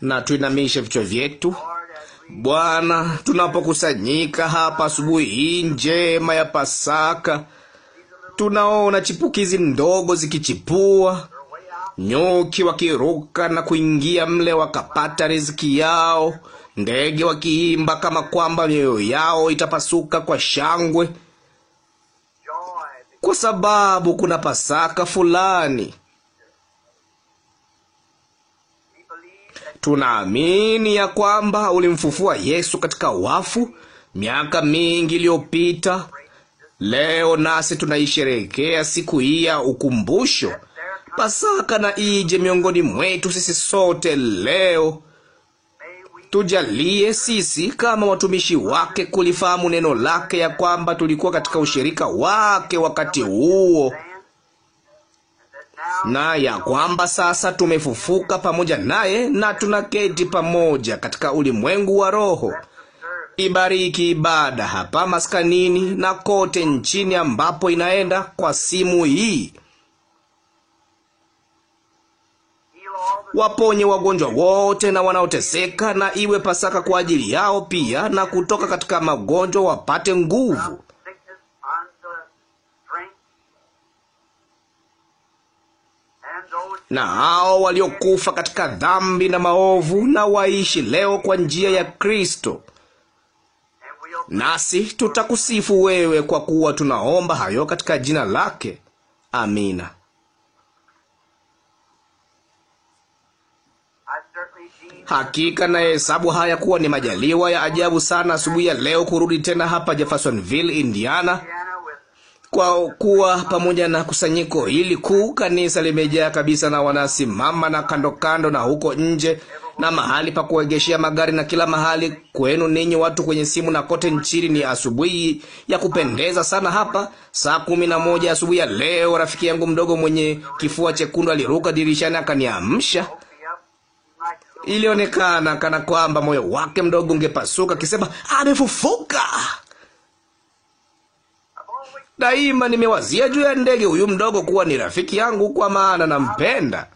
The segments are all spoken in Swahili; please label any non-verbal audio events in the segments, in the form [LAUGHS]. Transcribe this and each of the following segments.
na tuinamishe vichwa vyetu. Bwana, tunapokusanyika hapa asubuhi hii njema ya Pasaka, tunaona chipukizi ndogo zikichipua, nyuki wakiruka na kuingia mle wakapata riziki yao, ndege wakiimba kama kwamba mioyo yao itapasuka kwa shangwe, kwa sababu kuna Pasaka fulani. Tunaamini ya kwamba ulimfufua Yesu katika wafu miaka mingi iliyopita. Leo nasi tunaisherehekea siku hii ya ukumbusho. Pasaka na ije miongoni mwetu sisi sote leo. Tujalie sisi kama watumishi wake kulifahamu neno lake, ya kwamba tulikuwa katika ushirika wake wakati huo na ya kwamba sasa tumefufuka pamoja naye na tunaketi pamoja katika ulimwengu wa Roho. Ibariki ibada hapa maskanini na kote nchini ambapo inaenda kwa simu hii. Waponye wagonjwa wote na wanaoteseka, na iwe Pasaka kwa ajili yao pia, na kutoka katika magonjwa wapate nguvu. na hao waliokufa katika dhambi na maovu na waishi leo kwa njia ya Kristo. Nasi tutakusifu wewe kwa kuwa tunaomba hayo katika jina lake. Amina. Hakika nayehesabu haya kuwa ni majaliwa ya ajabu sana asubuhi ya leo kurudi tena hapa Jeffersonville, Indiana kwa kuwa pamoja na kusanyiko hili kuu, kanisa limejaa kabisa, na wanasimama na kando kando na huko nje na mahali pa kuegeshea magari na kila mahali. Kwenu ninyi watu kwenye simu na kote nchini, ni asubuhi ya kupendeza sana hapa. Saa kumi na moja asubuhi ya leo, rafiki yangu mdogo mwenye kifua chekundu aliruka dirishani akaniamsha. Ilionekana kana kwamba moyo wake mdogo ungepasuka, akisema amefufuka. Daima nimewazia juu ya ndege huyu mdogo kuwa ni rafiki yangu, kwa maana nampenda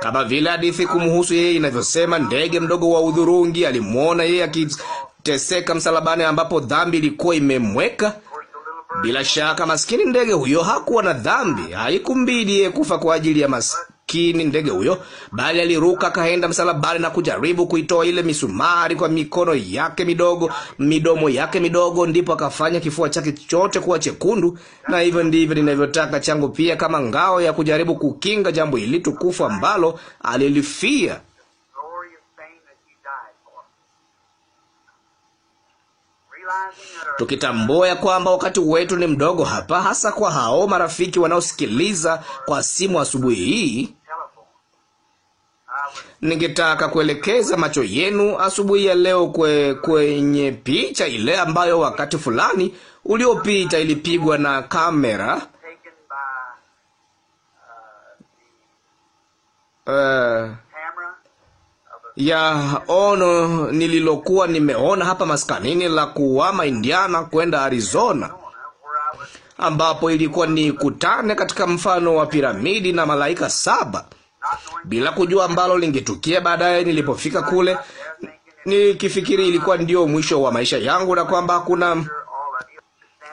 kama vile hadithi kumhusu yeye inavyosema. Ndege mdogo wa udhurungi alimwona yeye akiteseka msalabani, ambapo dhambi ilikuwa imemweka. Bila shaka maskini ndege huyo hakuwa na dhambi, haikumbidi yeye kufa kwa ajili ya masi maskini ndege huyo, bali aliruka akaenda msalabani na kujaribu kuitoa ile misumari kwa mikono yake midogo, midomo yake midogo, ndipo akafanya kifua chake chote kuwa chekundu. Na hivyo ndivyo ninavyotaka changu pia, kama ngao ya kujaribu kukinga jambo hili tukufu ambalo alilifia tukitambua ya kwamba wakati wetu ni mdogo hapa, hasa kwa hao marafiki wanaosikiliza kwa simu asubuhi hii. Ningetaka kuelekeza macho yenu asubuhi ya leo kwe, kwenye picha ile ambayo wakati fulani uliopita ilipigwa na kamera uh, ya ono nililokuwa nimeona hapa maskanini la kuwama Indiana kwenda Arizona ambapo ilikuwa ni kutane katika mfano wa piramidi na malaika saba bila kujua ambalo lingetukia baadaye nilipofika kule, nikifikiri ilikuwa ndio mwisho wa maisha yangu na kwamba hakuna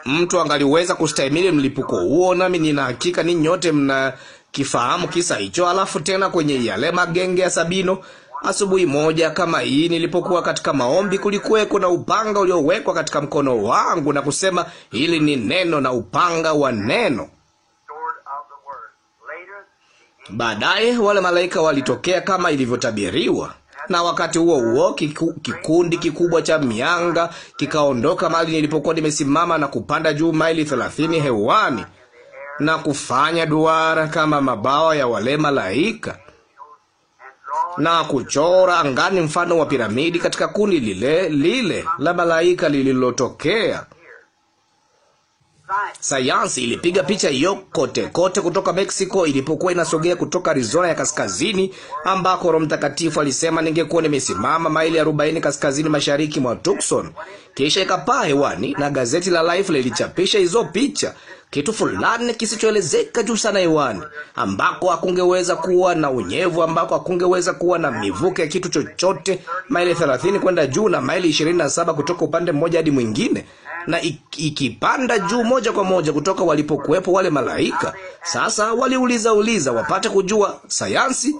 mtu angaliweza kustahimili mlipuko huo. Nami nina hakika ni nyote mnakifahamu kisa hicho. Alafu tena kwenye yale magenge ya Sabino, asubuhi moja kama hii, nilipokuwa katika maombi, kulikuweko na upanga uliowekwa katika mkono wangu na kusema, hili ni neno na upanga wa neno. Baadaye wale malaika walitokea kama ilivyotabiriwa, na wakati huo huo kiku, kikundi kikubwa cha mianga kikaondoka mahali nilipokuwa nimesimama na kupanda juu maili thelathini hewani na kufanya duara kama mabawa ya wale malaika na kuchora angani mfano wa piramidi katika kundi lile lile la malaika lililotokea. Sayansi ilipiga picha hiyo kote kote, kutoka Mexico ilipokuwa inasogea kutoka Arizona ya kaskazini, ambako Roho Mtakatifu alisema ningekuwa nimesimama maili 40 kaskazini mashariki mwa Tucson. Kisha ikapaa hewani na gazeti la Life lilichapisha hizo picha kitu fulani kisichoelezeka juu sana hewani, ambako hakungeweza kuwa na unyevu, ambako hakungeweza kuwa na mivuke ya kitu chochote, maili 30 kwenda juu na maili 27 kutoka upande mmoja hadi mwingine, na ikipanda juu moja kwa moja kutoka walipokuwepo wale malaika. Sasa waliuliza uliza wapate kujua sayansi.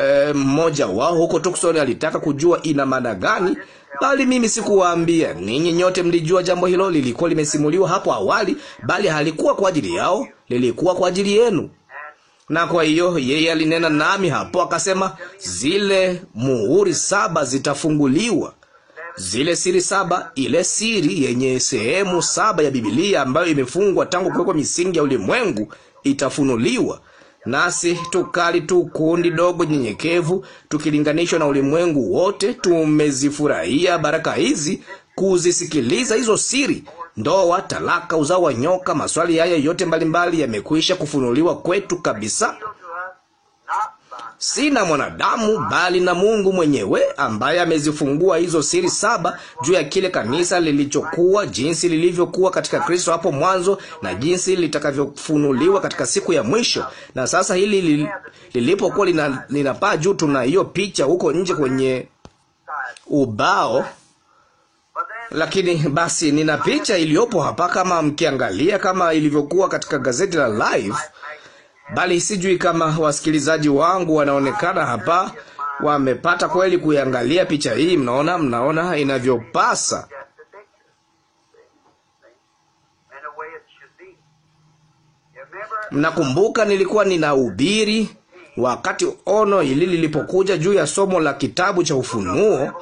Eh, mmoja wao huko Tucson alitaka kujua ina maana gani bali mimi sikuwaambia ninyi. Nyote mlijua jambo hilo, lilikuwa limesimuliwa hapo awali, bali halikuwa kwa ajili yao, lilikuwa kwa ajili yenu. Na kwa hiyo yeye alinena nami hapo akasema, zile muhuri saba zitafunguliwa, zile siri saba, ile siri yenye sehemu saba ya Biblia ambayo imefungwa tangu kuwekwa misingi ya ulimwengu itafunuliwa nasi tukali tu kundi dogo nyenyekevu, tukilinganishwa na ulimwengu wote. Tumezifurahia baraka hizi, kuzisikiliza hizo siri, ndoa, talaka, uzao wa nyoka, maswali haya yote mbalimbali yamekwisha kufunuliwa kwetu kabisa si na mwanadamu, bali na Mungu mwenyewe ambaye amezifungua hizo siri saba juu ya kile kanisa lilichokuwa, jinsi lilivyokuwa katika Kristo hapo mwanzo na jinsi litakavyofunuliwa katika siku ya mwisho. Na sasa hili lilipokuwa lina, linapaa juu, tuna hiyo picha huko nje kwenye ubao lakini basi, nina picha iliyopo hapa, kama mkiangalia, kama ilivyokuwa katika gazeti la Life, bali sijui kama wasikilizaji wangu wanaonekana hapa wamepata kweli kuiangalia picha hii. Mnaona, mnaona inavyopasa Mnakumbuka nilikuwa ninahubiri wakati ono hili lilipokuja juu ya somo la kitabu cha Ufunuo,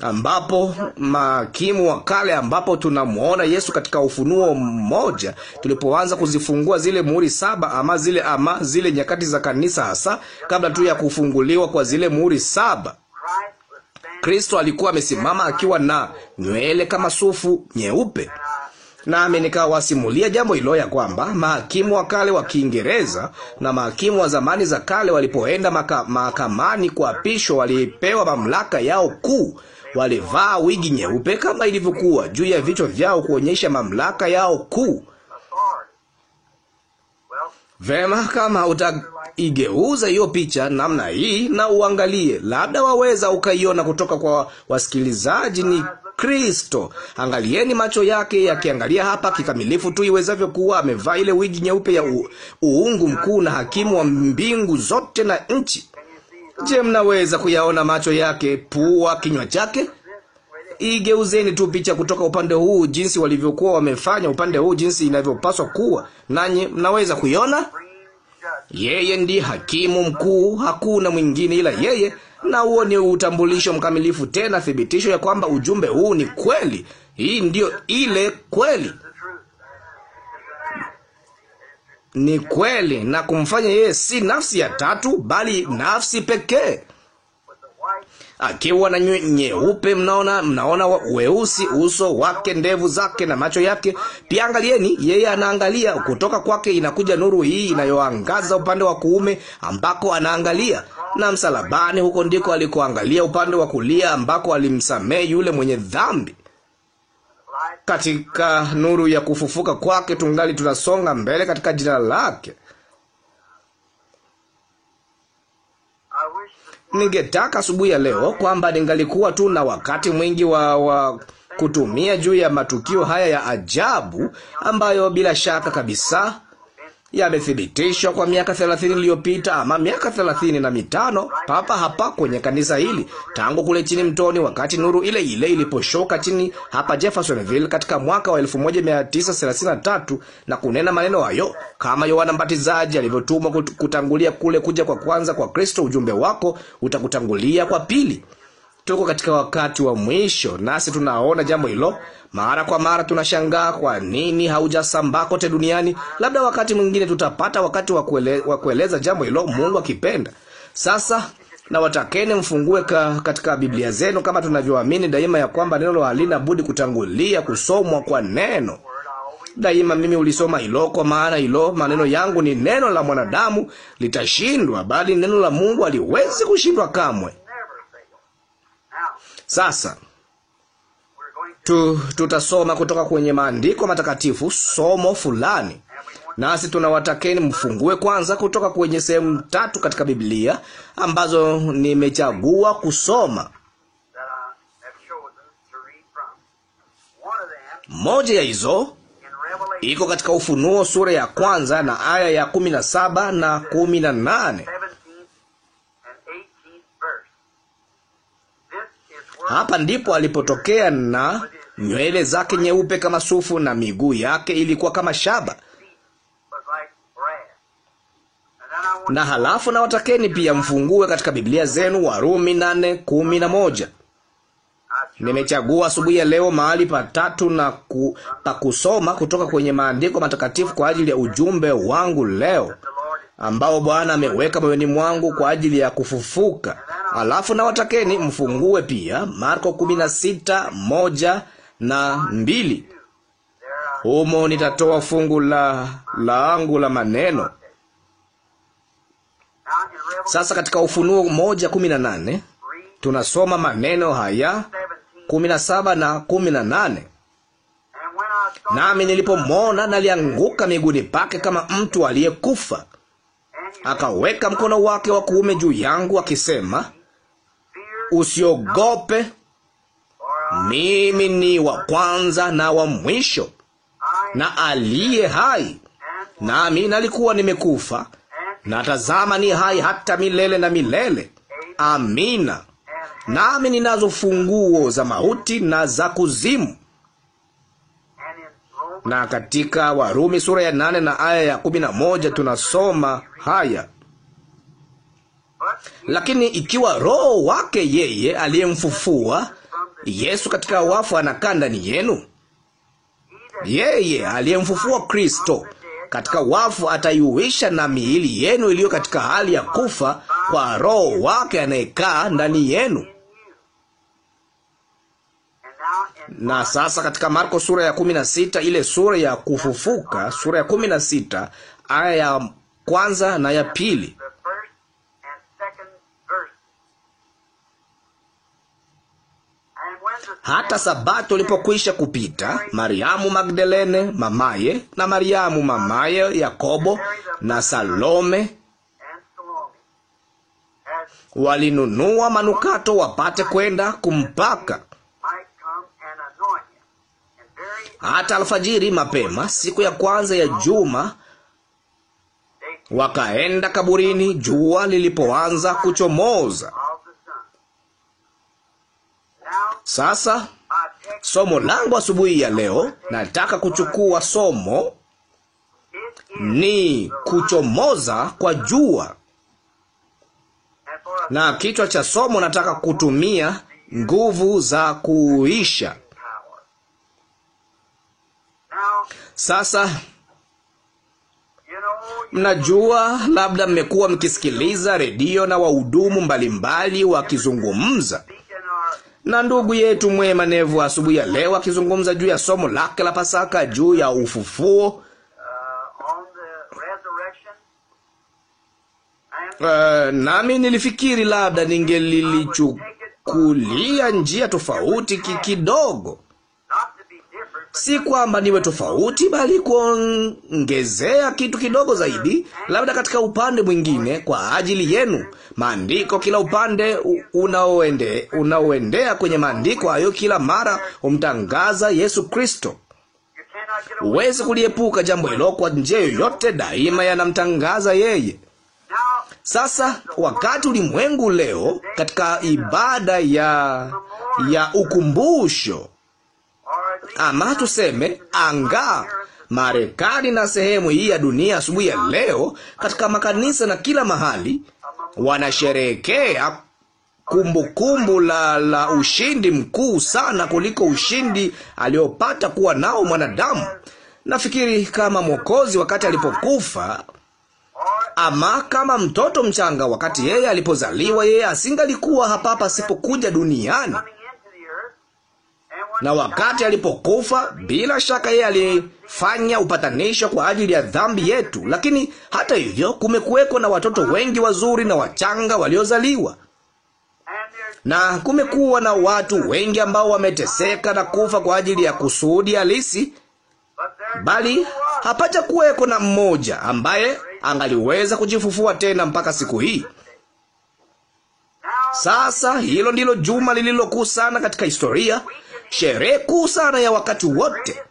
ambapo mahakimu wa kale, ambapo tunamwona Yesu katika Ufunuo mmoja, tulipoanza kuzifungua zile muhuri saba ama zile ama zile nyakati za kanisa, hasa kabla tu ya kufunguliwa kwa zile muhuri saba. Kristo alikuwa amesimama akiwa na nywele kama sufu nyeupe, nami nikawasimulia jambo hilo ya kwamba mahakimu wa kale wa Kiingereza na mahakimu wa zamani za kale walipoenda mahakamani kuapishwa, walipewa mamlaka yao kuu walivaa wigi nyeupe kama ilivyokuwa juu ya vichwa vyao kuonyesha mamlaka yao kuu. Vema, kama utaigeuza hiyo picha namna hii na uangalie, labda waweza ukaiona kutoka kwa wasikilizaji. Ni Kristo. Angalieni macho yake yakiangalia hapa kikamilifu tu iwezavyo kuwa amevaa ile wigi nyeupe ya u, uungu mkuu na hakimu wa mbingu zote na nchi. Je, mnaweza kuyaona macho yake, pua, kinywa chake? Igeuzeni tu picha kutoka upande huu, jinsi walivyokuwa wamefanya upande huu, jinsi inavyopaswa kuwa, nanyi mnaweza kuiona. Yeye ndiye hakimu mkuu, hakuna mwingine ila yeye, na huo ni utambulisho mkamilifu, tena thibitisho ya kwamba ujumbe huu ni kweli. Hii ndiyo ile kweli. ni kweli na kumfanya yeye si nafsi ya tatu, bali nafsi pekee akiwa na nyeupe. Mnaona, mnaona weusi uso wake, ndevu zake na macho yake. Pia angalieni, yeye anaangalia kutoka kwake, inakuja nuru hii inayoangaza upande wa kuume ambako anaangalia, na msalabani, huko ndiko alikoangalia upande wa kulia ambako alimsamehe yule mwenye dhambi katika nuru ya kufufuka kwake, tungali tunasonga mbele katika jina lake. Ningetaka asubuhi ya leo kwamba ningalikuwa tu na wakati mwingi wa, wa kutumia juu ya matukio haya ya ajabu ambayo bila shaka kabisa yamethibitishwa kwa miaka thelathini iliyopita ama miaka thelathini na mitano papa hapa kwenye kanisa hili, tangu kule chini mtoni, wakati nuru ile ile iliposhoka chini hapa Jeffersonville katika mwaka wa 1933 na kunena maneno hayo, kama Yohana Mbatizaji alivyotumwa kutangulia kule kuja kwa kwanza kwa Kristo, ujumbe wako utakutangulia kwa pili. Tuko katika wakati wa mwisho, nasi tunaona jambo hilo mara kwa mara. Tunashangaa kwa nini haujasambaa kote duniani. Labda wakati mwingine tutapata wakati wa kuele, wa kueleza jambo hilo, Mungu akipenda. Sasa na watakeni mfungue ka, katika Biblia zenu kama tunavyoamini daima ya kwamba neno halina budi kutangulia kusomwa kwa neno. Daima mimi ulisoma hilo, kwa maana hilo maneno yangu ni neno la mwanadamu litashindwa, bali neno la Mungu haliwezi kushindwa kamwe. Sasa tu, tutasoma kutoka kwenye maandiko matakatifu somo fulani, nasi tunawatakeni mfungue kwanza kutoka kwenye sehemu tatu katika Biblia ambazo nimechagua kusoma. Moja ya hizo iko katika Ufunuo sura ya kwanza na aya ya kumi na saba na kumi na nane. Hapa ndipo alipotokea na nywele zake nyeupe kama sufu na miguu yake ilikuwa kama shaba. Na halafu na watakeni pia mfungue katika Biblia zenu Warumi nane kumi na moja. Nimechagua asubuhi ya leo mahali patatu na ku, pa kusoma kutoka kwenye maandiko matakatifu kwa ajili ya ujumbe wangu leo ambao Bwana ameweka moyoni mwangu kwa ajili ya kufufuka. Alafu nawatakeni mfungue pia Marko kumi na moja na mbili. Humo nitatoa fungu la langu la maneno. Sasa katika Ufunuo moja kumi na nane tunasoma maneno haya kumi na saba na kumi na nane nami nilipomwona nalianguka miguuni pake kama mtu aliyekufa, akaweka mkono wake wa kuume juu yangu akisema, usiogope, mimi ni wa kwanza na wa mwisho na aliye hai, nami nalikuwa nimekufa, na tazama ni hai hata milele na milele. Amina. Nami ninazo funguo za mauti na za kuzimu. Na katika Warumi sura ya nane na aya ya kumi na moja tunasoma haya: lakini ikiwa Roho wake yeye aliyemfufua Yesu katika wafu anakaa ndani yenu, yeye aliyemfufua Kristo katika wafu ataiuisha na miili yenu iliyo katika hali ya kufa kwa Roho wake anayekaa ndani yenu. Na sasa katika Marko sura ya kumi na sita, ile sura ya kufufuka, sura ya kumi na sita aya ya kwanza na ya pili. Hata sabato ilipokwisha kupita, Mariamu Magdalene mamaye na Mariamu mamaye Yakobo na Salome walinunua manukato wapate kwenda kumpaka hata alfajiri mapema siku ya kwanza ya juma. Wakaenda kaburini jua lilipoanza kuchomoza. Sasa somo langu asubuhi ya leo, nataka kuchukua somo ni kuchomoza kwa jua, na kichwa cha somo nataka kutumia nguvu za kuisha. Sasa mnajua, labda mmekuwa mkisikiliza redio na wahudumu mbalimbali wakizungumza na ndugu yetu mwema Nevu asubuhi ya leo akizungumza juu ya somo lake la Pasaka juu ya ufufuo Uh, uh nami nilifikiri labda ningelilichukulia njia tofauti kidogo si kwamba niwe tofauti, bali kuongezea kitu kidogo zaidi, labda katika upande mwingine, kwa ajili yenu. Maandiko, kila upande unaoende unaoendea kwenye maandiko hayo, kila mara humtangaza Yesu Kristo. Huwezi kuliepuka jambo hilo kwa njia yoyote, daima yanamtangaza yeye. Sasa wakati ulimwengu leo katika ibada ya ya ukumbusho ama tuseme angaa Marekani na sehemu hii ya dunia asubuhi ya leo, katika makanisa na kila mahali wanasherehekea kumbukumbu la, la ushindi mkuu sana kuliko ushindi aliopata kuwa nao mwanadamu. Nafikiri kama Mwokozi wakati alipokufa, ama kama mtoto mchanga wakati yeye alipozaliwa, yeye asingalikuwa hapa pasipokuja duniani na wakati alipokufa, bila shaka yeye alifanya upatanisho kwa ajili ya dhambi yetu. Lakini hata hivyo, kumekuweko na watoto wengi wazuri na wachanga waliozaliwa, na kumekuwa na watu wengi ambao wameteseka na kufa kwa ajili ya kusudi halisi, bali hapata kuweko na mmoja ambaye angaliweza kujifufua tena mpaka siku hii. Sasa hilo ndilo juma lililokuu sana katika historia sherehe kuu sana ya wakati wote.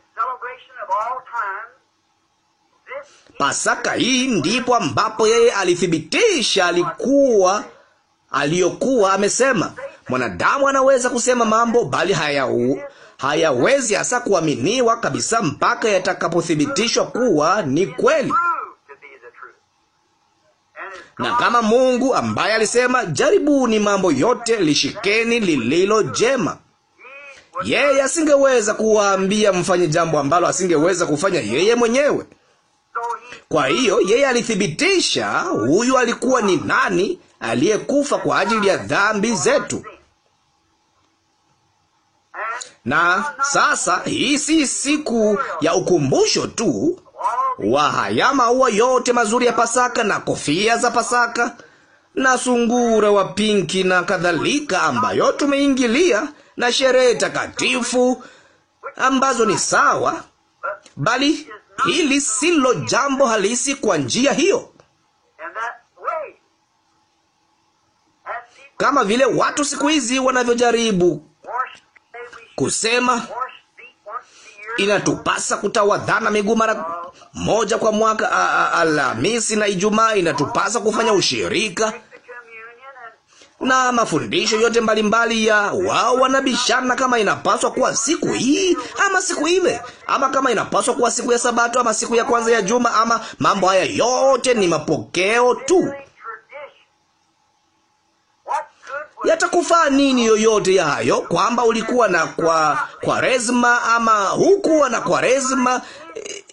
Pasaka hii ndipo ambapo yeye alithibitisha alikuwa aliyokuwa amesema. Mwanadamu anaweza kusema mambo, bali hayau hayawezi hasa kuaminiwa kabisa mpaka yatakapothibitishwa kuwa ni kweli. Na kama Mungu ambaye alisema, jaribuni mambo yote, lishikeni lililo jema yeye asingeweza kuwaambia mfanye jambo ambalo asingeweza kufanya yeye mwenyewe. Kwa hiyo yeye alithibitisha huyu alikuwa ni nani aliyekufa kwa ajili ya dhambi zetu. Na sasa hii si siku ya ukumbusho tu wa haya maua yote mazuri ya Pasaka na kofia za Pasaka na sungura wa pinki na kadhalika ambayo tumeingilia na sherehe takatifu ambazo ni sawa, bali hili silo jambo halisi kwa njia hiyo. Kama vile watu siku hizi wanavyojaribu kusema inatupasa kutawadhana miguu mara moja kwa mwaka, Alhamisi na Ijumaa, inatupasa kufanya ushirika na mafundisho yote mbalimbali ya wao wanabishana kama inapaswa kuwa siku hii ama siku ile, ama kama inapaswa kuwa siku ya Sabato ama siku ya kwanza ya juma, ama mambo haya yote ni mapokeo tu. Yatakufaa nini yoyote ya hayo? Kwamba ulikuwa na kwa Kwaresma ama hukuwa na Kwaresma,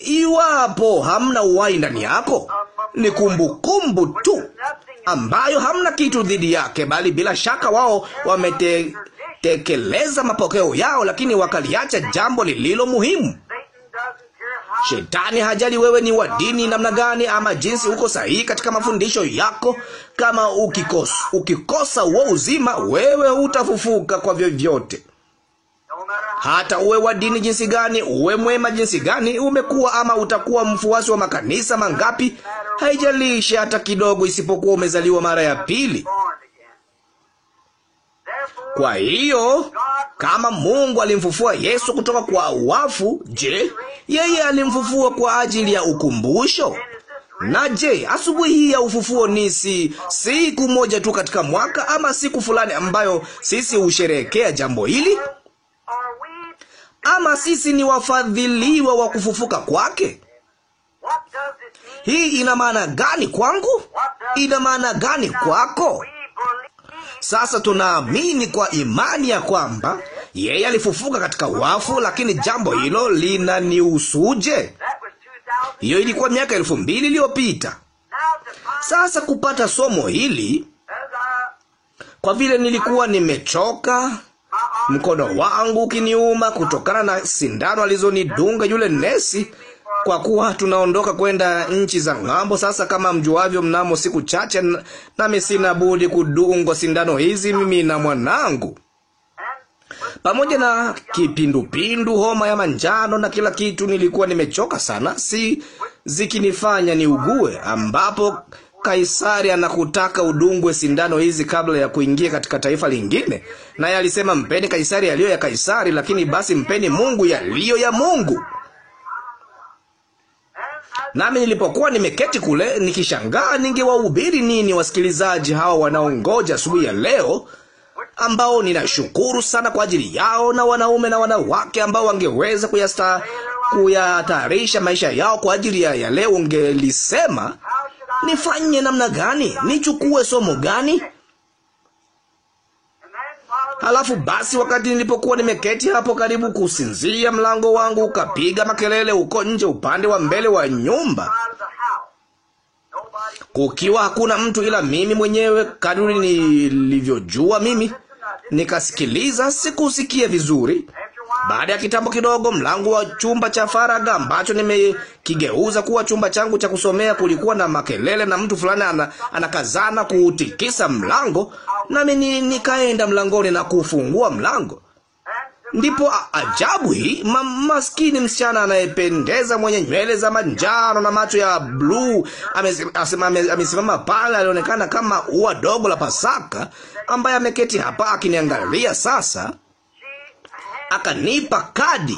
iwapo hamna uhai ndani yako, ni kumbukumbu tu ambayo hamna kitu dhidi yake, bali bila shaka wao wametekeleza mapokeo yao, lakini wakaliacha jambo lililo muhimu. Shetani hajali wewe ni wa dini namna gani, ama jinsi uko sahihi katika mafundisho yako. Kama ukikosa ukikosa uo uzima, wewe hutafufuka kwa vyovyote. Hata uwe wa dini jinsi gani, uwe mwema jinsi gani, umekuwa ama utakuwa mfuasi wa makanisa mangapi, haijalishi hata kidogo, isipokuwa umezaliwa mara ya pili. Kwa hiyo kama Mungu alimfufua Yesu kutoka kwa wafu, je, yeye alimfufua kwa ajili ya ukumbusho? Na je, asubuhi hii ya ufufuo ni si siku moja tu katika mwaka ama siku fulani ambayo sisi husherehekea jambo hili? ama sisi ni wafadhiliwa wa kufufuka kwake. Hii ina maana gani kwangu? Ina maana gani kwako? Sasa tunaamini kwa imani ya kwamba yeye alifufuka katika wafu, lakini jambo hilo linaniusuje? Hiyo ilikuwa miaka elfu mbili iliyopita. Sasa kupata somo hili, kwa vile nilikuwa nimechoka mkono wangu ukiniuma kutokana na sindano alizonidunga yule nesi, kwa kuwa tunaondoka kwenda nchi za ng'ambo sasa, kama mjuavyo, mnamo siku chache, nami sina budi kudungwa sindano hizi, mimi na mwanangu pamoja na kipindupindu, homa ya manjano na kila kitu. Nilikuwa nimechoka sana, si zikinifanya niugue, ambapo Kaisari anakutaka udungwe sindano hizi kabla ya kuingia katika taifa lingine. Naye alisema mpeni Kaisari yaliyo ya Kaisari, lakini basi mpeni Mungu yaliyo ya Mungu. Nami nilipokuwa nimeketi kule nikishangaa, ningewahubiri nini wasikilizaji hawa wanaongoja asubuhi ya leo, ambao ninashukuru sana kwa ajili yao, na wanaume na wanawake ambao wangeweza kuyasta kuyatayarisha maisha yao kwa ajili ya, ya leo. Ungelisema nifanye namna gani? Nichukue somo gani? Halafu basi, wakati nilipokuwa nimeketi hapo karibu kusinzia, mlango wangu ukapiga makelele huko nje, upande wa mbele wa nyumba, kukiwa hakuna mtu ila mimi mwenyewe, kadiri nilivyojua mimi. Nikasikiliza, sikusikia vizuri baada ya kitambo kidogo, mlango wa chumba cha faraga ambacho nimekigeuza kuwa chumba changu cha kusomea, kulikuwa na makelele na mtu fulani ana, anakazana kuutikisa mlango, nami nikaenda mlangoni na kufungua mlango. Ndipo ajabu hii, maskini msichana anayependeza mwenye nywele za manjano na macho ya bluu amesimama pale, alionekana kama ua dogo la Pasaka, ambaye ameketi hapa akiniangalia sasa akanipa kadi,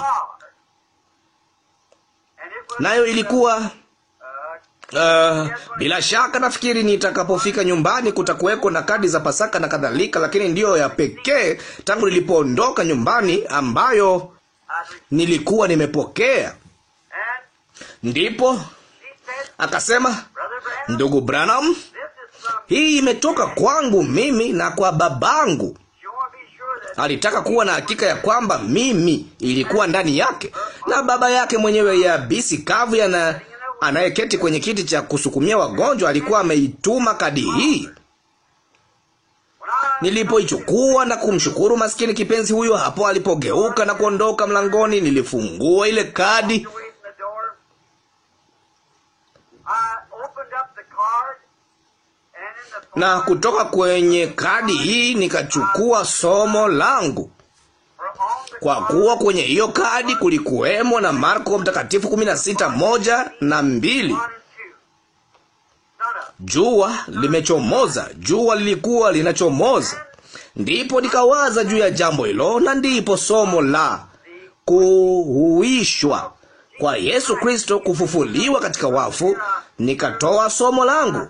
nayo ilikuwa Uh, bila shaka nafikiri nitakapofika nyumbani kutakuweko na kadi za Pasaka na kadhalika, lakini ndiyo ya pekee tangu nilipoondoka nyumbani ambayo nilikuwa nimepokea. Ndipo akasema, ndugu Branham, hii imetoka kwangu mimi na kwa babangu. Alitaka kuwa na hakika ya kwamba mimi ilikuwa ndani yake, na baba yake mwenyewe bisi kavu yana anayeketi kwenye kiti cha kusukumia wagonjwa alikuwa ameituma kadi hii. Nilipoichukua na kumshukuru maskini kipenzi huyo, hapo alipogeuka na kuondoka mlangoni, nilifungua ile kadi na kutoka kwenye kadi hii nikachukua somo langu, kwa kuwa kwenye hiyo kadi kulikuwemo na Marko Mtakatifu kumi moja na mbili. Jua limechomoza, jua lilikuwa linachomoza. Ndipo nikawaza juu ya jambo hilo, na ndipo somo la kuhuishwa kwa Yesu Kristo, kufufuliwa katika wafu, nikatoa somo langu.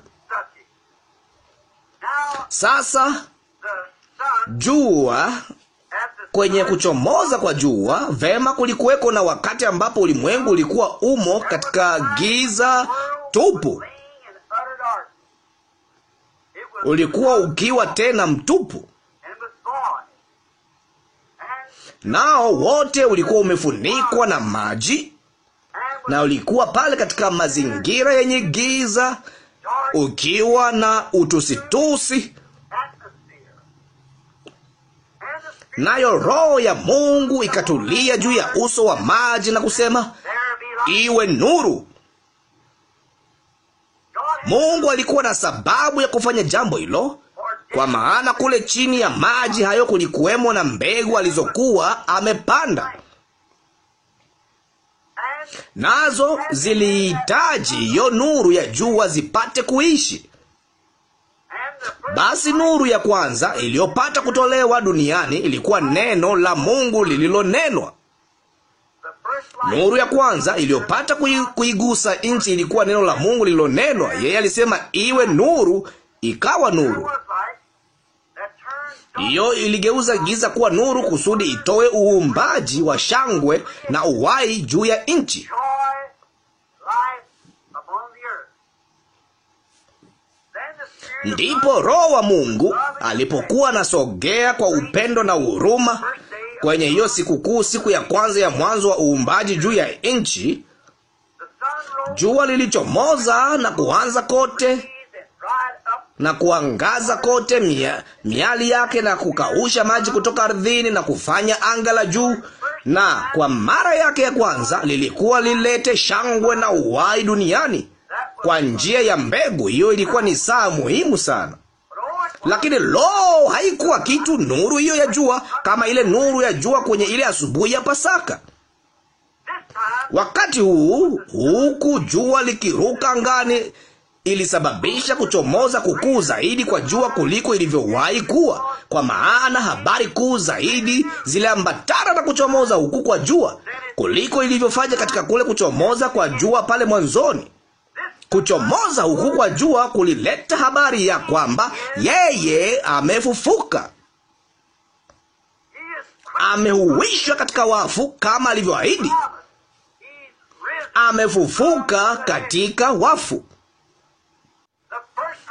Sasa jua kwenye kuchomoza kwa jua, vema, kulikuweko na wakati ambapo ulimwengu ulikuwa umo katika giza tupu, ulikuwa ukiwa tena mtupu, nao wote ulikuwa umefunikwa na maji, na ulikuwa pale katika mazingira yenye giza ukiwa na utusitusi, nayo Roho ya Mungu ikatulia juu ya uso wa maji na kusema, iwe nuru. Mungu alikuwa na sababu ya kufanya jambo hilo, kwa maana kule chini ya maji hayo kulikuwemo na mbegu alizokuwa amepanda nazo zilihitaji hiyo nuru ya jua zipate kuishi. Basi nuru ya kwanza iliyopata kutolewa duniani ilikuwa neno la Mungu lililonenwa. Nuru ya kwanza iliyopata kuigusa nchi ilikuwa neno la Mungu lililonenwa. Yeye alisema iwe nuru, ikawa nuru. Hiyo iligeuza giza kuwa nuru kusudi itoe uumbaji wa shangwe na uhai juu ya nchi. Ndipo Roho wa Mungu alipokuwa anasogea kwa upendo na huruma kwenye hiyo sikukuu, siku ya kwanza ya mwanzo wa uumbaji juu ya nchi, jua lilichomoza na kuanza kote na kuangaza kote mia, miali yake na kukausha maji kutoka ardhini na kufanya anga la juu. Na kwa mara yake ya kwanza lilikuwa lilete shangwe na uhai duniani kwa njia ya mbegu hiyo. Ilikuwa ni saa muhimu sana, lakini lo, haikuwa kitu nuru hiyo ya jua kama ile nuru ya jua kwenye ile asubuhi ya Pasaka. Wakati huu huku jua likiruka ngani ilisababisha kuchomoza kukuu zaidi kwa jua kuliko ilivyowahi kuwa, kwa maana habari kuu zaidi ziliambatana na kuchomoza huku kwa jua kuliko ilivyofanya katika kule kuchomoza kwa jua pale mwanzoni. Kuchomoza huku kwa jua kulileta habari ya kwamba yeye amefufuka, amehuishwa katika wafu kama alivyoahidi. Amefufuka katika wafu.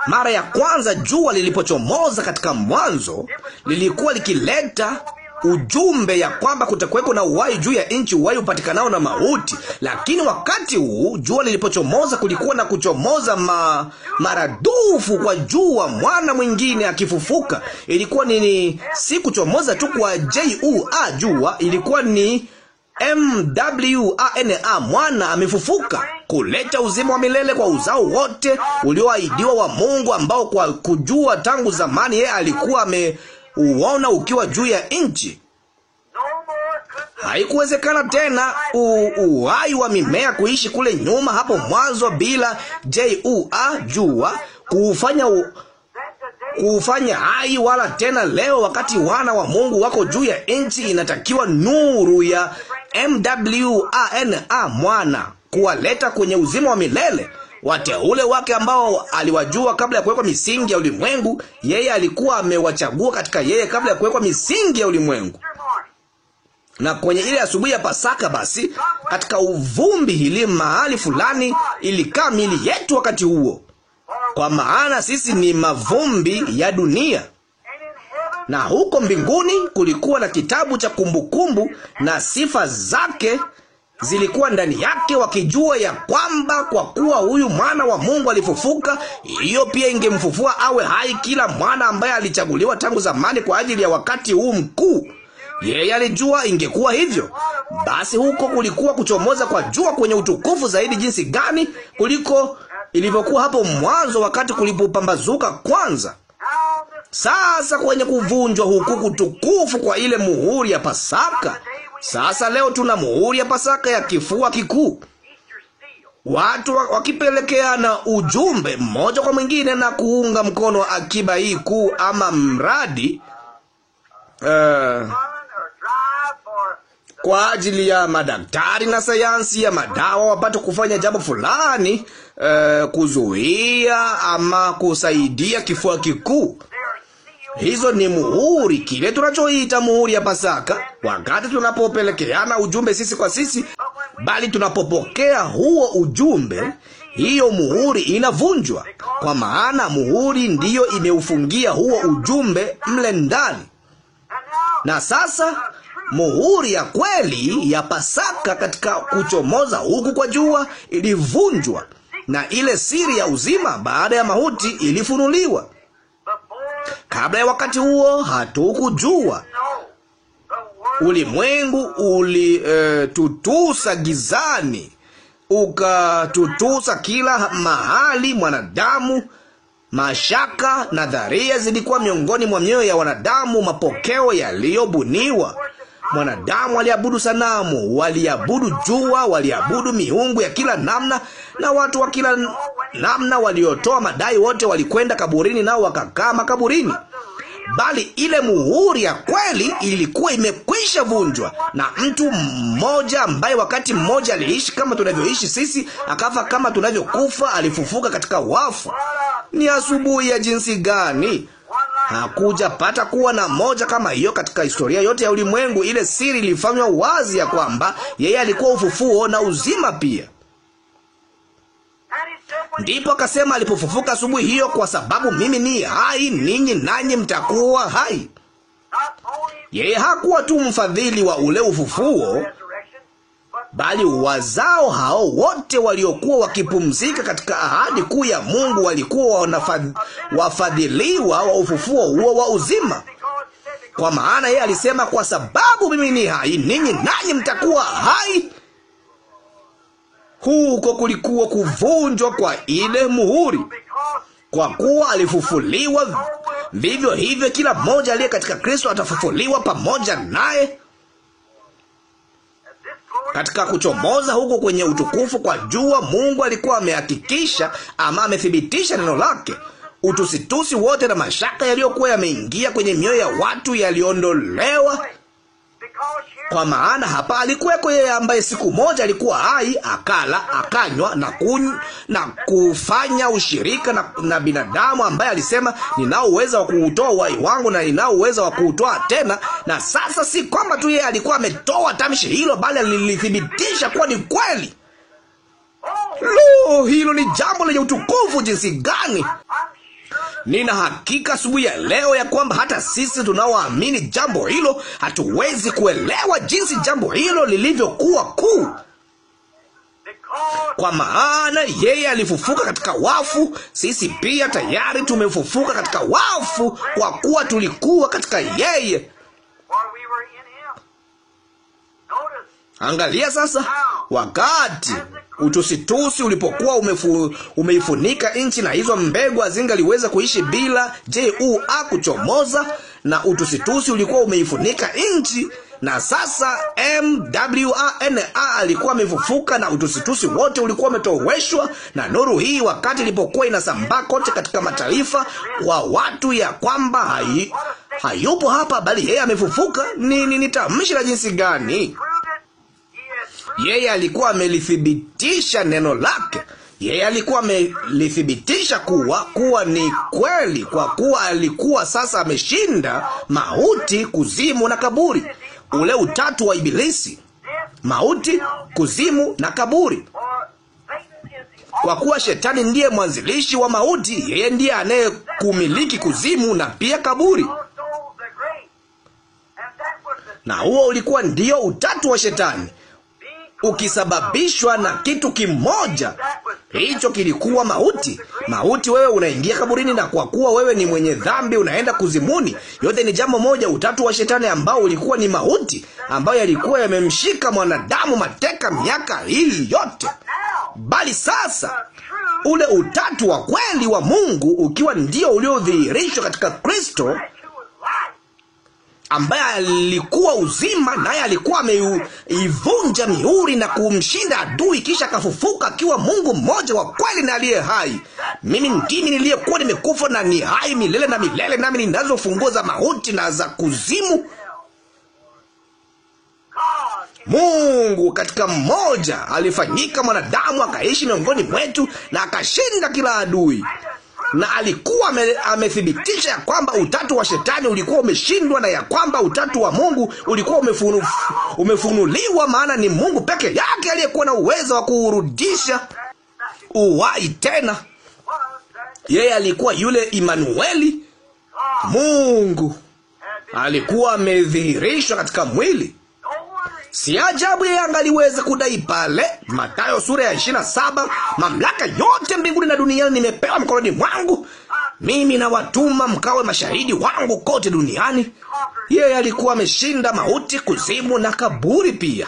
Mara ya kwanza jua lilipochomoza katika mwanzo, lilikuwa likileta ujumbe ya kwamba kutakuweko na uhai juu ya nchi, uhai upatikanao na mauti. Lakini wakati huu jua lilipochomoza, kulikuwa na kuchomoza ma, maradufu kwa jua, mwana mwingine akifufuka. Ilikuwa ni si kuchomoza tu kwa jua, jua ilikuwa ni MWANA, mwana amefufuka kuleta uzima wa milele kwa uzao wote ulioahidiwa wa Mungu, ambao kwa kujua tangu zamani yeye alikuwa ameuona ukiwa juu ya nchi. Haikuwezekana tena uhai wa mimea kuishi kule nyuma hapo mwanzo bila jua, jua kuufanya kuufanya hai, wala tena leo, wakati wana wa Mungu wako juu ya nchi, inatakiwa nuru ya MWANA mwana kuwaleta kwenye uzima wa milele wateule wake ambao aliwajua kabla ya kuwekwa misingi ya ulimwengu. Yeye alikuwa amewachagua katika yeye kabla ya kuwekwa misingi ya ulimwengu. Na kwenye ile asubuhi ya Pasaka, basi katika uvumbi hili mahali fulani ilikaa mili yetu wakati huo kwa maana sisi ni mavumbi ya dunia. Na huko mbinguni kulikuwa na kitabu cha kumbukumbu, na sifa zake zilikuwa ndani yake, wakijua ya kwamba kwa kuwa huyu mwana wa Mungu alifufuka, hiyo pia ingemfufua awe hai kila mwana ambaye alichaguliwa tangu zamani kwa ajili ya wakati huu mkuu. Yeye alijua ingekuwa hivyo. Basi huko kulikuwa kuchomoza kwa jua kwenye utukufu zaidi jinsi gani kuliko ilivyokuwa hapo mwanzo, wakati kulipopambazuka kwanza. Sasa kwenye kuvunjwa huku kutukufu kwa ile muhuri ya Pasaka, sasa leo tuna muhuri ya Pasaka ya kifua kikuu, watu wakipelekeana ujumbe mmoja kwa mwingine na kuunga mkono akiba hii kuu ama mradi uh, kwa ajili ya madaktari na sayansi ya madawa wapate kufanya jambo fulani, eh, kuzuia ama kusaidia kifua kikuu. Hizo ni muhuri, kile tunachoita muhuri ya Pasaka, wakati tunapopelekeana ujumbe sisi kwa sisi, bali tunapopokea huo ujumbe, hiyo muhuri inavunjwa, kwa maana muhuri ndiyo imeufungia huo ujumbe mle ndani. Na sasa muhuri ya kweli ya Pasaka katika kuchomoza huku kwa jua ilivunjwa na ile siri ya uzima baada ya mauti ilifunuliwa. Kabla ya wakati huo hatukujua. Ulimwengu ulitutusa e, gizani, ukatutusa kila mahali. Mwanadamu, mashaka, nadharia zilikuwa miongoni mwa mioyo ya wanadamu, mapokeo yaliyobuniwa mwanadamu waliabudu sanamu, waliabudu jua, waliabudu miungu ya kila namna, na watu wa kila namna waliotoa madai wote walikwenda kaburini, nao wakakaa makaburini. Bali ile muhuri ya kweli ilikuwa imekwisha vunjwa na mtu mmoja ambaye wakati mmoja aliishi kama tunavyoishi sisi, akafa kama tunavyokufa, alifufuka katika wafu. Ni asubuhi ya jinsi gani! Hakujapata kuwa na moja kama hiyo katika historia yote ya ulimwengu. Ile siri ilifanywa wazi ya kwamba yeye alikuwa ufufuo na uzima pia. Ndipo akasema alipofufuka asubuhi hiyo, kwa sababu mimi ni hai, ninyi nanyi mtakuwa hai. Yeye hakuwa tu mfadhili wa ule ufufuo, bali wazao hao wote waliokuwa wakipumzika katika ahadi kuu ya Mungu walikuwa wafadhiliwa wa ufufuo huo wa uzima. Kwa maana yeye alisema, kwa sababu mimi ni hai, ninyi nanyi mtakuwa hai. Huko kulikuwa kuvunjwa kwa ile muhuri, kwa kuwa alifufuliwa. Vivyo hivyo kila mmoja aliye katika Kristo atafufuliwa pamoja naye. Katika kuchomoza huko kwenye utukufu kwa jua, Mungu alikuwa amehakikisha ama amethibitisha neno lake. Utusitusi wote na mashaka yaliyokuwa yameingia kwenye mioyo ya watu yaliondolewa kwa maana hapa alikuweko yeye ambaye siku moja alikuwa hai, akala akanywa na kunywa na kufanya ushirika na, na binadamu ambaye alisema ninao uwezo wa kuutoa uhai wangu na ninao uwezo wa kuutoa tena. Na sasa si kwamba tu yeye alikuwa ametoa tamshi hilo, bali alilithibitisha kuwa ni kweli. Lo, hilo ni jambo lenye utukufu jinsi gani! Nina hakika asubuhi ya leo ya kwamba hata sisi tunaoamini jambo hilo hatuwezi kuelewa jinsi jambo hilo lilivyokuwa kuu, kwa maana yeye alifufuka katika wafu, sisi pia tayari tumefufuka katika wafu, kwa kuwa tulikuwa katika yeye. Angalia sasa, wakati utusitusi ulipokuwa umefu, umeifunika nchi na hizo mbegu hazingaliweza kuishi bila Jua kuchomoza, na utusitusi ulikuwa umeifunika nchi na sasa mwana alikuwa amefufuka na utusitusi wote ulikuwa umetoweshwa na nuru hii, wakati ilipokuwa inasambaa kote katika mataifa kwa watu, ya kwamba hai, hayupo hapa bali yeye amefufuka. Ni, ni, ni tamshi la jinsi gani! Yeye alikuwa amelithibitisha neno lake. Yeye alikuwa amelithibitisha kuwa kuwa ni kweli, kwa kuwa alikuwa sasa ameshinda mauti, kuzimu na kaburi, ule utatu wa Ibilisi, mauti, kuzimu na kaburi. Kwa kuwa shetani ndiye mwanzilishi wa mauti, yeye ndiye anayekumiliki kuzimu na pia kaburi, na huo ulikuwa ndio utatu wa shetani ukisababishwa na kitu kimoja. Hicho kilikuwa mauti. Mauti, wewe unaingia kaburini, na kwa kuwa wewe ni mwenye dhambi, unaenda kuzimuni. Yote ni jambo moja, utatu wa Shetani ambao ulikuwa ni mauti, ambayo yalikuwa yamemshika mwanadamu mateka miaka hii yote. Bali sasa ule utatu wa kweli wa Mungu ukiwa ndio uliodhihirishwa katika Kristo ambaye alikuwa uzima, naye alikuwa ameivunja mihuri na kumshinda adui, kisha akafufuka akiwa Mungu mmoja wa kweli na aliye hai. Mimi ndimi niliyekuwa nimekufa na ni hai milele na milele, nami ninazo funguo za mauti na za kuzimu. Mungu katika mmoja alifanyika mwanadamu, akaishi miongoni mwetu na akashinda kila adui na alikuwa amethibitisha ya kwamba utatu wa shetani ulikuwa umeshindwa na ya kwamba utatu wa Mungu ulikuwa umefunu, umefunuliwa, maana ni Mungu peke yake aliyekuwa na uwezo wa kuurudisha uwai tena. Yeye alikuwa yule Imanueli, Mungu alikuwa amedhihirishwa katika mwili. Si ajabu yeye angaliweza kudai pale Mathayo sura ya 27, mamlaka yote mbinguni na duniani nimepewa mkononi mwangu, mimi nawatuma mkawe mashahidi wangu kote duniani. Yeye alikuwa ameshinda mauti, kuzimu na kaburi pia.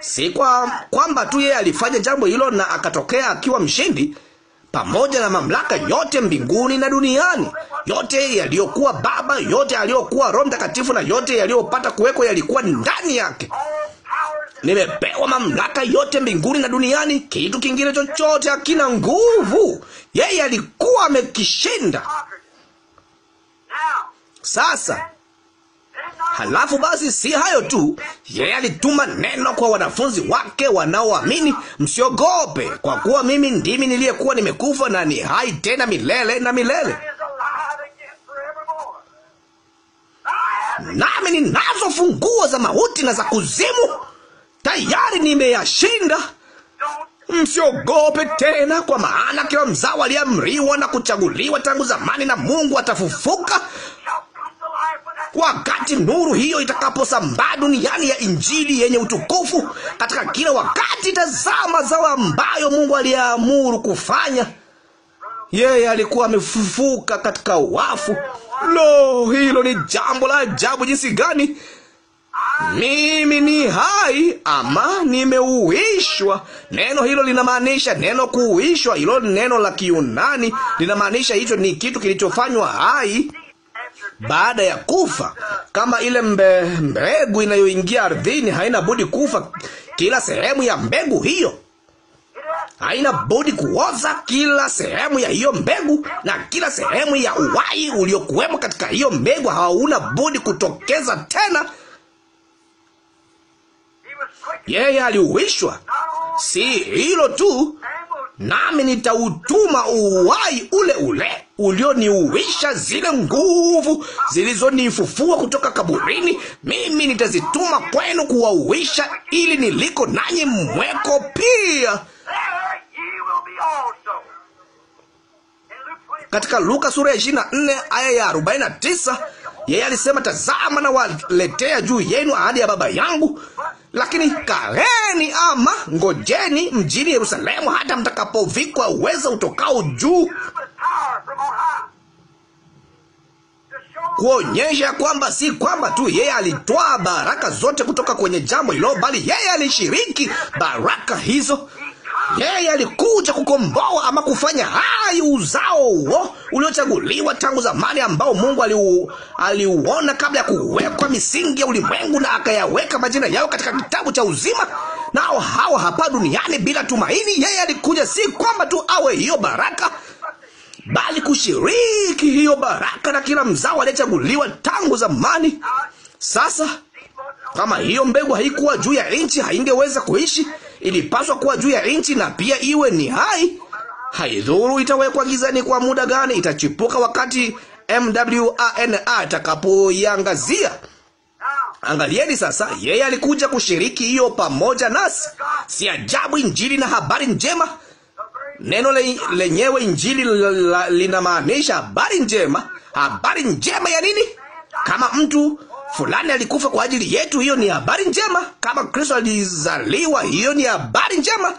Si kwa kwamba tu yeye alifanya jambo hilo na akatokea akiwa mshindi, pamoja na mamlaka yote mbinguni na duniani, yote yaliyokuwa Baba, yote yaliyokuwa Roho Mtakatifu na yote yaliyopata kuwekwa yalikuwa ndani yake. Nimepewa mamlaka yote mbinguni na duniani. Kitu kingine chochote hakina nguvu. Yeye alikuwa amekishinda. Sasa Halafu basi, si hayo tu, yeye alituma neno kwa wanafunzi wake wanaoamini, msiogope, kwa kuwa mimi ndimi niliyekuwa nimekufa na ni hai tena milele na milele, nami ninazo funguo za mauti na za kuzimu, tayari nimeyashinda. Msiogope tena, kwa maana kila mzao aliamriwa na kuchaguliwa tangu zamani na Mungu atafufuka wakati nuru hiyo itakaposambaa duniani ya Injili yenye utukufu katika kila wakati, tazama mazao ambayo Mungu aliamuru kufanya. Yeye alikuwa amefufuka katika wafu. Lo, hilo ni jambo la ajabu jinsi gani! Mimi ni hai ama nimeuishwa. Neno hilo linamaanisha neno kuuishwa. Hilo neno la kiunani linamaanisha hicho ni kitu kilichofanywa hai baada ya kufa. Kama ile mbe, mbegu inayoingia ardhini haina budi kufa, kila sehemu ya mbegu hiyo haina budi kuoza, kila sehemu ya hiyo mbegu na kila sehemu ya uwai uliokuwemo katika hiyo mbegu hauna budi kutokeza tena. Yeye aliuishwa. Si hilo tu, nami nitautuma uwai ule ule ulioniuisha zile nguvu zilizonifufua kutoka kaburini, mimi nitazituma kwenu kuwauisha, ili niliko nanyi mweko pia. Katika Luka sura ya nne aya ya 49, yeye alisema, tazama, waletea juu yenu ahadi ya Baba yangu, lakini kaleni ama ngojeni mjini Yerusalemu hata mtakapovikwa uweza utokao juu kuonyesha kwamba si kwamba tu yeye alitwaa baraka zote kutoka kwenye jambo hilo, bali yeye alishiriki baraka hizo. Yeye alikuja kukomboa ama kufanya hai uzao huo uliochaguliwa tangu zamani, ambao Mungu aliuona aliuona kabla ya kuwekwa misingi ya ulimwengu, na akayaweka majina yao katika kitabu cha uzima, nao hawa hapa duniani bila tumaini. Yeye alikuja si kwamba tu awe hiyo baraka bali kushiriki hiyo baraka na kila mzao aliyechaguliwa tangu zamani. Sasa kama hiyo mbegu haikuwa juu ya nchi, haingeweza kuishi. Ilipaswa kuwa juu ya nchi na pia iwe ni hai. Haidhuru itawekwa gizani kwa muda gani, itachipuka wakati MWANA atakapoiangazia. Angalieni sasa, yeye alikuja kushiriki hiyo pamoja nasi. Si ajabu Injili na habari njema Neno le, lenyewe Injili linamaanisha habari njema. Habari njema ya nini? Kama mtu fulani alikufa kwa ajili yetu, hiyo ni habari njema. Kama Kristo alizaliwa, hiyo ni habari njema,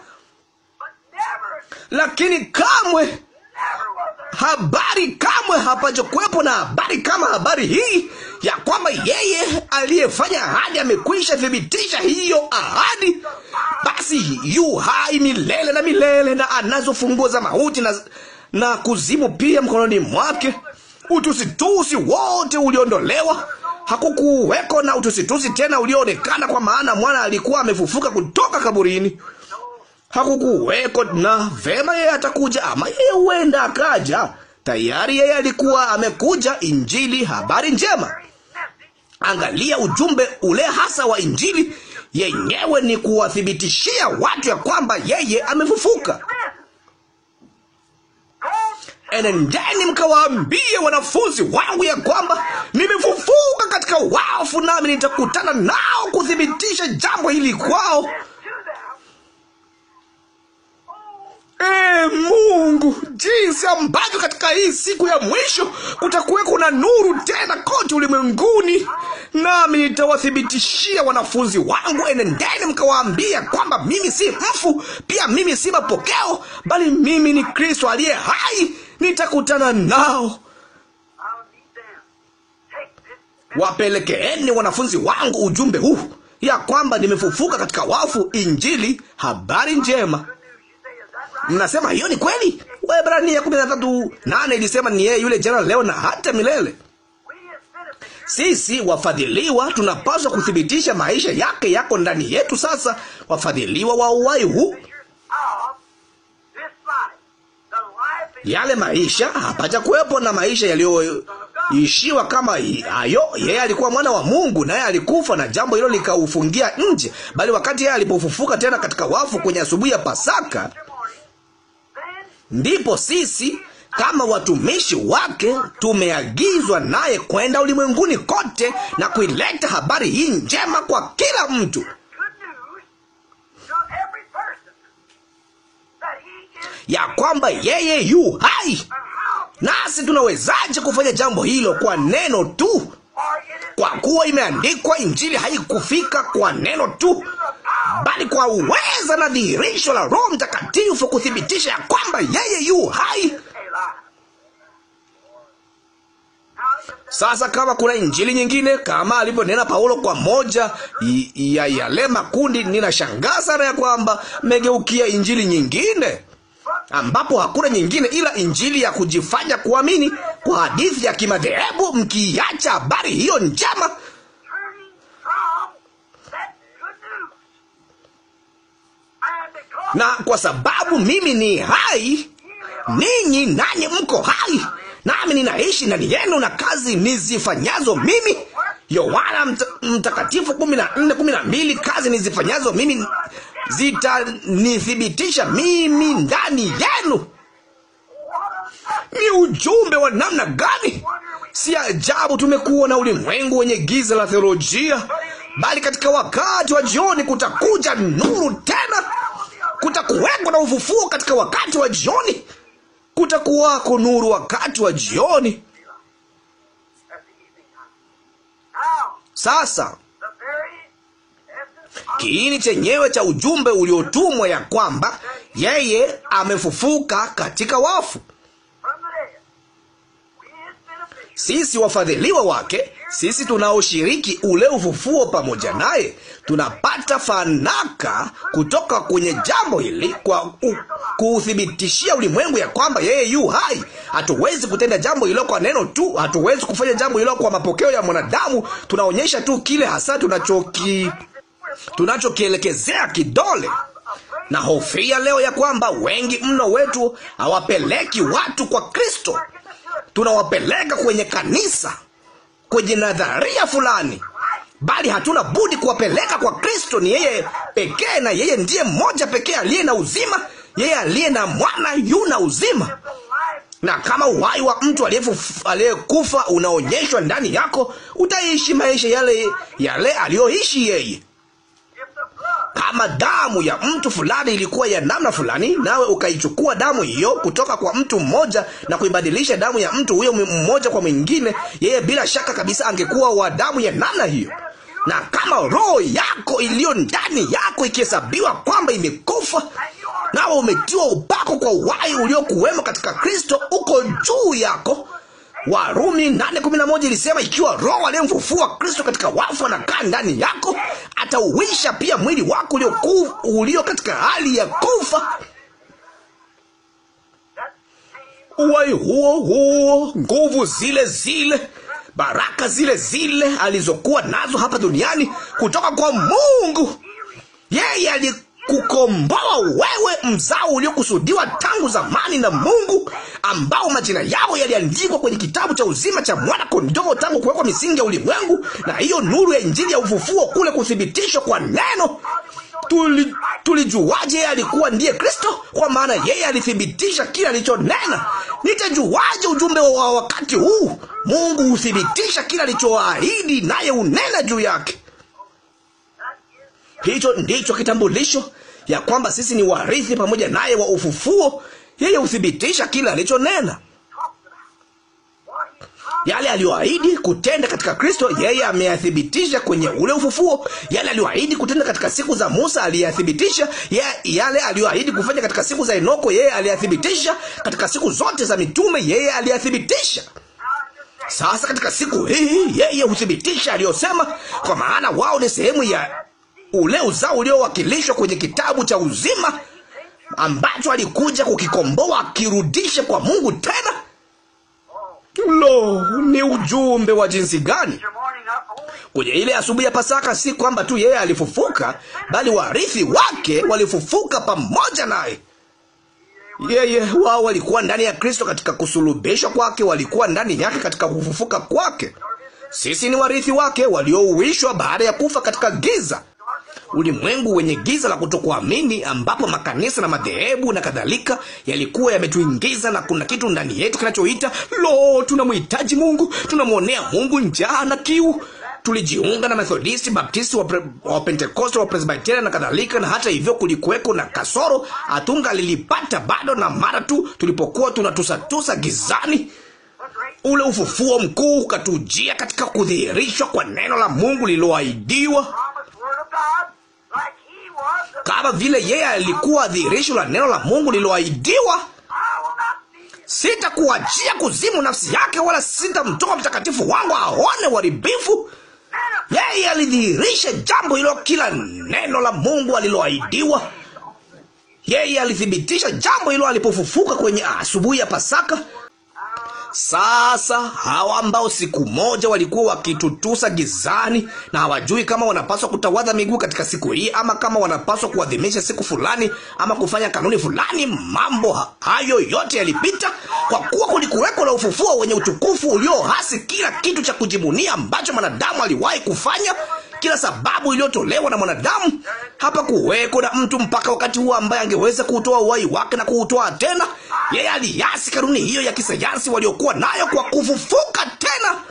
lakini kamwe habari kamwe hapajakuwepo na habari kama habari hii ya kwamba yeye aliyefanya ahadi amekwisha thibitisha hiyo ahadi. Basi yu hai milele na milele, na anazo funguo za mauti na, na kuzimu pia mkononi mwake. Utusitusi wote uliondolewa, hakukuweko na utusitusi tena ulioonekana, kwa maana mwana alikuwa amefufuka kutoka kaburini hakukuweko, na vema, yeye atakuja, ama yeye huenda akaja. Tayari yeye alikuwa amekuja. Injili, habari njema. Angalia ujumbe ule hasa wa injili yenyewe ni kuwathibitishia watu ya kwamba yeye amefufuka. Enendeni mkawaambie wanafunzi wangu ya kwamba nimefufuka katika wafu, nami nitakutana nao kuthibitisha jambo hili kwao. E Mungu, jinsi ambavyo katika hii siku ya mwisho kutakuwa kuna nuru tena kote ulimwenguni. Nami nitawathibitishia wanafunzi wangu, enendeni mkawaambia kwamba mimi si mfu, pia mimi si mapokeo, bali mimi ni Kristo aliye hai. Nitakutana nao. Wapelekeeni wanafunzi wangu ujumbe huu ya kwamba nimefufuka katika wafu, Injili, habari njema. Mnasema hiyo ni kweli? Waebrania nane ilisema ni yeye yule jana leo na hata milele. Sisi wafadhiliwa tunapaswa kuthibitisha maisha yake yako ndani yetu. Sasa wafadhiliwa wa uwai huu, yale maisha hapata kuwepo na maisha yaliyoishiwa kama hayo. Yeye alikuwa mwana wa Mungu, naye alikufa na jambo hilo likaufungia nje, bali wakati yeye alipofufuka tena katika wafu kwenye asubuhi ya Pasaka ndipo sisi kama watumishi wake tumeagizwa naye kwenda ulimwenguni kote na kuileta habari hii njema kwa kila mtu. ya kwamba yeye yu hai. Nasi tunawezaje kufanya jambo hilo kwa neno tu? Kwa kuwa imeandikwa, Injili haikufika kwa neno tu, bali kwa uweza na dhihirisho la Roho Mtakatifu kuthibitisha ya kwamba yeye yu hai. Sasa kama kuna injili nyingine kama alivyonena Paulo kwa moja ya yale makundi, ninashangaa sana ya kwamba megeukia injili nyingine ambapo hakuna nyingine ila injili ya kujifanya kuamini kwa hadithi ya kimadhehebu, mkiacha habari hiyo njema na kwa sababu mimi ni hai, ninyi nanyi mko hai, nami ninaishi ndani yenu, na kazi nizifanyazo mimi Yohana mt mtakatifu kumi na nne kumi na mbili kazi nizifanyazo mimi zitanithibitisha mimi ndani yenu. Ni ujumbe wa namna gani! Si ajabu tumekuwa na ulimwengu wenye giza la theolojia, bali katika wakati wa jioni kutakuja nuru tena kutakuweko na ufufuo katika wakati wa jioni, kutakuwako nuru wakati wa jioni. Sasa kiini chenyewe cha ujumbe uliotumwa ya kwamba yeye amefufuka katika wafu, sisi wafadhiliwa wake sisi tunaoshiriki ule ufufuo pamoja naye tunapata fanaka kutoka kwenye jambo hili kwa kuuthibitishia ulimwengu ya kwamba yeye yu hai. Hatuwezi kutenda jambo hilo kwa neno tu, hatuwezi kufanya jambo hilo kwa mapokeo ya mwanadamu. Tunaonyesha tu kile hasa tunachoki tunachokielekezea kidole na hofia leo ya kwamba wengi mno wetu hawapeleki watu kwa Kristo, tunawapeleka kwenye kanisa kwenye nadharia fulani, bali hatuna budi kuwapeleka kwa Kristo. Ni yeye pekee, na yeye ndiye mmoja pekee aliye na uzima. Yeye aliye na mwana yuna uzima, na kama uhai wa mtu aliyekufa unaonyeshwa ndani yako, utaishi maisha yale yale aliyoishi yeye kama damu ya mtu fulani ilikuwa ya namna fulani, nawe ukaichukua damu hiyo kutoka kwa mtu mmoja na kuibadilisha damu ya mtu huyo mmoja kwa mwingine, yeye bila shaka kabisa angekuwa wa damu ya namna hiyo. Na kama roho yako iliyo ndani yako ikihesabiwa kwamba imekufa, nawe umetiwa upako kwa uhai uliokuwemo katika Kristo, uko juu yako Warumi 8:11 ilisema, ikiwa Roho aliyemfufua Kristo katika wafu anakaa ndani yako, atauisha pia mwili wako ulio, ulio katika hali ya kufa uwai huo huo, nguvu zile zile, baraka zile zile alizokuwa nazo hapa duniani kutoka kwa Mungu. Yeye kukomboa wewe, mzao uliokusudiwa tangu zamani na Mungu, ambao majina yao yaliandikwa kwenye kitabu cha uzima cha mwana kondoo tangu kuwekwa misingi ya ulimwengu, na hiyo nuru ya injili ya ufufuo kule kuthibitishwa kwa neno. tulijuaje yeye alikuwa ndiye Kristo? Kwa maana yeye alithibitisha kila alichonena. Nitajuaje ujumbe wa wakati huu? Mungu huthibitisha kila alichoahidi, naye unena juu yake. Hicho ndicho kitambulisho ya kwamba sisi ni warithi pamoja naye wa ufufuo. Yeye huthibitisha kila alichonena, yale aliyoahidi kutenda katika Kristo, yeye ameyathibitisha kwenye ule ufufuo. Yale aliyoahidi kutenda katika siku za Musa, aliyathibitisha. Yale aliyoahidi kufanya katika siku za Enoko yeye aliyathibitisha. Katika siku zote za mitume, yeye aliyathibitisha. Sasa katika siku hii, yeye huthibitisha aliyosema, kwa maana wao ni sehemu ya ule uzao uliowakilishwa kwenye kitabu cha uzima ambacho alikuja kukikomboa akirudishe kwa Mungu tena. Lo, ni ujumbe wa jinsi gani! Kwenye ile asubuhi ya Pasaka, si kwamba tu yeye alifufuka, bali warithi wake walifufuka pamoja naye. Yeye wao walikuwa ndani ya Kristo katika kusulubishwa kwake, walikuwa ndani yake katika kufufuka kwake. Sisi ni warithi wake waliouishwa baada ya kufa katika giza ulimwengu wenye giza la kutokuamini, ambapo makanisa na madhehebu na kadhalika yalikuwa yametuingiza, na kuna kitu ndani yetu kinachoita lo, tunamhitaji Mungu, tunamwonea Mungu njaa na kiu. Tulijiunga na Methodisti, Baptisti, wa, pre, wa Pentekoste, wa Presbiteria na kadhalika, na hata hivyo kulikuweko na kasoro atunga lilipata bado, na mara tu tulipokuwa tunatusatusa gizani ule ufufuo mkuu ukatujia katika kudhihirishwa kwa neno la Mungu lililoahidiwa kama vile yeye alikuwa dhihirisho la neno la Mungu liloahidiwa. Sitakuachia kuzimu nafsi yake, wala sitamtoa mtakatifu wangu aone uharibifu. Yeye alidhihirisha jambo hilo, kila neno la Mungu aliloahidiwa. Yeye alithibitisha jambo hilo alipofufuka kwenye asubuhi ya Pasaka. Sasa hawa ambao siku moja walikuwa wakitutusa gizani na hawajui kama wanapaswa kutawadha miguu katika siku hii ama kama wanapaswa kuadhimisha siku fulani ama kufanya kanuni fulani, mambo hayo yote yalipita, kwa kuwa kulikuweko na ufufuo wenye utukufu uliohasi kila kitu cha kujibunia ambacho mwanadamu aliwahi kufanya kila sababu iliyotolewa na mwanadamu. Hapa kuweko na mtu mpaka wakati huo ambaye angeweza kuutoa uhai wake na kuutoa tena. Yeye aliasi kanuni hiyo ya kisayansi waliokuwa nayo kwa kufufuka tena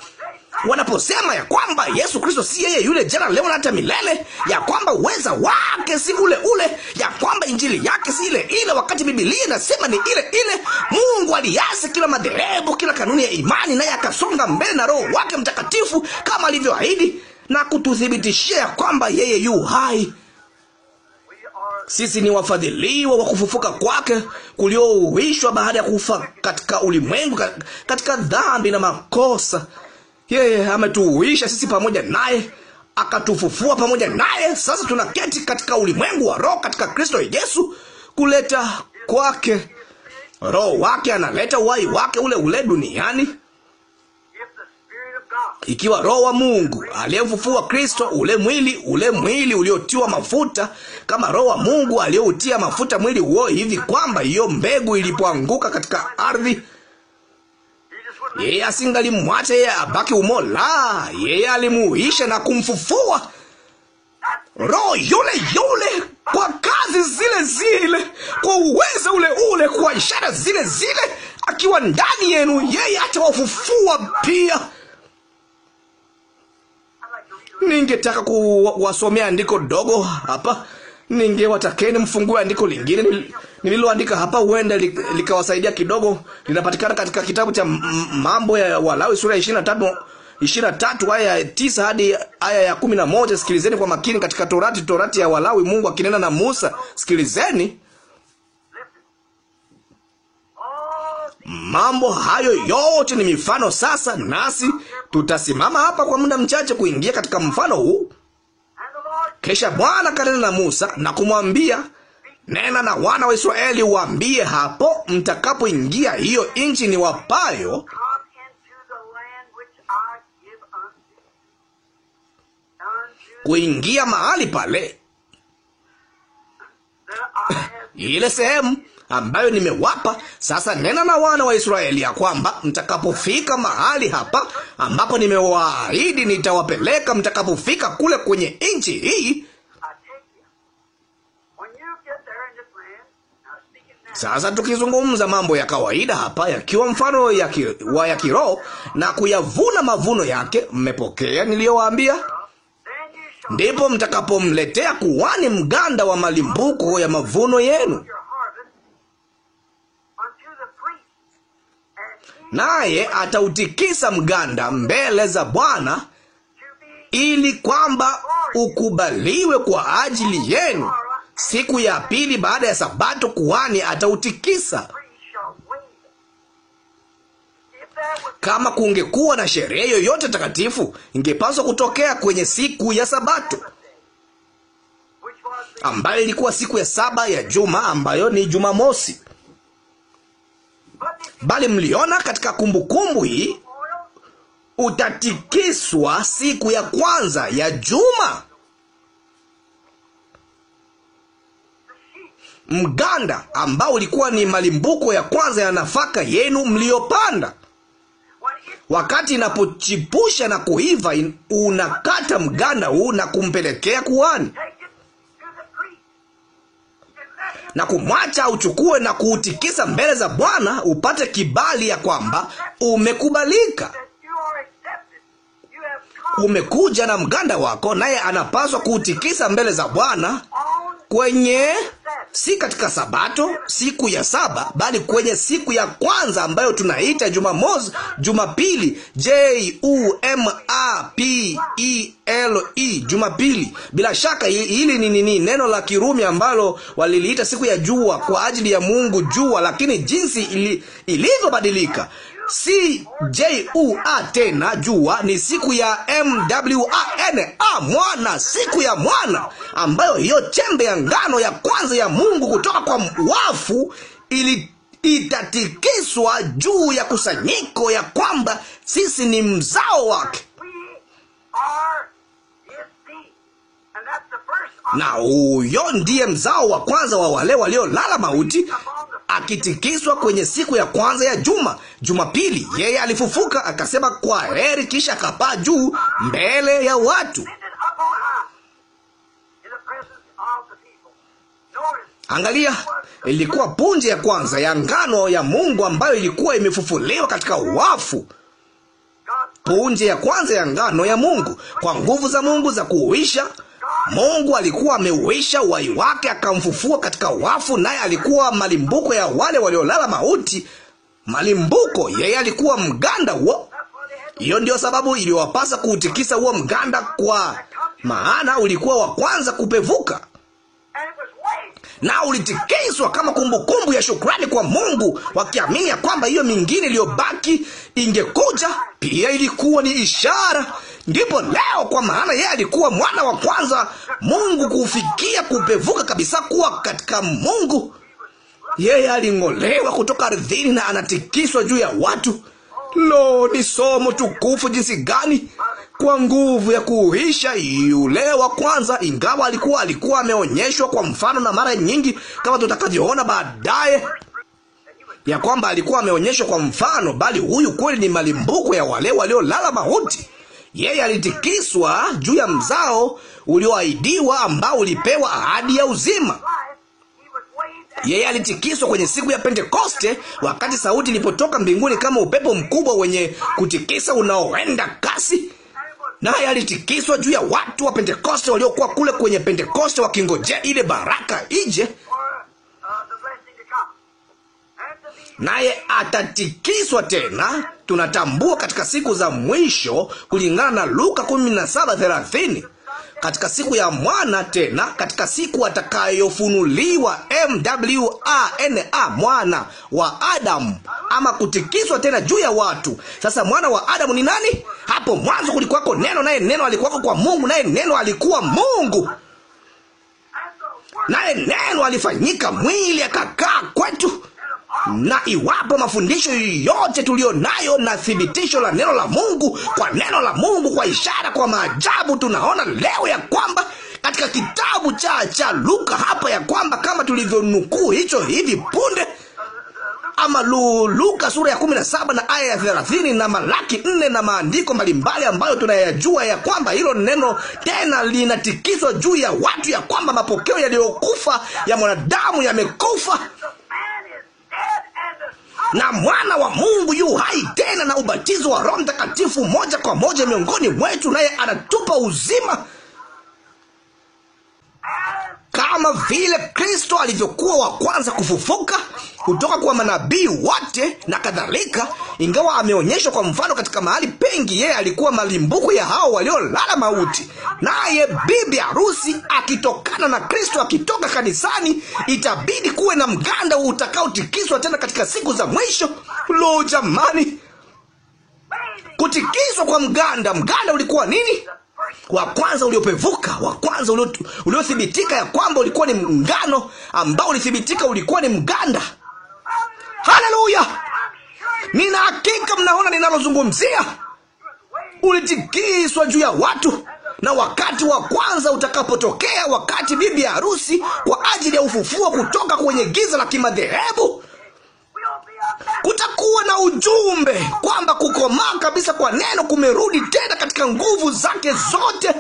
wanaposema ya kwamba Yesu Kristo si yeye yule jana leo na hata milele, ya kwamba uweza wake si ule ule, ya kwamba injili yake si ile ile, wakati Biblia inasema ni ile ile. Mungu aliasi kila madhehebu, kila kanuni ya imani, naye akasonga mbele na Roho wake Mtakatifu kama alivyoahidi na kututhibitishia kwamba yeye yu hai. Sisi ni wafadhiliwa wa kufufuka kwake kuliouishwa baada ya kufa katika ulimwengu, katika dhambi na makosa. Yeye ametuuisha sisi pamoja naye, akatufufua pamoja naye. Sasa tunaketi katika ulimwengu wa roho katika Kristo Yesu. Kuleta kwake roho wake, analeta uhai wake ule ule duniani ikiwa Roho wa Mungu aliyemfufua Kristo, ule mwili, ule mwili uliotiwa mafuta, kama Roho wa Mungu aliyoutia mafuta mwili huo, hivi kwamba hiyo mbegu ilipoanguka katika ardhi yeye asingalimwacha yeye abaki umo, la, yeye alimuisha na kumfufua Roho yule yule, kwa kazi zile zile, kwa uwezo ule ule, kwa ishara zile zile, akiwa ndani yenu, yeye atawafufua pia Ningetaka kuwasomea andiko dogo hapa, ningewatakeni mfungue andiko lingine nililoandika hapa, huenda likawasaidia kidogo. Linapatikana katika kitabu cha Mambo ya Walawi sura ya 23 tatu aya ya tisa hadi aya ya kumi na moja. Sikilizeni kwa makini katika Torati, Torati ya Walawi, Mungu akinena na Musa. Sikilizeni. Mambo hayo yote ni mifano. Sasa nasi tutasimama hapa kwa muda mchache kuingia katika mfano huu. Kisha Bwana kanena na Musa na kumwambia, nena na wana wa Israeli waambie, hapo mtakapoingia hiyo nchi ni wapayo kuingia mahali pale [COUGHS] ile sehemu ambayo nimewapa. Sasa nena na wana wa Israeli ya kwamba mtakapofika mahali hapa ambapo nimewaahidi nitawapeleka, mtakapofika kule kwenye nchi hii Sasa tukizungumza mambo ya kawaida hapa, yakiwa mfano ya ki, wa ya kiroho na kuyavuna mavuno yake, mmepokea niliyowaambia, ndipo mtakapomletea kuwani mganda wa malimbuko ya mavuno yenu. naye atautikisa mganda mbele za Bwana ili kwamba ukubaliwe kwa ajili yenu. Siku ya pili baada ya Sabato kuhani atautikisa. Kama kungekuwa na sherehe yoyote takatifu, ingepaswa kutokea kwenye siku ya Sabato ambayo ilikuwa siku ya saba ya juma, ambayo ni Jumamosi bali mliona katika kumbukumbu hii, utatikiswa siku ya kwanza ya juma. Mganda ambao ulikuwa ni malimbuko ya kwanza ya nafaka yenu mliyopanda, wakati inapochipusha na kuiva, unakata mganda huu na kumpelekea kuhani na kumwacha uchukue na kuutikisa mbele za Bwana upate kibali ya kwamba umekubalika umekuja na mganda wako, naye anapaswa kuutikisa mbele za Bwana kwenye si katika Sabato siku ya saba, bali kwenye siku ya kwanza ambayo tunaita Jumamosi, Jumapili, J U M A P E L E, Jumapili. Bila shaka hili ni nini? Neno la Kirumi ambalo waliliita siku ya jua kwa ajili ya Mungu jua, lakini jinsi ili, ilivyobadilika si A tena jua, ni siku ya N a mwana, siku ya mwana, ambayo hiyo chembe ya ngano ya kwanza ya Mungu kutoka kwa wafu ili itatikiswa juu ya kusanyiko ya kwamba sisi ni mzao wake na huyo ndiye mzao wa kwanza wa wale waliolala mauti akitikiswa kwenye siku ya kwanza ya juma, Jumapili, yeye alifufuka akasema kwa heri, kisha akapaa juu mbele ya watu. Angalia, ilikuwa punje ya kwanza ya ngano ya Mungu ambayo ilikuwa imefufuliwa katika wafu. Punje ya kwanza ya ngano ya Mungu kwa nguvu za Mungu za kuuisha Mungu alikuwa ameuisha uhai wake, akamfufua katika wafu, naye alikuwa malimbuko ya wale waliolala mauti. Malimbuko, yeye alikuwa mganda huo. Hiyo ndiyo sababu iliwapasa kuutikisa huo mganda, kwa maana ulikuwa wa kwanza kupevuka na ulitikiswa kama kumbukumbu kumbu ya shukrani kwa Mungu, wakiamini ya kwamba hiyo mingine iliyobaki ingekuja. Pia ilikuwa ni ishara ndipo leo, kwa maana yeye alikuwa mwana wa kwanza Mungu kufikia kupevuka kabisa kuwa katika Mungu. Yeye aling'olewa kutoka ardhini na anatikiswa juu ya watu. Lo, ni somo tukufu jinsi gani! Kwa nguvu ya kuuisha yule wa kwanza, ingawa alikuwa alikuwa ameonyeshwa kwa mfano na mara nyingi, kama tutakavyoona baadaye ya kwamba alikuwa ameonyeshwa kwa mfano, bali huyu kweli ni malimbuko ya wale waliolala mauti. Yeye alitikiswa juu ya mzao ulioahidiwa ambao ulipewa ahadi ya uzima. Yeye alitikiswa kwenye siku ya Pentekoste, wakati sauti ilipotoka mbinguni kama upepo mkubwa wenye kutikisa unaoenda kasi. Naye alitikiswa juu ya watu wa Pentekoste waliokuwa kule kwenye Pentekoste wakingojea ile baraka ije naye atatikiswa tena. Tunatambua katika siku za mwisho kulingana na Luka 17:30 katika siku ya mwana tena, katika siku atakayofunuliwa MWANA, mwana wa Adamu, ama kutikiswa tena juu ya watu. Sasa mwana wa Adamu ni nani? Hapo mwanzo kulikuwako neno, naye neno alikuwako kwa Mungu, naye neno alikuwa Mungu, naye neno alifanyika mwili akakaa kwetu na iwapo mafundisho yote tuliyo nayo na thibitisho la neno la Mungu kwa neno la Mungu kwa ishara, kwa maajabu, tunaona leo ya kwamba katika kitabu cha cha Luka hapa ya kwamba kama tulivyonukuu hicho hivi punde ama Lu, Luka sura ya 17 na aya ya 30 na Malaki nne na maandiko mbalimbali ambayo tunayajua ya kwamba hilo neno tena linatikiswa juu ya watu, ya kwamba mapokeo yaliyokufa ya mwanadamu yamekufa na mwana wa Mungu yu hai tena, na ubatizo wa Roho Mtakatifu moja kwa moja miongoni mwetu, naye anatupa uzima kama vile Kristo alivyokuwa wa kwanza kufufuka kutoka kwa manabii wote na kadhalika. Ingawa ameonyeshwa kwa mfano katika mahali pengi, yeye alikuwa malimbuko ya hao waliolala mauti, naye bibi harusi akitokana na Kristo akitoka kanisani, itabidi kuwe na mganda utakaotikiswa tena katika siku za mwisho. Lo, jamani, kutikiswa kwa mganda! Mganda ulikuwa nini? wa kwanza uliopevuka, wa kwanza uliothibitika ya kwamba ulikuwa ni mgano ambao ulithibitika ulikuwa ni mganda. Haleluya! Nina hakika mnaona ninalozungumzia. Ulitikiswa juu ya watu na wakati wa kwanza utakapotokea, wakati bibi ya harusi kwa ajili ya ufufuo kutoka kwenye giza la kimadhehebu, kutakuwa na ujumbe kwamba kukomaa kabisa kwa neno kumerudi tena katika nguvu zake zote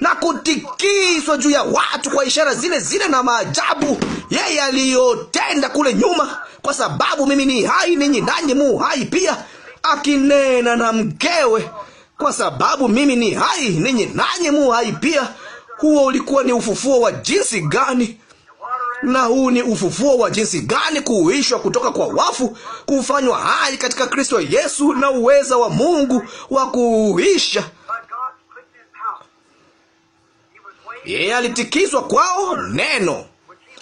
na kutikiswa juu ya watu kwa ishara zile zile na maajabu yeye aliyotenda kule nyuma, kwa sababu mimi ni hai, ninyi nanyi mu hai pia, akinena na mkewe, kwa sababu mimi ni hai, ninyi nanyi mu hai pia. Huo ulikuwa ni ufufuo wa jinsi gani! Na huu ni ufufuo wa jinsi gani! Kuuishwa kutoka kwa wafu, kufanywa hai katika Kristo Yesu, na uweza wa Mungu wa kuuisha Yeye alitikiswa kwao, neno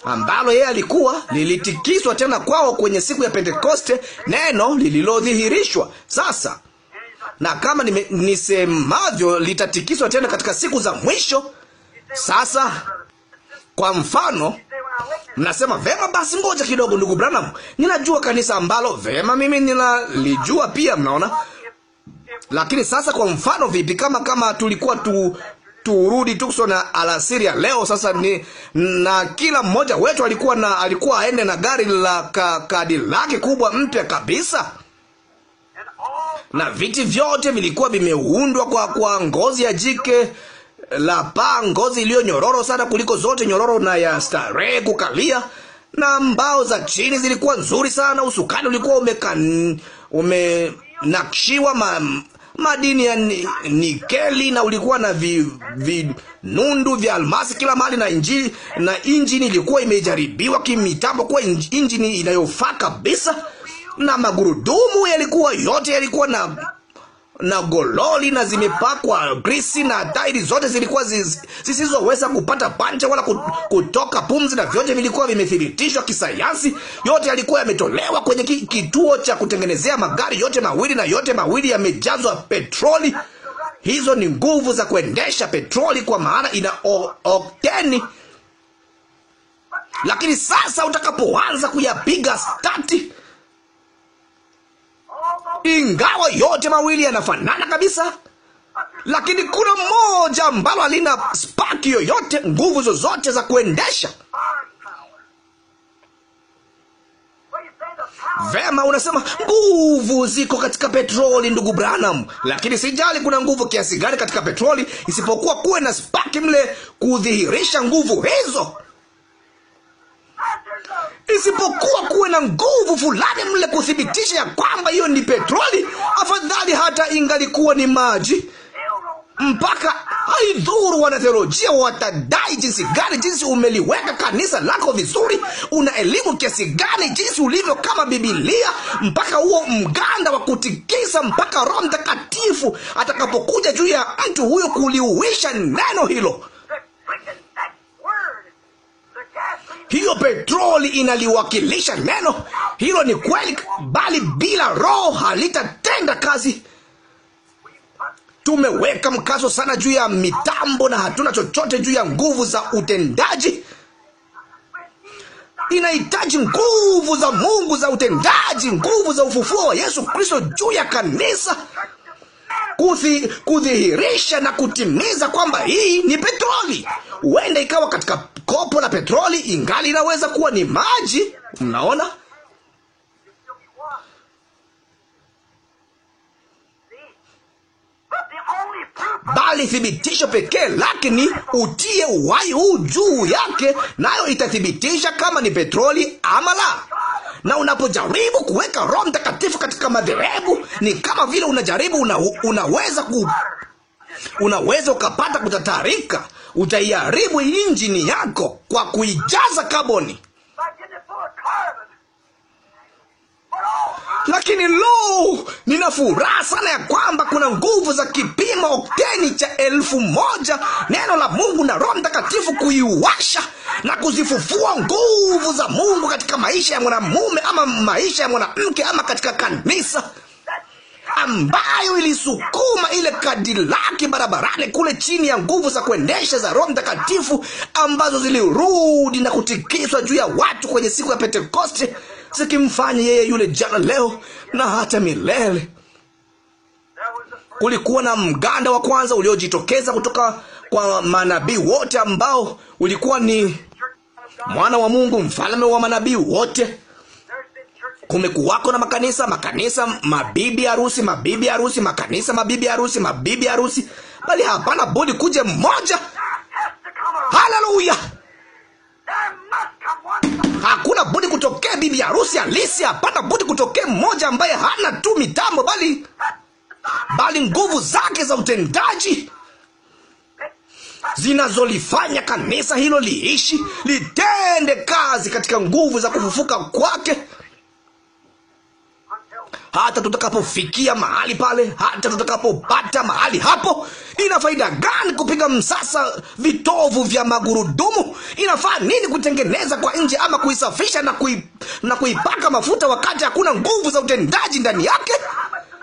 ambalo yeye alikuwa lilitikiswa tena kwao kwenye siku ya Pentekoste, neno lililodhihirishwa sasa, na kama nisemavyo litatikiswa tena katika siku za mwisho. Sasa kwa mfano mnasema vema, basi ngoja kidogo, ndugu Branham, ninajua kanisa ambalo vema mimi ninalijua pia, mnaona. Lakini sasa, kwa mfano, vipi kama kama tulikuwa tu turudi Tucson na alasiri ya leo. Sasa ni na kila mmoja wetu alikuwa na alikuwa aende na gari la kadi lake kubwa mpya kabisa na viti vyote vilikuwa vimeundwa kwa, kwa ngozi ya jike la paa, ngozi iliyo nyororo sana kuliko zote, nyororo na ya starehe kukalia, na mbao za chini zilikuwa nzuri sana. Usukani ulikuwa umekan, umenakshiwa madini ya nikeli na ulikuwa na vinundu vi, vya almasi kila mahali, na injini, na injini ilikuwa imejaribiwa kimitambo kuwa injini inayofaa kabisa, na magurudumu yalikuwa yote yalikuwa na na gololi na zimepakwa grisi na tairi zote zilikuwa zisizoweza kupata pancha wala kutoka pumzi, na vyote vilikuwa vimethibitishwa kisayansi. Yote yalikuwa yametolewa kwenye kituo cha kutengenezea magari, yote mawili, na yote mawili yamejazwa petroli. Hizo ni nguvu za kuendesha petroli, kwa maana ina okteni. Lakini sasa utakapoanza kuyapiga stati ingawa yote mawili yanafanana kabisa, lakini kuna mmoja ambalo halina spaki yoyote, nguvu zozote za kuendesha. Vema, unasema nguvu ziko katika petroli, ndugu Branham, lakini sijali kuna nguvu kiasi gani katika petroli, isipokuwa kuwe na spaki mle kudhihirisha nguvu hizo isipokuwa kuwe na nguvu fulani mle kuthibitisha ya kwamba hiyo ni petroli, afadhali hata ingalikuwa ni maji. Mpaka haidhuru wanatheolojia watadai jinsi gani, jinsi umeliweka kanisa lako vizuri, una elimu kiasi gani, jinsi ulivyo kama Bibilia, mpaka huo mganda wa kutikisa, mpaka Roho Mtakatifu atakapokuja juu ya mtu huyo kuliuisha neno hilo. Hiyo petroli inaliwakilisha neno. Hilo ni kweli, bali bila roho halitatenda kazi. Tumeweka mkazo sana juu ya mitambo na hatuna chochote juu ya nguvu za utendaji. Inahitaji nguvu za Mungu za utendaji, nguvu za ufufuo wa Yesu Kristo juu ya kanisa kuthi, kudhihirisha na kutimiza kwamba hii ni petroli. Huenda ikawa katika kopo la petroli, ingali inaweza kuwa ni maji. Mnaona, bali thibitisho pekee lake ni utie uhai huu juu yake, nayo itathibitisha kama ni petroli ama la. Na unapojaribu kuweka Roho Mtakatifu katika madhehebu, ni kama vile unajaribu una, unaweza ku, unaweza ukapata kutatarika. Utaiharibu injini yako kwa kuijaza kaboni. lakini lo, nina furaha sana ya kwamba kuna nguvu za kipima okteni cha elfu moja neno la Mungu na Roho Mtakatifu kuiwasha na kuzifufua nguvu za Mungu katika maisha ya mwanamume ama maisha ya mwanamke ama katika kanisa ambayo ilisukuma ile kadi lake barabarani kule chini ya nguvu za kuendesha za Roho Mtakatifu ambazo zilirudi na kutikiswa juu ya watu kwenye siku ya Pentekoste zikimfanya yeye yule jana, leo na hata milele. Kulikuwa na mganda wa kwanza uliojitokeza kutoka kwa manabii wote ambao ulikuwa ni mwana wa Mungu, mfalme wa manabii wote. Kumekuwako na makanisa, makanisa, mabibi harusi, mabibi harusi, makanisa, mabibi harusi, mabibi harusi, bali hapana budi kuje mmoja. Haleluya! Hakuna budi kutokea bibi harusi halisi. Hapana budi kutokea mmoja ambaye hana tu mitambo, bali bali nguvu zake za utendaji zinazolifanya kanisa hilo liishi, litende kazi katika nguvu za kufufuka kwake hata tutakapofikia mahali pale, hata tutakapopata mahali hapo. Ina faida gani kupiga msasa vitovu vya magurudumu? Inafaa nini kutengeneza kwa nje ama kuisafisha na, kui, na kuipaka mafuta wakati hakuna nguvu za utendaji ndani yake?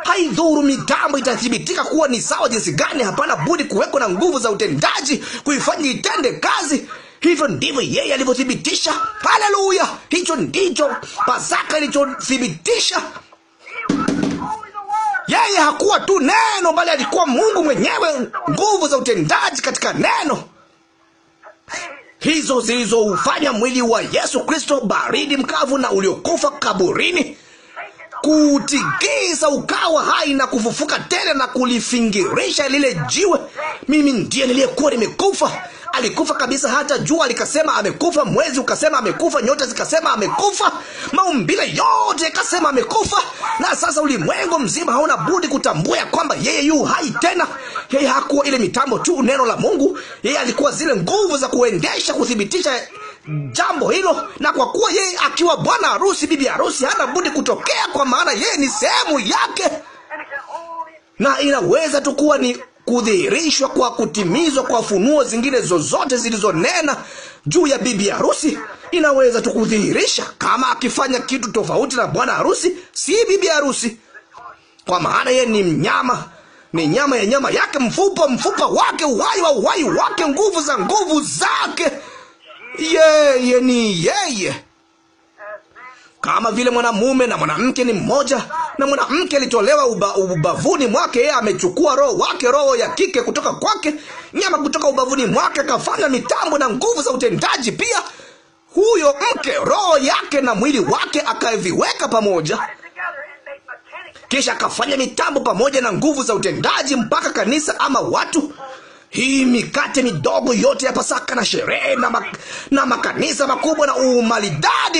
Haidhuru, mitambo itathibitika kuwa ni sawa jinsi gani. Hapana budi kuweko na nguvu za utendaji kuifanya itende kazi. Hivyo ndivyo yeye alivyothibitisha. Haleluya! Hicho ndicho Pasaka ilichothibitisha. Yeye hakuwa tu neno, bali alikuwa Mungu mwenyewe, nguvu za utendaji katika neno hizo zilizoufanya mwili wa Yesu Kristo baridi mkavu na uliokufa kaburini kutigiza ukawa hai na kufufuka tena na kulifingirisha lile jiwe. Mimi ndiye niliyekuwa nimekufa, alikufa kabisa, hata jua likasema amekufa, mwezi ukasema amekufa, nyota zikasema amekufa, maumbile yote yakasema amekufa. Na sasa ulimwengu mzima hauna budi kutambua ya kwamba yeye yu hai tena. Yeye hakuwa ile mitambo tu, neno la Mungu, yeye alikuwa zile nguvu za kuendesha, kuthibitisha jambo hilo. Na kwa kuwa yeye akiwa bwana harusi, bibi harusi hana budi kutokea, kwa maana yeye ni sehemu yake, na inaweza tu kuwa ni kudhihirishwa kwa kutimizwa kwa funuo zingine zozote zilizonena juu ya bibi harusi. Inaweza tukudhihirisha kama akifanya kitu tofauti na bwana harusi, si bibi harusi, kwa maana ye ni mnyama ni nyama ya nyama yake, mfupa mfupa wake, uhai wa uhai wake, nguvu za nguvu zake. Yeye ni yeye kama vile mwanamume na mwanamke ni mmoja, na mwanamke alitolewa uba, ubavuni mwake, yeye amechukua roho wake, roho ya kike kutoka kwake, nyama kutoka ubavuni mwake, akafanya mitambo na nguvu za utendaji pia huyo mke, roho yake na mwili wake akaviweka pamoja, kisha akafanya mitambo pamoja na nguvu za utendaji mpaka kanisa ama watu hii mikate midogo yote ya Pasaka na sherehe na, mak na makanisa makubwa na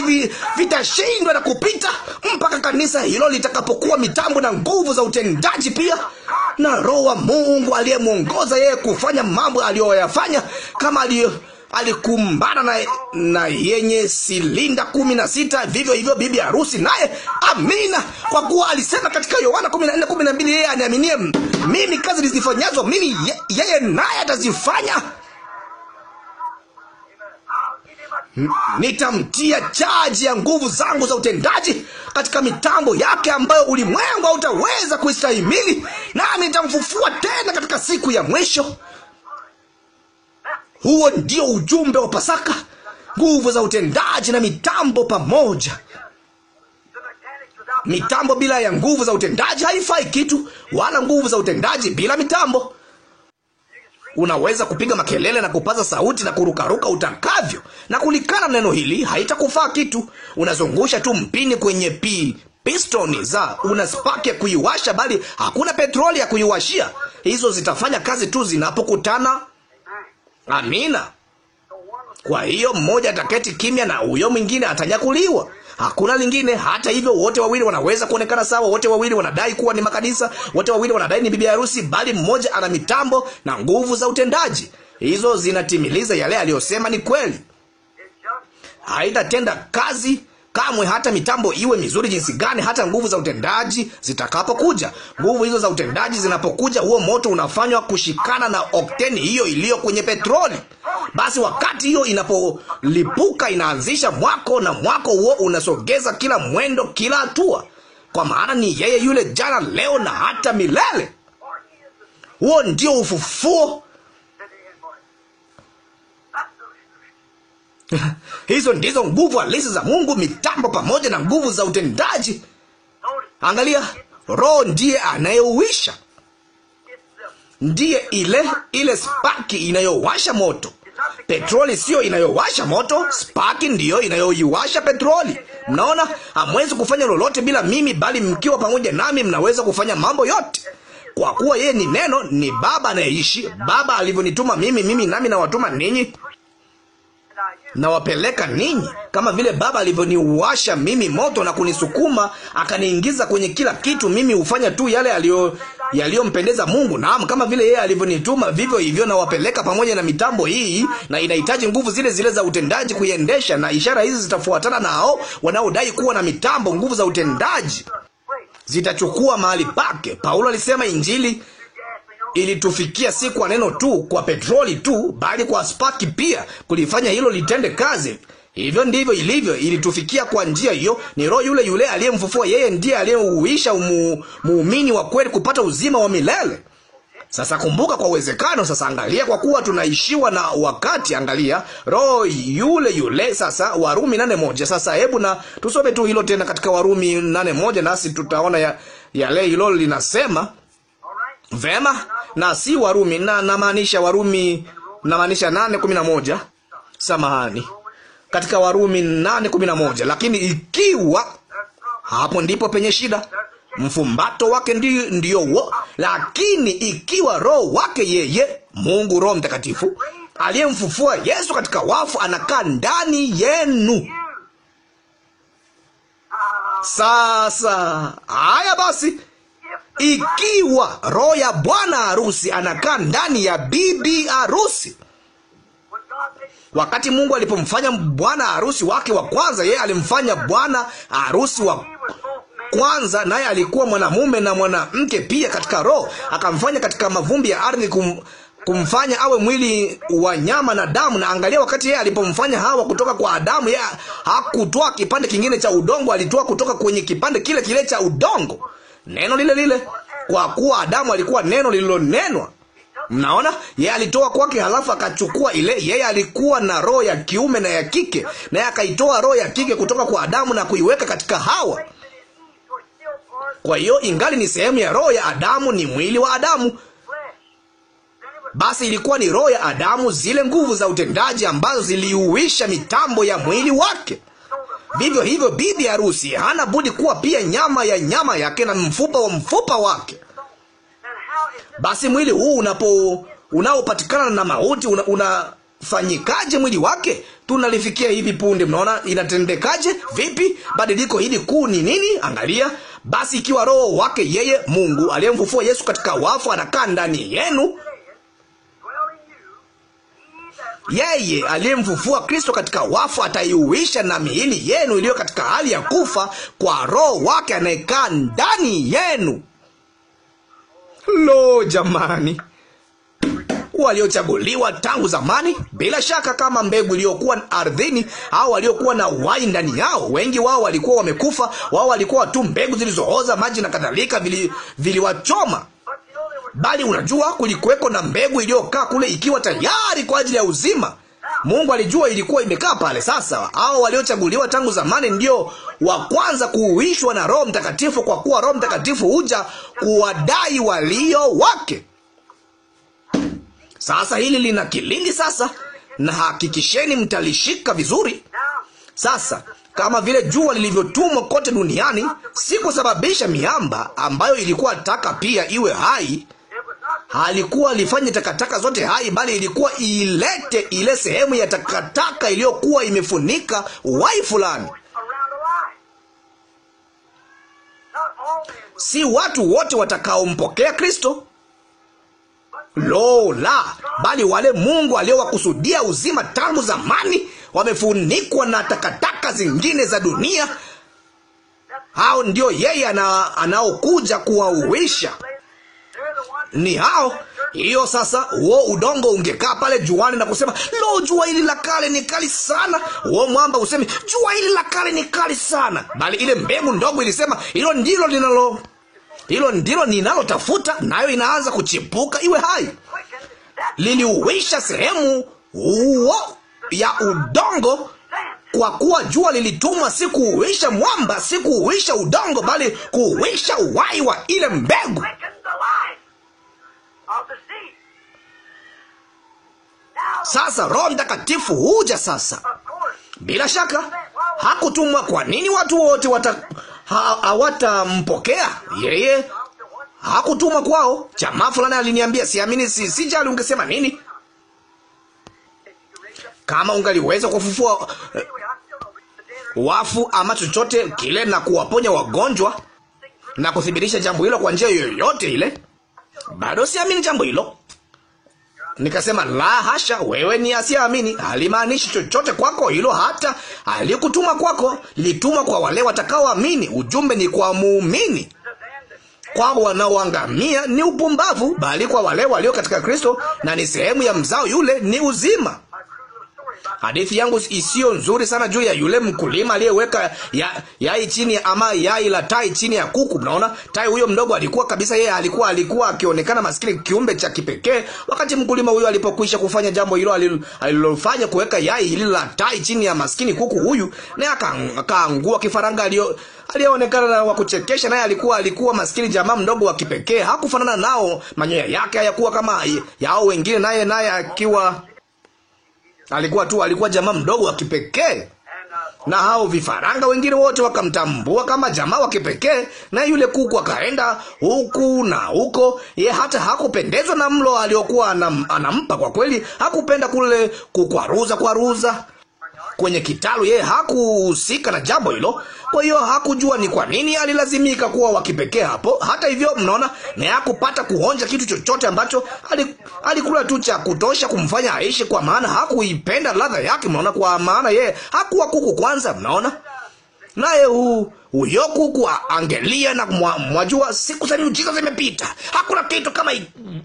vi vitashindwa na kupita mpaka kanisa hilo litakapokuwa mitambo na nguvu za utendaji pia na Roho wa Mungu aliyemwongoza yeye kufanya mambo aliyoyafanya kama aliyo alikumbana na, na yenye silinda kumi na sita, vivyo hivyo bibi harusi naye. Amina, kwa kuwa alisema katika Yohana 14:12 yeye aniaminie mimi, kazi nizifanyazo mimi yeye naye atazifanya nitamtia chaji ya nguvu zangu za utendaji katika mitambo yake ambayo ulimwengu hautaweza kuistahimili, nami nitamfufua tena katika siku ya mwisho. Huo ndio ujumbe wa Pasaka, nguvu za utendaji na mitambo pamoja. Mitambo bila ya nguvu za utendaji haifai kitu, wala nguvu za utendaji bila mitambo. Unaweza kupiga makelele na kupaza sauti na kurukaruka utakavyo, na kulikana neno hili haitakufaa kitu. Unazungusha tu mpini kwenye pi pistoni za una ya kuiwasha, bali hakuna petroli ya kuiwashia. Hizo zitafanya kazi tu zinapokutana Amina. Kwa hiyo mmoja ataketi kimya na huyo mwingine atanyakuliwa. Hakuna lingine. Hata hivyo, wote wawili wanaweza kuonekana sawa, wote wawili wanadai kuwa ni makanisa, wote wawili wanadai ni bibi harusi, bali mmoja ana mitambo na nguvu za utendaji. Hizo zinatimiliza yale aliyosema ni kweli. Haitatenda kazi Kamwe hata mitambo iwe mizuri jinsi gani, hata nguvu za utendaji zitakapokuja, nguvu hizo za utendaji zinapokuja, huo moto unafanywa kushikana na okteni hiyo iliyo kwenye petroli. Basi wakati hiyo inapolipuka, inaanzisha mwako, na mwako huo unasogeza kila mwendo, kila hatua, kwa maana ni yeye yule jana, leo na hata milele. Huo ndio ufufuo [LAUGHS] Hizo ndizo nguvu halisi za Mungu, mitambo pamoja na nguvu za utendaji. Angalia, Roho ndiye anayeuisha, ndiye ile ile spaki inayowasha moto. Petroli sio inayowasha moto, spaki ndiyo inayoiwasha petroli. Mnaona, hamwezi kufanya lolote bila mimi, bali mkiwa pamoja nami mnaweza kufanya mambo yote, kwa kuwa yeye ni Neno, ni Baba anayeishi. Baba alivyonituma mimi, mimi nami nawatuma ninyi nawapeleka ninyi, kama vile Baba alivyoniwasha mimi moto na kunisukuma akaniingiza kwenye kila kitu. Mimi hufanya tu yale aliyo yaliyompendeza Mungu. Naam, kama vile yeye alivyonituma, vivyo hivyo nawapeleka pamoja na mitambo hii, na inahitaji nguvu zile zile za utendaji kuiendesha, na ishara hizi zitafuatana nao wanaodai kuwa na mitambo. Nguvu za utendaji zitachukua mahali pake. Paulo alisema Injili ilitufikia si kwa neno tu, kwa petroli tu, bali kwa spaki pia, kulifanya hilo litende kazi. Hivyo ndivyo ilivyo, ilitufikia kwa njia hiyo. Ni Roho yule yule aliyemfufua yeye, ndiye aliyeuisha muumini wa kweli kupata uzima wa milele. Sasa kumbuka, kwa uwezekano sasa, angalia, kwa kuwa tunaishiwa na wakati. Angalia roho yule yule sasa, Warumi nane moja. Sasa hebu na tusome tu hilo tena katika Warumi nane moja, nasi tutaona yale ya hilo linasema Vema, na si Warumi na namaanisha Warumi, namaanisha nane kumi na moja. Samahani, katika Warumi nane kumi na moja. Lakini ikiwa hapo ndipo penye shida, mfumbato wake ndio ndio huo. Lakini ikiwa roho wake yeye Mungu Roho Mtakatifu aliyemfufua Yesu katika wafu anakaa ndani yenu. Sasa haya basi ikiwa roho ya bwana harusi anakaa ndani ya bibi harusi. Wakati Mungu alipomfanya bwana harusi wake wa kwanza, yeye alimfanya bwana harusi wa kwanza, naye alikuwa mwanamume na mwanamke pia katika roho, akamfanya katika mavumbi ya ardhi kum, kumfanya awe mwili wa nyama na damu. Na angalia, wakati yeye alipomfanya Hawa kutoka kwa Adamu, yeye hakutoa kipande kingine cha udongo, alitoa kutoka kwenye kipande kile kile cha udongo neno lile lile, kwa kuwa Adamu alikuwa neno lililonenwa. Mnaona, yeye alitoa kwake, halafu akachukua ile. Yeye alikuwa na roho ya kiume na ya kike, naye akaitoa roho ya kike kutoka kwa Adamu na kuiweka katika Hawa. Kwa hiyo ingali ni sehemu ya roho ya Adamu, ni mwili wa Adamu. Basi ilikuwa ni roho ya Adamu, zile nguvu za utendaji ambazo ziliuisha mitambo ya mwili wake. Vivyo hivyo, bibi harusi hana budi kuwa pia nyama ya nyama yake na mfupa wa mfupa wake. Basi mwili huu unapo unaopatikana na mauti una, unafanyikaje mwili wake? Tunalifikia hivi punde. Mnaona inatendekaje? Vipi badiliko hili kuu ni nini? Angalia basi, ikiwa roho wake yeye Mungu aliyemfufua Yesu katika wafu anakaa ndani yenu yeye aliyemfufua Kristo katika wafu ataiuisha na miili yenu iliyo katika hali ya kufa kwa Roho wake anayekaa ndani yenu. Lo, jamani! Waliochaguliwa tangu zamani, bila shaka, kama mbegu iliyokuwa ardhini, au waliokuwa na uhai ndani yao. Wengi wao walikuwa wamekufa, wao walikuwa tu mbegu zilizooza, maji na kadhalika viliwachoma, vili bali unajua, kulikuweko na mbegu iliyokaa kule ikiwa tayari kwa ajili ya uzima. Mungu alijua ilikuwa imekaa pale. Sasa hao waliochaguliwa tangu zamani ndio wa kwanza kuuishwa na Roho Mtakatifu, kwa kuwa Roho Mtakatifu huja kuwadai walio wake. Sasa hili lina kilindi sasa, na hakikisheni mtalishika vizuri. Sasa kama vile jua lilivyotumwa kote duniani, si kusababisha miamba ambayo ilikuwa taka pia iwe hai halikuwa lifanye takataka zote hai, bali ilikuwa ilete ile sehemu ya takataka iliyokuwa imefunika wai fulani. Si watu wote watakaompokea Kristo, lo la, bali wale Mungu aliowakusudia uzima tangu zamani wamefunikwa na takataka zingine za dunia. Hao ndio yeye anaokuja kuwauisha ni hao. Hiyo sasa, huo udongo ungekaa pale juani na kusema lo, jua hili la kale ni kali sana. Huo mwamba useme jua hili la kale ni kali sana, bali ile mbegu ndogo ilisema hilo ndilo linalo hilo ndilo ninalotafuta, nayo inaanza kuchipuka iwe hai. Liliuisha sehemu huo ya udongo, kwa kuwa jua lilitumwa si kuuisha mwamba, si kuuisha udongo, bali kuuisha uhai wa ile mbegu. Sasa Roho Mtakatifu huja sasa. Bila shaka hakutumwa. Kwa nini watu wote hawatampokea yeye? Hakutumwa kwao. Jamaa fulani aliniambia, siamini, si sijali ungesema nini kama ungaliweza kufufua eh, wafu ama chochote kile na kuwaponya wagonjwa na kuthibitisha jambo hilo kwa njia yoyote ile. Bado siamini jambo hilo. Nikasema, la hasha, wewe ni asiamini, halimaanishi chochote kwako hilo, hata alikutuma kwako, lilitumwa kwa wale watakaoamini. Ujumbe ni kwa muumini. Kwa wanaoangamia ni upumbavu, bali kwa wale walio katika Kristo na ni sehemu ya mzao yule ni uzima hadithi yangu isiyo nzuri sana juu ya yule mkulima aliyeweka yai ya, chini ama yai la tai chini ya kuku. Mnaona, tai huyo mdogo alikuwa kabisa, yeye alikuwa alikuwa akionekana maskini, kiumbe cha kipekee. Wakati mkulima huyo alipokwisha kufanya jambo hilo alilofanya, kuweka yai hili la tai chini ya maskini kuku huyu, naye akaangua kifaranga alio aliyeonekana na wa kuchekesha, naye alikuwa alikuwa maskini jamaa mdogo wa kipekee, hakufanana nao, manyoya yake hayakuwa kama yao wengine, naye naye akiwa Alikuwa tu alikuwa jamaa mdogo wa kipekee, na hao vifaranga wengine wote wakamtambua kama jamaa wa kipekee. Na yule kuku akaenda huku na huko, ye hata hakupendezwa na mlo aliokuwa anam, anampa. Kwa kweli hakupenda kule kukwaruza kwaruza kwenye kitalu, yeye hakuhusika na jambo hilo. Kwa hiyo hakujua ni kwa nini alilazimika kuwa wa kipekee hapo. Hata hivyo, mnaona, na hakupata kuonja kitu chochote ambacho alikula tu cha kutosha kumfanya aishi, kwa maana hakuipenda ladha yake. Mnaona, kwa maana yeye hakuwa kuku kwanza. Mnaona naye huu huyo kuku angelia na mwajua, siku za miujiza zimepita, hakuna kitu kama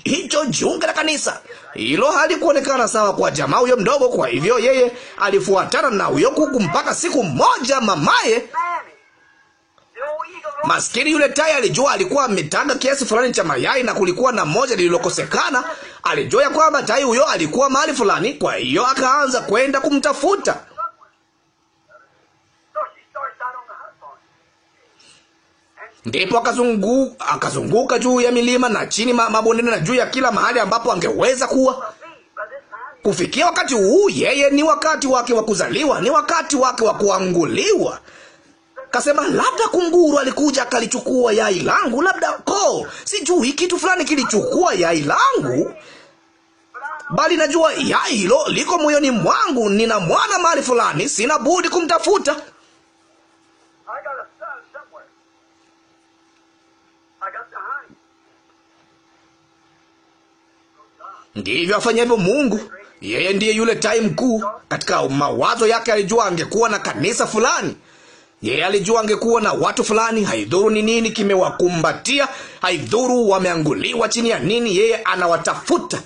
hicho, jiunga na kanisa. Hilo halikuonekana sawa kwa jamaa huyo mdogo, kwa hivyo yeye alifuatana na huyo kuku mpaka siku moja mamaye Maskini yule tai alijua alikuwa ametaga kiasi fulani cha mayai na kulikuwa na moja lililokosekana. Alijua ya kwamba tai huyo alikuwa mahali fulani, kwa hiyo akaanza kwenda kumtafuta. Ndipo akazungu, akazunguka juu ya milima na chini mabondeni na juu ya kila mahali ambapo angeweza kuwa. Kufikia wakati huu, yeye ni wakati wake wa kuzaliwa, ni wakati wake wa kuanguliwa. Kasema labda kunguru alikuja akalichukua yai langu, labda ko, sijui kitu fulani kilichukua yai langu, bali najua yai hilo liko moyoni mwangu. Nina mwana mahali fulani, sina budi kumtafuta. Ndivyo afanyavyo Mungu. Yeye ndiye yule tai mkuu. Katika mawazo yake alijua angekuwa na kanisa fulani. Yeye alijua angekuwa na watu fulani. Haidhuru ni nini kimewakumbatia, haidhuru wameanguliwa chini ya nini, yeye anawatafuta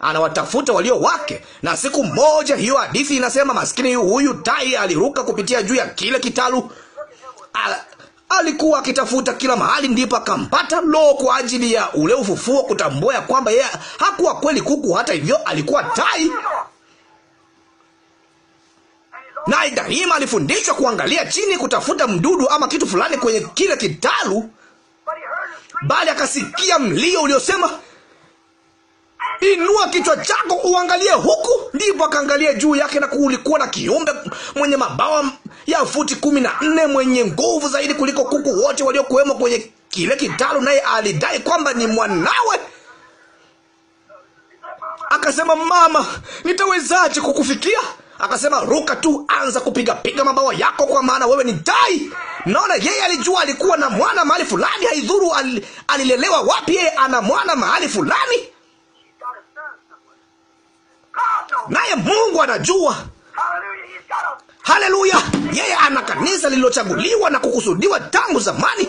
anawatafuta walio wake. Na siku moja, hiyo hadithi inasema, maskini huyu tai aliruka kupitia juu ya kile kitalu, alikuwa akitafuta kila mahali, ndipo akampata. Lo, kwa ajili ya ule ufufuo, kutambua ya kwamba yeye hakuwa kweli kuku, hata hivyo alikuwa tai. Naye daima alifundishwa kuangalia chini, kutafuta mdudu ama kitu fulani kwenye kile kitalu, bali akasikia mlio uliosema, inua kichwa chako uangalie huku. Ndipo akaangalia juu yake, na kulikuwa na kiumbe mwenye mabawa ya futi kumi na nne mwenye nguvu zaidi kuliko kuku wote waliokuwemo kwenye kile kitalu, naye alidai kwamba ni mwanawe. Akasema, mama, nitawezaje kukufikia? Akasema, ruka tu, anza kupigapiga mabawa yako, kwa maana wewe ni tai. Naona yeye alijua alikuwa na mwana mahali fulani, haidhuru al, alilelewa wapi, yeye ana mwana mahali fulani, naye Mungu anajua Haleluya! Yeye ana kanisa lililochaguliwa na kukusudiwa tangu zamani.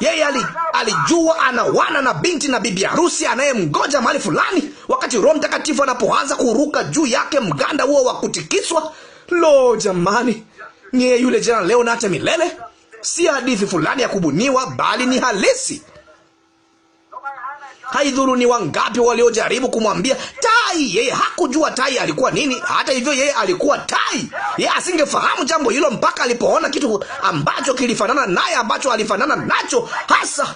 Yeye alijua ana wana na binti na bibi harusi anayemngoja mahali fulani. Wakati Roho Mtakatifu anapoanza kuruka juu yake, mganda huo wa kutikiswa. Lo, jamani, niye yule jana, leo na hata milele. Si hadithi fulani ya kubuniwa, bali ni halisi. Haidhuru ni wangapi waliojaribu kumwambia tai. Yeye hakujua tai alikuwa nini. Hata hivyo, yeye alikuwa tai. Yeye asingefahamu jambo hilo mpaka alipoona kitu ambacho kilifanana naye, ambacho alifanana nacho hasa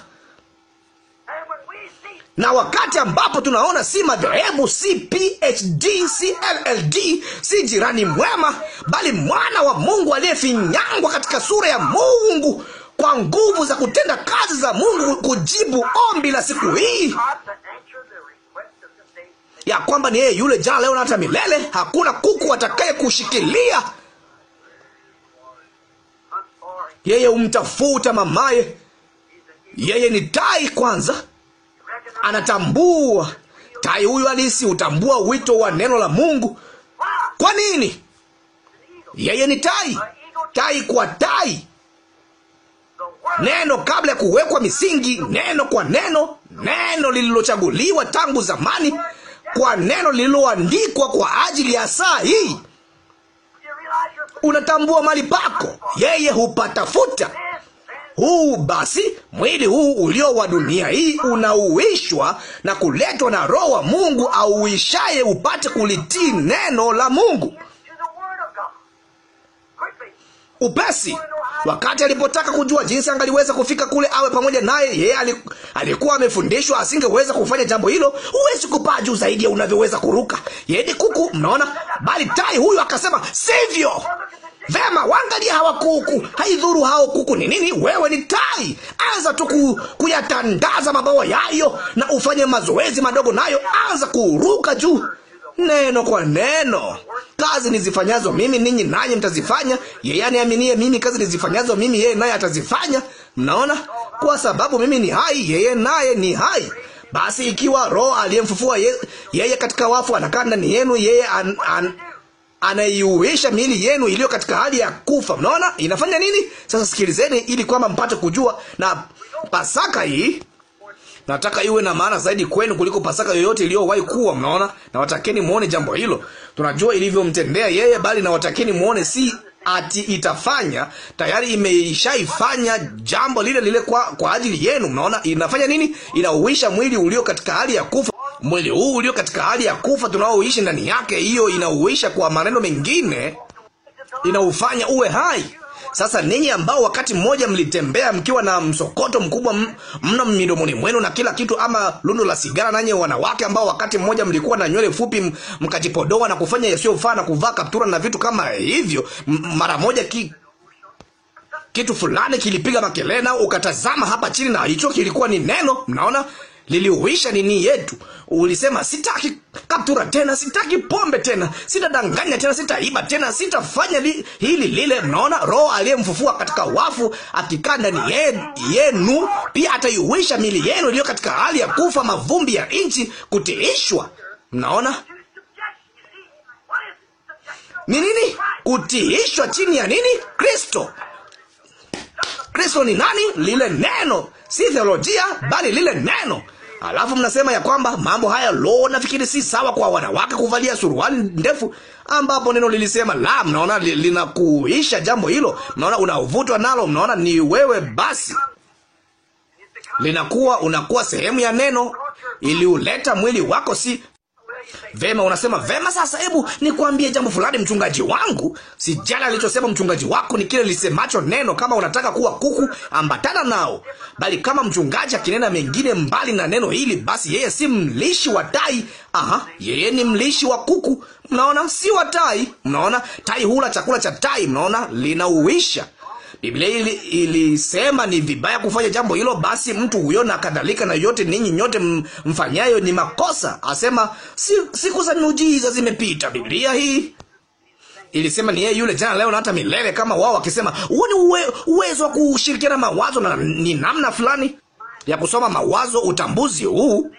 na wakati ambapo tunaona si madhehebu, si PhD, si LLD, si jirani mwema, bali mwana wa Mungu aliyefinyangwa katika sura ya Mungu, kwa nguvu za kutenda kazi za Mungu kujibu ombi la siku hii ya kwamba ni yeye yule jana leo na hata milele. Hakuna kuku atakaye kushikilia yeye. Umtafuta mamaye, yeye ni tai kwanza, anatambua tai huyu halisi utambua wito wa neno la Mungu. Kwa nini? Yeye ni tai, tai kwa tai neno kabla ya kuwekwa misingi, neno kwa neno, neno lililochaguliwa tangu zamani, kwa neno lililoandikwa kwa ajili ya saa hii. Unatambua mali pako, yeye hupatafuta huu basi mwili huu ulio wa dunia hii unauishwa na kuletwa na Roho wa Mungu auishaye upate kulitii neno la Mungu upesi. Wakati alipotaka kujua jinsi angaliweza kufika kule awe pamoja naye, yeye alikuwa amefundishwa asingeweza kufanya jambo hilo. Huwezi kupaa juu zaidi ya unavyoweza kuruka. Yeye ni kuku, mnaona? Bali tai huyu akasema, sivyo. Vema, wangalia hawa kuku. Haidhuru hao kuku ni nini, wewe ni tai. Anza tu kuyatandaza mabawa yayo na ufanye mazoezi madogo nayo, anza kuruka juu neno kwa neno. Kazi nizifanyazo mimi ninyi nanyi mtazifanya, yeye aniaminie mimi, kazi nizifanyazo mimi yeye naye atazifanya. Mnaona, kwa sababu mimi ni hai, yeye naye ni hai. Basi ikiwa Roho aliyemfufua ye, yeye katika wafu anakaa ndani yenu, yeye an, an, anaiuisha miili yenu iliyo katika hali ya kufa. Mnaona inafanya nini? Sasa sikilizeni, ili kwamba mpate kujua na Pasaka hii Nataka iwe na maana zaidi kwenu kuliko Pasaka yoyote iliyowahi kuwa, mnaona? Na watakeni muone jambo hilo. Tunajua ilivyomtendea yeye, bali na watakeni muone si ati itafanya, tayari imeishaifanya jambo lile lile kwa, kwa ajili yenu. Mnaona inafanya nini? Inauisha mwili ulio katika hali ya kufa mwili huu ulio katika hali ya kufa tunaoishi ndani yake. Hiyo inauisha, kwa maneno mengine, inaufanya uwe hai. Sasa ninyi ambao wakati mmoja mlitembea mkiwa na msokoto mkubwa mno midomoni mwenu na kila kitu, ama lundo la sigara, nanye wanawake ambao wakati mmoja mlikuwa na nywele fupi mkajipodoa na kufanya yasiyofaa na kuvaa kaptura na vitu kama hivyo, mara moja ki kitu fulani kilipiga makelele, nao ukatazama hapa chini, na hicho kilikuwa ni neno. Mnaona? liliuisha nini yetu. Ulisema sitaki kaptura tena, sitaki pombe tena, sitadanganya tena, sitaiba tena, sitafanya li, hili lile. Naona Roho aliyemfufua katika wafu akikaa ndani yenu pia ataiuisha mili yenu iliyo katika hali ya kufa, mavumbi ya nchi kutiishwa. Mnaona ni nini kutiishwa chini ya nini? Kristo. Kristo ni nani? Lile neno, si theolojia, bali lile neno. Alafu mnasema ya kwamba mambo haya, lo, nafikiri si sawa kwa wanawake kuvalia suruali ndefu, ambapo neno lilisema la. Mnaona linakuisha jambo hilo, mnaona unavutwa nalo, mnaona ni wewe basi, linakuwa unakuwa sehemu ya neno. Iliuleta mwili wako, si Vema, unasema vema. Sasa hebu nikwambie jambo fulani, mchungaji wangu. Si jana alichosema mchungaji wako ni kile lisemacho neno. Kama unataka kuwa kuku, ambatana nao, bali kama mchungaji akinena mengine mbali na neno hili, basi yeye si mlishi wa tai. Aha, yeye ni mlishi wa kuku. Mnaona, si wa tai. Mnaona, tai hula chakula cha tai. Mnaona, linauisha Biblia ili, ilisema ni vibaya kufanya jambo hilo, basi mtu huyo na kadhalika, na yote ninyi nyote mfanyayo ni makosa. Asema siku za miujiza zimepita. Biblia hii ilisema ni yeye yule jana, leo na hata milele. Kama wao wakisema huo ni uwe, uwezo wa kushirikiana mawazo na ni namna fulani ya kusoma mawazo, utambuzi huu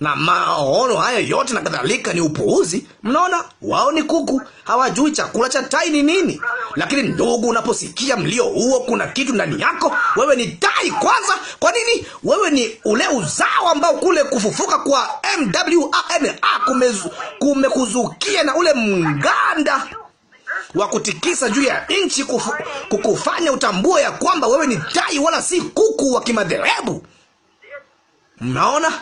na maono haya yote na kadhalika ni upuuzi. Mnaona, wao ni kuku, hawajui chakula cha tai ni nini. Lakini ndugu, unaposikia mlio huo, kuna kitu ndani yako. Wewe ni tai kwanza. Kwa nini? Wewe ni ule uzao ambao kule kufufuka kwa MWANA kumekuzukia kume na ule mganda wa kutikisa juu ya nchi kukufanya utambue ya kwamba wewe ni tai wala si kuku wa kimadhehebu. Mnaona?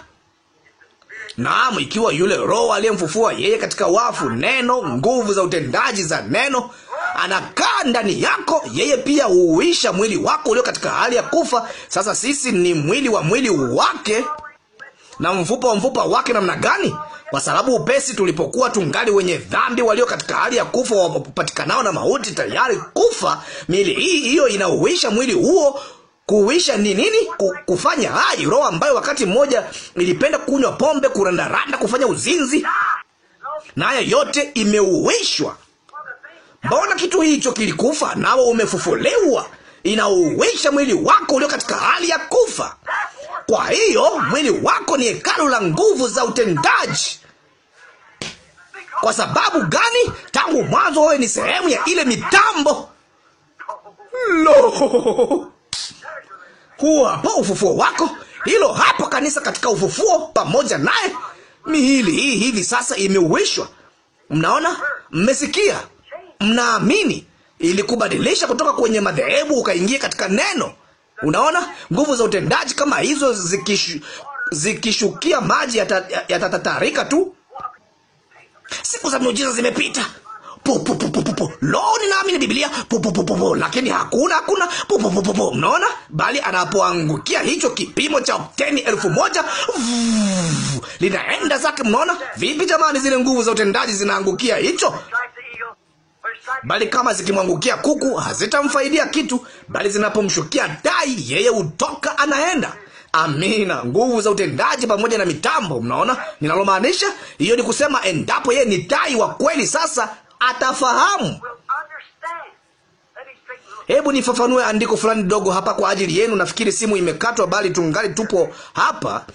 Naam, ikiwa yule Roho aliyemfufua yeye katika wafu, neno, nguvu za utendaji za neno anakaa ndani yako, yeye pia huuisha mwili wako ulio katika hali ya kufa. Sasa sisi ni mwili wa mwili wake na mfupa wa mfupa wake. Namna gani? Kwa sababu upesi tulipokuwa tungali wenye dhambi, walio katika hali ya kufa, wapatikanao na mauti, tayari kufa, miili hii hiyo inauisha mwili huo Kuisha ni nini? Kufanya hai, roho ambayo wakati mmoja ilipenda kunywa pombe, kurandaranda, kufanya uzinzi, na haya yote imeuishwa. Mbona kitu hicho kilikufa, nawe umefufuliwa. Inauisha mwili wako ulio katika hali ya kufa. Kwa hiyo mwili wako ni hekalu la nguvu za utendaji. Kwa sababu gani? Tangu mwanzo wewe ni sehemu ya ile mitambo. Lo! hapo ufufuo wako. Hilo hapo kanisa katika ufufuo pamoja naye. Mihili hii hivi sasa imeuishwa. Mnaona? Mmesikia? Mnaamini? Ilikubadilisha kutoka kwenye madhehebu ukaingia katika neno. Unaona? Nguvu za utendaji kama hizo zikishu, zikishukia maji yatatatarika yata tu. Siku za miujiza zimepita pu pu pu Biblia pu lakini hakuna hakuna pu Mnaona? Bali anapoangukia hicho kipimo cha teni elfu moja linaenda zake. Mnaona vipi jamani? Zile nguvu za utendaji zinaangukia hicho bali kama zikimwangukia kuku hazitamfaidia kitu, bali zinapomshukia dai, yeye hutoka anaenda. Amina. Nguvu za utendaji pamoja na mitambo. Mnaona ninalomaanisha? Hiyo ni kusema, endapo yeye ni dai wa kweli, sasa atafahamu. Hebu nifafanue andiko fulani dogo hapa kwa ajili yenu. Nafikiri simu imekatwa, bali tungali tupo hapa.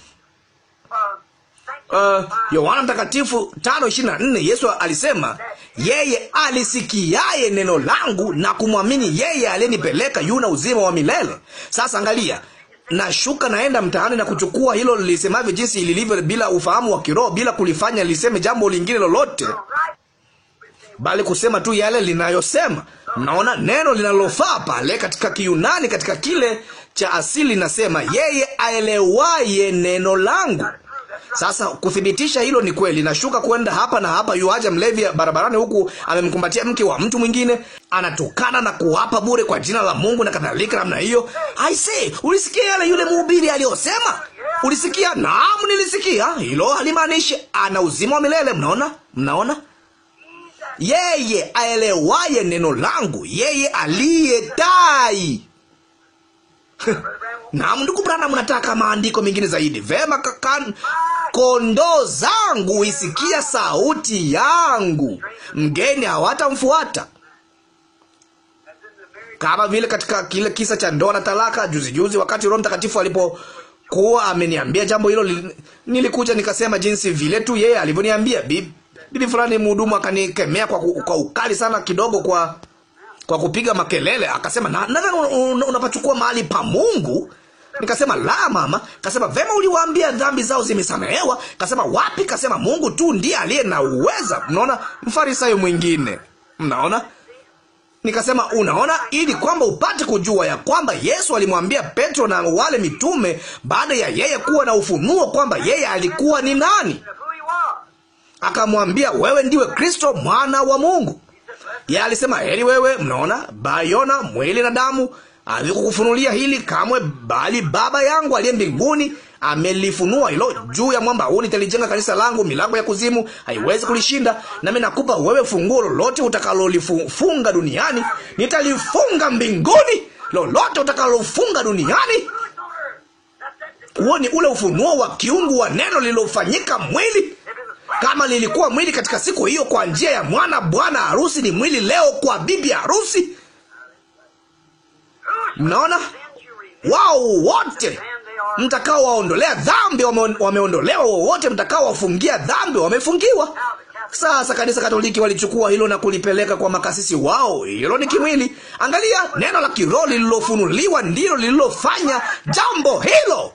Uh, Mtakatifu 5:24 Yesu alisema, yeye alisikiaye neno langu na kumwamini yeye aliyenipeleka yuna uzima wa milele. Sasa angalia, nashuka naenda mtaani na kuchukua hilo lilisemavyo jinsi lilivyo, bila ufahamu wa kiroho, bila kulifanya liseme jambo lingine lolote bali kusema tu yale linayosema. Mnaona neno linalofaa pale katika Kiyunani, katika kile cha asili nasema yeye aelewaye neno langu. Sasa kuthibitisha hilo ni kweli, nashuka kwenda hapa na hapa, yuaja mlevi barabarani, huku amemkumbatia mke wa mtu mwingine, anatukana na kuwapa bure kwa jina la Mungu na kadhalika namna hiyo. I say, ulisikia yale yule mhubiri aliyosema? Ulisikia? Naam, nilisikia. Hilo halimaanishi ana uzima wa milele. Mnaona, mnaona yeye aelewaye neno langu, yeye aliye tai [LAUGHS] na ndugu Brana, mnataka maandiko mengine zaidi. Vema kakan, kondoo zangu isikia sauti yangu, mgeni hawatamfuata. Kama vile katika kile kisa cha ndoa na talaka juzi juzi, wakati Roho Mtakatifu alipo kuwa ameniambia jambo hilo, nilikuja nikasema jinsi vile tu yeye alivyoniambia. Bibi fulani mhudumu akanikemea kwa, kwa ukali sana kidogo kwa kwa kupiga makelele, akasema nadhani unapachukua mahali pa Mungu. Nikasema la mama. Kasema vema, uliwaambia dhambi zao zimesamehewa. Kasema wapi? Kasema Mungu tu ndiye aliye na uweza. Mnaona, mfarisayo mwingine, mnaona. Nikasema unaona, ili kwamba upate kujua ya kwamba Yesu alimwambia Petro na wale mitume baada ya yeye kuwa na ufunuo kwamba yeye alikuwa ni nani akamwambia, wewe ndiwe Kristo mwana wa Mungu. Yeye alisema, heri wewe. Mnaona, Bayona, mwili na damu havikukufunulia hili kamwe, bali Baba yangu aliye mbinguni amelifunua hilo. Juu ya mwamba huu nitalijenga kanisa langu, milango ya kuzimu haiwezi kulishinda. Nami nakupa wewe funguo, lolote utakalolifunga duniani nitalifunga mbinguni, lolote utakalofunga duniani. Huo ni ule ufunuo wa kiungu wa neno lililofanyika mwili. Kama lilikuwa mwili katika siku hiyo kwa njia ya mwana, bwana harusi ni mwili leo kwa bibi harusi. Mnaona, wao wote mtakao waondolea dhambi wameondolewa, wote mtakao wafungia dhambi wamefungiwa. Sasa kanisa Katoliki walichukua hilo na kulipeleka kwa makasisi wao. Hilo ni kimwili. Angalia, neno la kiroho lililofunuliwa ndilo lililofanya jambo hilo.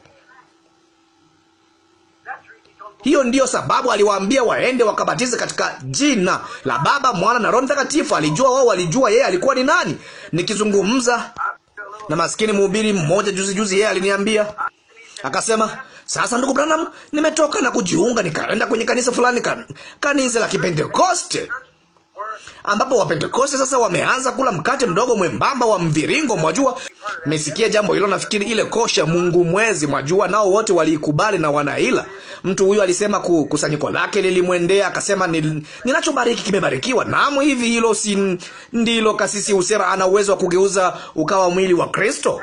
Hiyo ndiyo sababu aliwaambia waende wakabatize katika jina la Baba, Mwana na Roho Mtakatifu. Alijua wao walijua yeye alikuwa ni nani. Nikizungumza na maskini mhubiri mmoja juzi juzi, yeye aliniambia akasema, sasa ndugu Branham, nimetoka na kujiunga nikaenda kwenye kanisa fulani, kanisa la Kipentekoste ambapo Wapentekoste sasa wameanza kula mkate mdogo mwembamba wa mviringo, mwajua. Mmesikia jambo hilo? Nafikiri ile kosha Mungu mwezi, mwajua, nao wote waliikubali na wanaila. Mtu huyo alisema kusanyiko lake lilimwendea akasema, ninachobariki kimebarikiwa. Naam, hivi hilo si ndilo kasisi usera ana uwezo wa kugeuza ukawa mwili wa Kristo?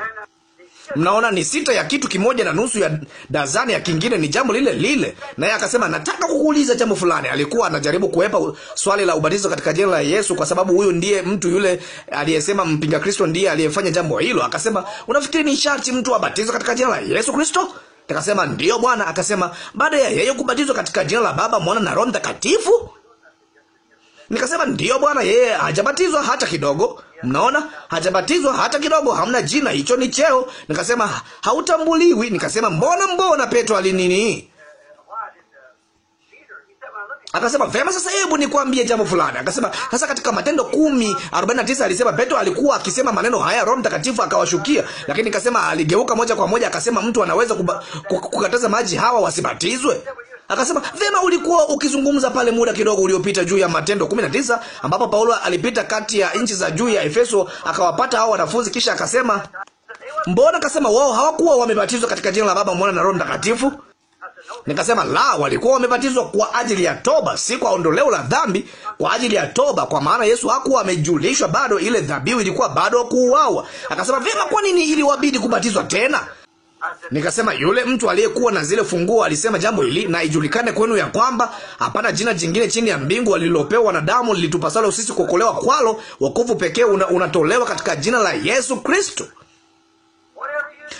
Mnaona, ni sita ya kitu kimoja na nusu ya dazani ya kingine, ni jambo lile lile. Naye akasema, nataka kukuuliza jambo fulani. Alikuwa anajaribu kuepa swali la ubatizo katika jina la Yesu, kwa sababu huyu ndiye mtu yule aliyesema mpinga Kristo ndiye aliyefanya jambo hilo. Akasema, unafikiri ni sharti mtu abatizwe katika jina la Yesu Kristo? Akasema, ndiyo Bwana. Akasema, baada ya yeye kubatizwa katika jina la Baba, Mwana na Roho Mtakatifu Nikasema ndiyo bwana, yeye hajabatizwa hata kidogo. Mnaona, hajabatizwa hata kidogo, hamna jina, hicho ni cheo. Nikasema hautambuliwi. Nikasema mbona mbona Petro alinini? Akasema vema, sasa hebu nikwambie jambo fulani. Akasema sasa, katika Matendo kumi arobaini na tisa alisema Petro alikuwa akisema maneno haya, Roho Mtakatifu akawashukia, lakini akasema aligeuka moja kwa moja akasema, mtu anaweza kuba, kukataza maji hawa wasibatizwe? Akasema vema, ulikuwa ukizungumza pale muda kidogo uliopita juu ya Matendo 19 ambapo Paulo alipita kati ya nchi za juu ya Efeso akawapata hao wanafunzi, kisha akasema mbona, akasema wao hawakuwa wamebatizwa katika jina la Baba, Mwana na Roho Mtakatifu? Nikasema la, walikuwa wamebatizwa kwa ajili ya toba, si kwa ondoleo la dhambi, kwa ajili ya toba, kwa maana Yesu hakuwa amejulishwa bado, ile dhabihu ilikuwa bado kuuawa. Akasema vema, kwa nini iliwabidi kubatizwa tena? Nikasema yule mtu aliyekuwa na zile funguo alisema jambo hili, na ijulikane kwenu ya kwamba hapana jina jingine chini ya mbingu alilopewa wanadamu lilitupasalo sisi kuokolewa kwalo. Wokovu pekee una, unatolewa katika jina la Yesu Kristo.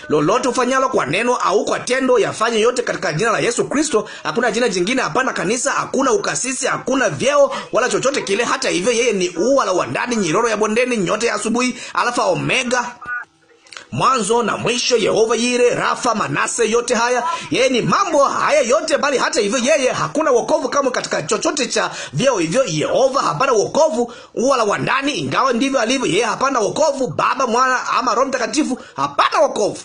Lolote ufanyalo kwa neno au kwa tendo, yafanye yote katika jina la Yesu Kristo. Hakuna jina jingine, hapana kanisa, hakuna ukasisi, hakuna vyeo wala chochote kile. Hata hivyo, yeye ni ua la wandani, nyiroro ya bondeni, nyota ya asubuhi, Alfa Omega, mwanzo na mwisho, Yehova Yire, Rafa, Manase, yote haya yeye ni mambo haya yote, bali hata hivyo yeye hakuna wokovu kama katika chochote cha vyeo hivyo. Yehova hapana wokovu wala wa ndani, ingawa ndivyo alivyo yeye, hapana wokovu. Baba, Mwana ama Roho Mtakatifu, hapana wokovu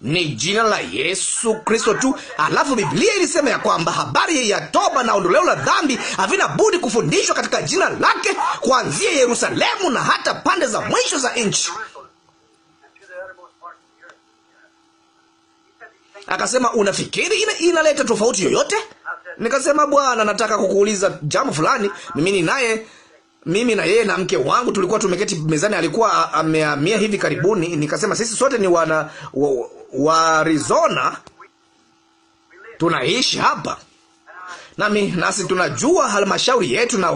ni jina la Yesu Kristo tu. Alafu Biblia ilisema ya kwamba habari ya toba na ondoleo la dhambi havina budi kufundishwa katika jina lake kuanzia Yerusalemu na hata pande za mwisho za nchi. Akasema, unafikiri ina, inaleta tofauti yoyote? Nikasema, bwana, nataka kukuuliza jambo fulani. Mimi naye mimi na yeye na mke wangu tulikuwa tumeketi mezani, alikuwa amehamia hivi karibuni. Nikasema sisi sote ni wana wa, wa Arizona, tunaishi hapa nami nasi tunajua halmashauri yetu na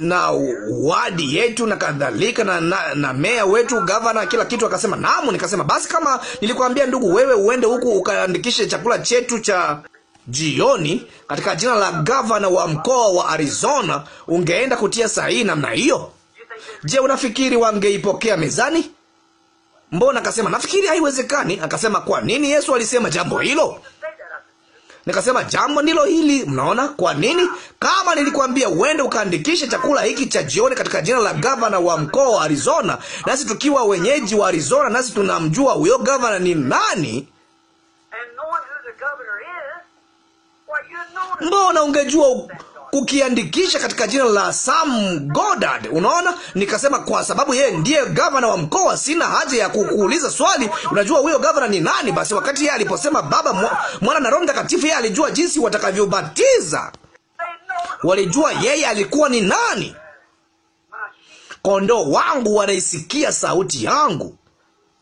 na wadi yetu na kadhalika na, na, na meya wetu, gavana, kila kitu. Akasema namu. Nikasema basi, kama nilikwambia ndugu, wewe uende huku ukaandikishe chakula chetu cha jioni katika jina la gavana wa mkoa wa Arizona, ungeenda kutia sahihi namna hiyo? Je, unafikiri wangeipokea mezani? Mbona akasema nafikiri haiwezekani. Akasema kwa nini Yesu alisema jambo hilo? Nikasema jambo ndilo hili. Mnaona kwa nini? Kama nilikwambia uende ukaandikishe chakula hiki cha jioni katika jina la gavana wa mkoa wa Arizona, nasi tukiwa wenyeji wa Arizona, nasi tunamjua huyo gavana ni nani. Mbona ungejua ukiandikisha katika jina la Sam Goddard. Unaona, nikasema kwa sababu yeye ndiye gavana wa mkoa, sina haja ya kukuuliza swali, unajua huyo gavana ni nani. Basi wakati yeye aliposema Baba, Mwana na Roho Mtakatifu, yeye alijua jinsi watakavyobatiza, walijua yeye alikuwa ni nani. Kondoo wangu wanaisikia sauti yangu.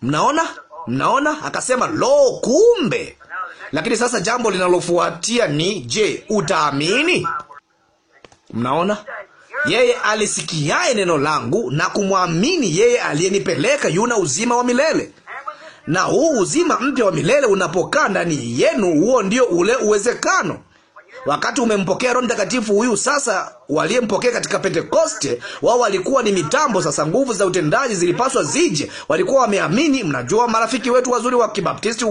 Mnaona, mnaona. Akasema, lo, kumbe. Lakini sasa jambo linalofuatia ni je, utaamini? Mnaona, yeye alisikiaye neno langu na kumwamini yeye aliyenipeleka yuna uzima wa milele na huu uzima mpya wa milele unapokaa ndani yenu, huo ndio ule uwezekano. Wakati umempokea Roho Mtakatifu huyu sasa, waliyempokea katika Pentekoste, wao walikuwa ni mitambo. Sasa nguvu za utendaji zilipaswa zije, walikuwa wameamini. Mnajua, marafiki wetu wazuri wa Kibaptisti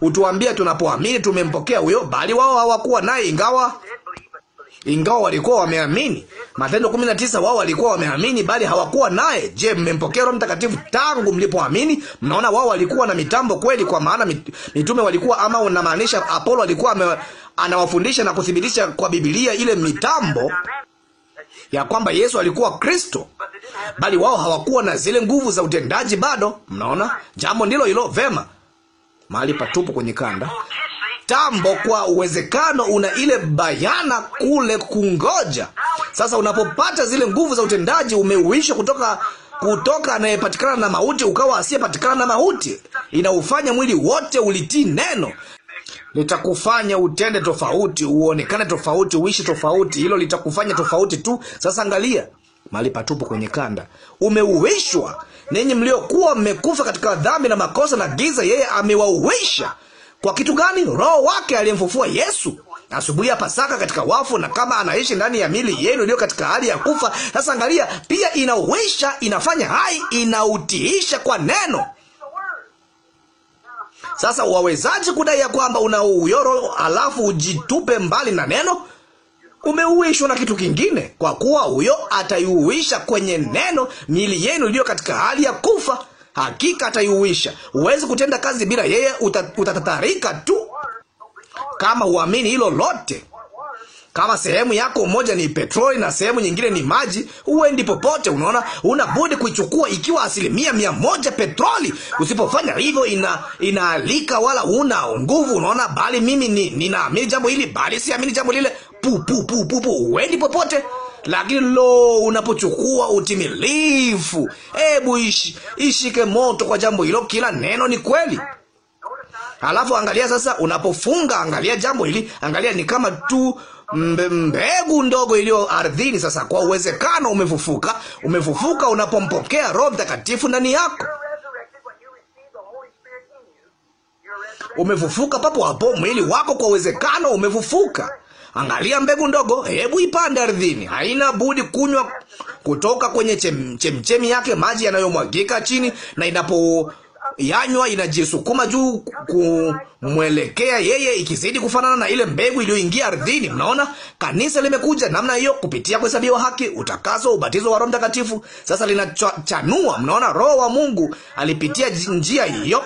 utuambia tunapoamini tumempokea huyo, bali wao hawakuwa naye, ingawa ingawa walikuwa wameamini. Matendo 19, wao walikuwa wameamini bali hawakuwa naye. Je, mmempokea Roho Mtakatifu tangu mlipoamini? Mnaona, wao walikuwa na mitambo kweli, kwa maana mitume walikuwa, ama unamaanisha Apolo alikuwa ame, anawafundisha na kuthibitisha kwa Biblia ile mitambo ya kwamba Yesu alikuwa Kristo, bali wao hawakuwa na zile nguvu za utendaji bado. Mnaona, jambo ndilo hilo. Vema, mahali patupu kwenye kanda kitambo, kwa uwezekano una ile bayana kule kungoja. Sasa unapopata zile nguvu za utendaji, umeuisha kutoka kutoka anayepatikana na mauti ukawa asiyepatikana na mauti. Inaufanya mwili wote ulitii neno, litakufanya utende tofauti, uonekane tofauti, uishi tofauti. Hilo litakufanya tofauti tu. Sasa angalia mahali patupu kwenye kanda, umeuishwa. Ninyi mliokuwa mmekufa katika dhambi na makosa na giza, yeye amewauisha kwa kitu gani? Roho wake aliyemfufua Yesu asubuhi ya Pasaka katika wafu. Na kama anaishi ndani ya mili yenu iliyo katika hali ya kufa, sasa angalia, pia inauwisha inafanya hai, inautiisha kwa neno. Sasa wawezaji kudai ya kwamba una uyoro alafu ujitupe mbali na neno? Umeuishwa na kitu kingine, kwa kuwa huyo ataiuisha kwenye neno mili yenu iliyo katika hali ya kufa hakika ataiuisha. Huwezi kutenda kazi bila yeye, utatatarika tu kama uamini hilo lote. Kama sehemu yako moja ni petroli na sehemu nyingine ni maji, huendi popote. Unaona, una budi kuichukua ikiwa asilimia mia moja petroli. Usipofanya hivyo, ina inaalika wala una nguvu. Unaona, bali mimi ninaamini jambo hili, bali siamini jambo lile. Pu pu pu pu pu, huendi popote. Lakini lo, unapochukua utimilifu, hebu ishi, ishike moto kwa jambo hilo. Kila neno ni kweli. Alafu angalia sasa, unapofunga angalia jambo hili, angalia ni kama tu mbe, mbegu ndogo iliyo ardhini. Sasa kwa uwezekano umefufuka, umefufuka unapompokea Roho Mtakatifu ndani yako umefufuka papo hapo, mwili wako kwa uwezekano umefufuka. Angalia mbegu ndogo, hebu ipande ardhini. Haina budi kunywa kutoka kwenye chem, yake maji yanayomwagika chini, na inapo yanywa inajisukuma juu kumwelekea yeye, ikizidi kufanana na ile mbegu iliyoingia ardhini. Mnaona, kanisa limekuja namna hiyo kupitia kuhesabiwa haki, utakaso, ubatizo wa Roho Mtakatifu. Sasa linachanua, mnaona, Roho wa Mungu alipitia njia hiyo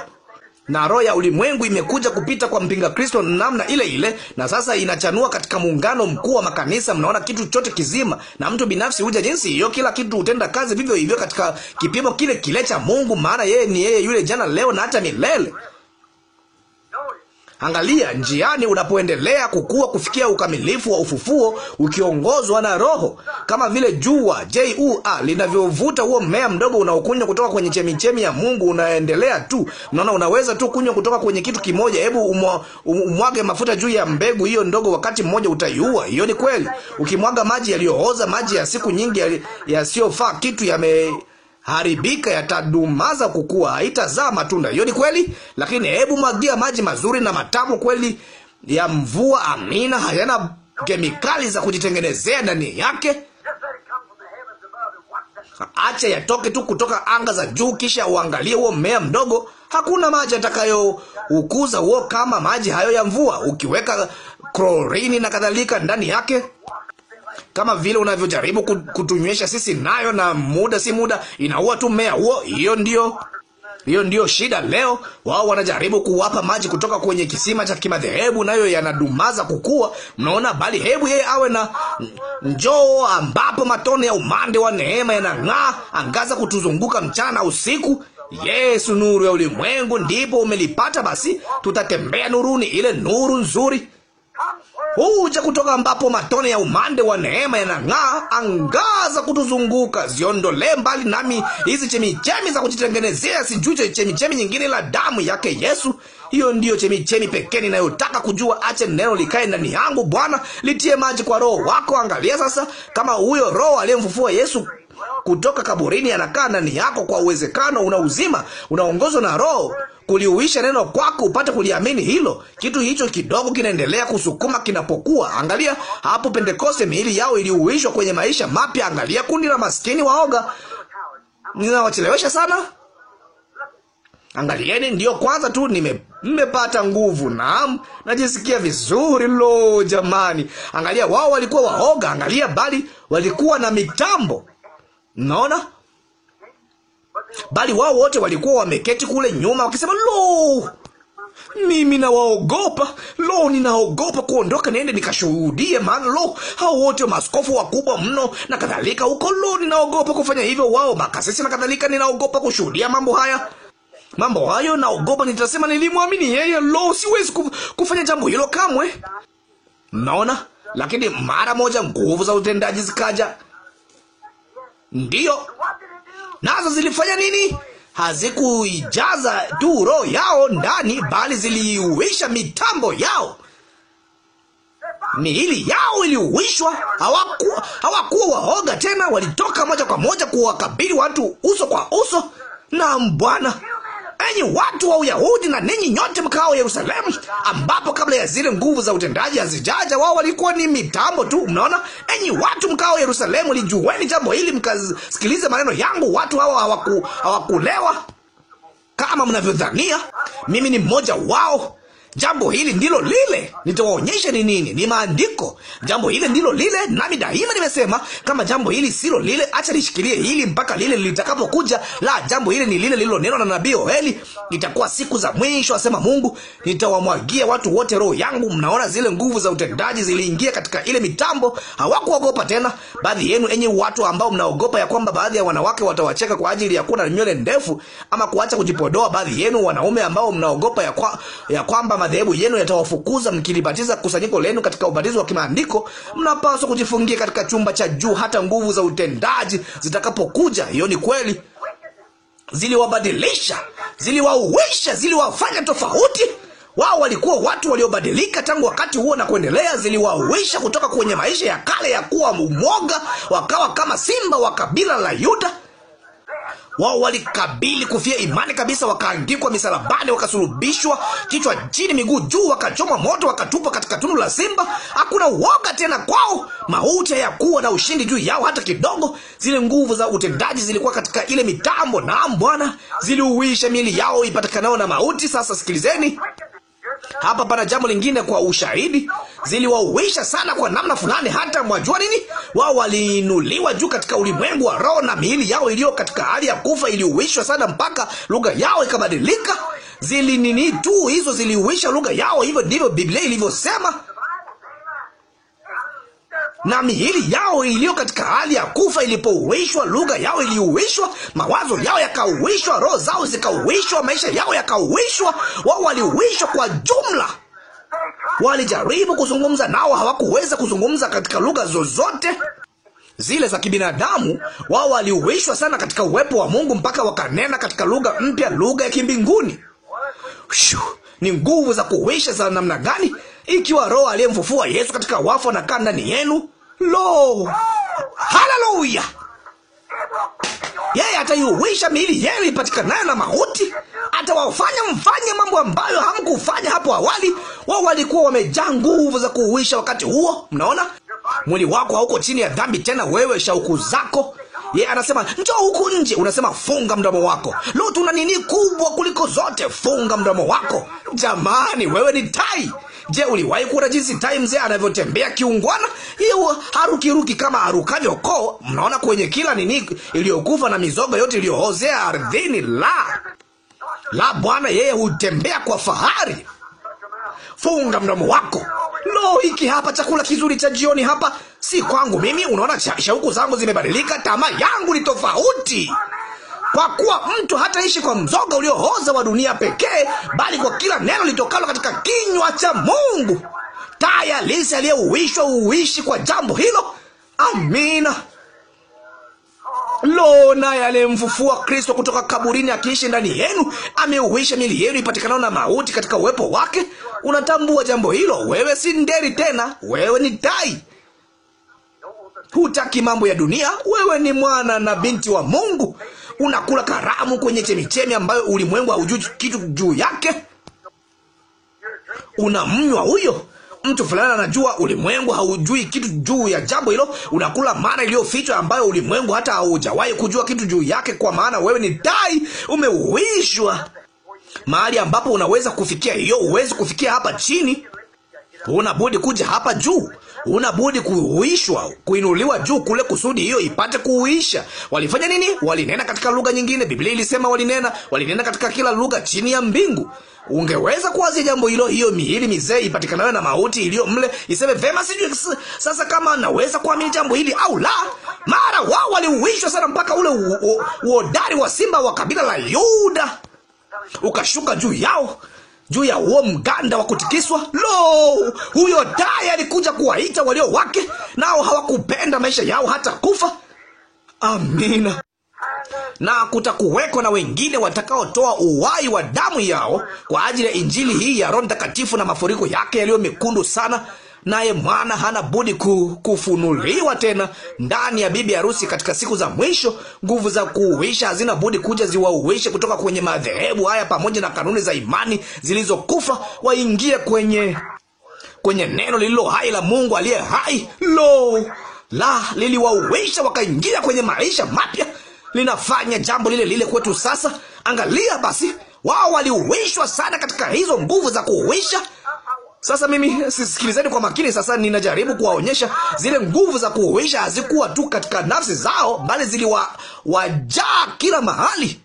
na roho ya ulimwengu imekuja kupita kwa mpinga Kristo namna ile ile, na sasa inachanua katika muungano mkuu wa makanisa. Mnaona kitu chote kizima, na mtu binafsi huja jinsi hiyo. Kila kitu hutenda kazi vivyo hivyo katika kipimo kile kile cha Mungu, maana yeye ni yeye yule jana, leo na hata milele. Angalia njiani unapoendelea kukua kufikia ukamilifu wa ufufuo, ukiongozwa na Roho, kama vile jua jua linavyovuta huo mmea mdogo unaokunywa kutoka kwenye chemichemi ya Mungu, unaendelea tu. naona unaweza tu kunywa kutoka kwenye kitu kimoja. Hebu umwa, um, umwage mafuta juu ya mbegu hiyo ndogo, wakati mmoja utaiua. Hiyo ni kweli. Ukimwaga maji yaliyooza, maji ya siku nyingi yasiyofaa kitu yame haribika yatadumaza kukua, haitazaa matunda. Hiyo ni kweli, lakini hebu mwagia maji mazuri na matamu kweli ya mvua. Amina, hayana kemikali za kujitengenezea ndani yake. Acha yatoke tu kutoka anga za juu, kisha uangalie huo mmea mdogo. Hakuna maji atakayoukuza huo kama maji hayo ya mvua. Ukiweka klorini na kadhalika ndani yake kama vile unavyojaribu kutunywesha sisi, nayo na muda si muda inaua tu mmea huo. Hiyo ndio hiyo ndiyo shida leo. Wao wanajaribu kuwapa maji kutoka kwenye kisima cha kimadhehebu, nayo yanadumaza kukua. Mnaona, bali hebu yeye awe na njoo ambapo matone ya umande wa neema yanang'aa, angaza kutuzunguka mchana usiku. Yesu, nuru ya ulimwengu, ndipo umelipata. Basi tutatembea nuruni, ile nuru nzuri huja kutoka ambapo matone ya umande wa neema yanang'aa, angaza kutuzunguka. Ziondolee mbali nami hizi chemichemi za kujitengenezea sijui chemichemi nyingine la damu yake Yesu. Hiyo ndiyo chemichemi pekee ninayotaka kujua. Ache neno likae ndani yangu, Bwana, litie maji kwa Roho wako. Angalia sasa, kama huyo Roho aliyemfufua Yesu kutoka kaburini anakaa ndani yako, kwa uwezekano una uzima, unaongozwa na Roho kuliuisha neno kwako upate kuliamini hilo. Kitu hicho kidogo kinaendelea kusukuma kinapokuwa. Angalia hapo Pentekoste, miili yao iliuishwa kwenye maisha mapya. Angalia kundi la maskini waoga. Ninawachelewesha sana. Angalieni, ndiyo kwanza tu nime mmepata nguvu. Naam, najisikia vizuri. Lo, jamani, angalia, wao walikuwa waoga. Angalia, bali walikuwa na mitambo. Naona bali wao wote walikuwa wameketi kule nyuma wakisema, lo, mimi nawaogopa, lo, ninaogopa kuondoka niende nikashuhudie, maana lo, hao wote maskofu wakubwa mno na kadhalika huko, lo, ninaogopa kufanya hivyo, wao makasisi na kadhalika, ninaogopa kushuhudia mambo haya mambo hayo, naogopa nitasema nilimwamini yeye, lo, siwezi kufanya jambo hilo kamwe. Mnaona? Lakini mara moja nguvu za utendaji zikaja. Ndiyo, nazo zilifanya nini? Hazikuijaza tu roho yao ndani, bali ziliuisha mitambo yao, miili yao iliuishwa. Hawakuwa, hawakuwa waoga tena, walitoka moja kwa moja kuwakabili watu uso kwa uso. Na Bwana enyi watu wa Uyahudi na ninyi nyote mkao Yerusalemu, ambapo kabla ya zile nguvu za utendaji hazijaja wao walikuwa ni mitambo tu. Mnaona, enyi watu mkao Yerusalemu, lijueni jambo hili, mkasikilize maneno yangu. Watu hawa hawakulewa kama mnavyodhania. Mimi ni mmoja wao. Jambo hili ndilo lile, nitawaonyesha ni nini. Ni maandiko. Jambo hili ndilo lile, nami daima nimesema, kama jambo hili silo lile, acha lishikilie hili mpaka lile litakapokuja. La, jambo hili ni lile lililonenwa na nabii Yoeli, itakuwa siku za mwisho, asema Mungu, nitawamwagia watu wote roho yangu. Mnaona zile nguvu za utendaji ziliingia katika ile mitambo, hawakuogopa tena. Baadhi yenu, enye watu ambao mnaogopa ya kwamba baadhi ya wanawake watawacheka kwa ajili ya kuwa na nywele ndefu ama kuacha kujipodoa, baadhi yenu wanaume ambao mnaogopa ya, kwa, ya kwamba madhehebu yenu yatawafukuza mkilibatiza kusanyiko lenu katika ubatizo wa kimaandiko, mnapaswa kujifungia katika chumba cha juu hata nguvu za utendaji zitakapokuja. Hiyo ni kweli, ziliwabadilisha, ziliwauisha, ziliwafanya tofauti. Wao walikuwa watu waliobadilika tangu wakati huo na kuendelea. Ziliwauisha kutoka kwenye maisha ya kale ya kuwa umoga, wakawa kama simba wa kabila la Yuda wao walikabili kufia imani kabisa, wakaangikwa misalabani, wakasulubishwa kichwa chini, miguu juu, wakachomwa moto, wakatupwa katika tundu la simba. Hakuna woga tena kwao, mauti hayakuwa na ushindi juu yao hata kidogo. Zile nguvu za utendaji zilikuwa katika ile mitambo, naam Bwana, ziliuisha miili yao ipatikanao na mauti. Sasa sikilizeni hapa pana jambo lingine kwa ushahidi. Ziliwawisha sana kwa namna fulani, hata mwajua nini, wao waliinuliwa juu katika ulimwengu wa roho, na miili yao iliyo katika hali ya kufa iliuwishwa sana mpaka lugha yao ikabadilika. Zili nini tu hizo ziliuisha lugha yao. Hivyo ndivyo Biblia ilivyosema na miili yao iliyo katika hali ya kufa ilipouishwa, lugha yao iliuishwa, mawazo yao yakauishwa, roho zao zikauishwa, maisha yao yakauishwa, wao waliuishwa kwa jumla. Walijaribu kuzungumza nao, hawakuweza kuzungumza katika lugha zozote zile za kibinadamu. Wao waliuishwa sana katika uwepo wa Mungu mpaka wakanena katika lugha mpya, lugha ya kimbinguni. ni nguvu za kuwisha za namna gani? Ikiwa Roho aliyemfufua Yesu katika wafu anakaa ndani yenu, Lo, haleluya! Yeye ataiuisha miili yenu ipatikanayo na mauti, atawafanya mfanye mambo ambayo hamkufanya hapo awali. Wao walikuwa wamejaa nguvu za kuhuisha wakati huo. Mnaona, mwili wako hauko chini ya dhambi tena, wewe shauku zako Yeye anasema njoo huku nje, unasema funga mdomo wako. Lo, tuna nini kubwa kuliko zote? Funga mdomo wako. Jamani, wewe ni tai Je, uliwahi kuona jinsi tai mzee anavyotembea kiungwana? Hiyo harukiruki kama harukavyo koo. Mnaona kwenye kila nini iliyokufa na mizoga yote iliyoozea ardhini. La, la Bwana, yeye hutembea kwa fahari. Funga mdomo wako. Lo, hiki hapa chakula kizuri cha jioni hapa si kwangu mimi. Unaona, shauku zangu zimebadilika, tamaa yangu ni tofauti kwa kuwa mtu hataishi kwa mzoga uliohoza wa dunia pekee, bali kwa kila neno litokalo katika kinywa cha Mungu. Taa ya lisi aliyeuwishwa uishi kwa jambo hilo. Amina. Lo, naye aliyemfufua Kristo kutoka kaburini akiishi ndani yenu ameuisha mili yenu ipatikanao na mauti katika uwepo wake. Unatambua jambo hilo? Wewe si nderi tena, wewe ni tai. Hutaki mambo ya dunia, wewe ni mwana na binti wa Mungu unakula karamu kwenye chemichemi ambayo ulimwengu haujui kitu juu yake. Unamnywa huyo mtu fulani anajua, ulimwengu haujui kitu juu ya jambo hilo. Unakula maana iliyofichwa ambayo ulimwengu hata haujawahi kujua kitu juu yake, kwa maana wewe ni dai, umeuishwa mahali ambapo unaweza kufikia. Hiyo huwezi kufikia hapa chini, unabudi kuja hapa juu unabudi kuuishwa kuhuishwa, kuinuliwa juu kule, kusudi hiyo ipate kuuisha. Walifanya nini? Walinena katika lugha nyingine. Biblia ilisema walinena, walinena katika kila lugha chini ya mbingu. Ungeweza kuwazia jambo hilo, hiyo miili mizee ipatikanayo na mauti iliyo mle iseme vema, sijui sasa kama naweza kuamini jambo hili au la. Mara wao waliuishwa sana mpaka ule uodari wa simba wa kabila la Yuda ukashuka juu yao juu ya huo mganda wa kutikiswa. Lo, huyo tai alikuja kuwaita walio wake, nao hawakupenda maisha yao hata kufa. Amina. Na kutakuwekwa na wengine watakaotoa uwai wa damu yao kwa ajili ya injili hii ya Roho Mtakatifu na mafuriko yake yaliyo mekundu sana naye mwana hana budi ku, kufunuliwa tena ndani ya bibi harusi katika siku za mwisho. Nguvu za kuuisha hazina budi kuja ziwauishe kutoka kwenye madhehebu haya pamoja na kanuni za imani zilizokufa, waingie kwenye kwenye neno lililo hai la Mungu aliye hai. Lo la liliwauisha, wakaingia kwenye maisha mapya. Linafanya jambo lile lile kwetu sasa. Angalia basi, wao waliuishwa sana katika hizo nguvu za kuuisha sasa mimi sisikilizeni kwa makini. Sasa ninajaribu kuwaonyesha zile nguvu za kuhuisha hazikuwa tu katika nafsi zao, bali ziliwajaa kila mahali.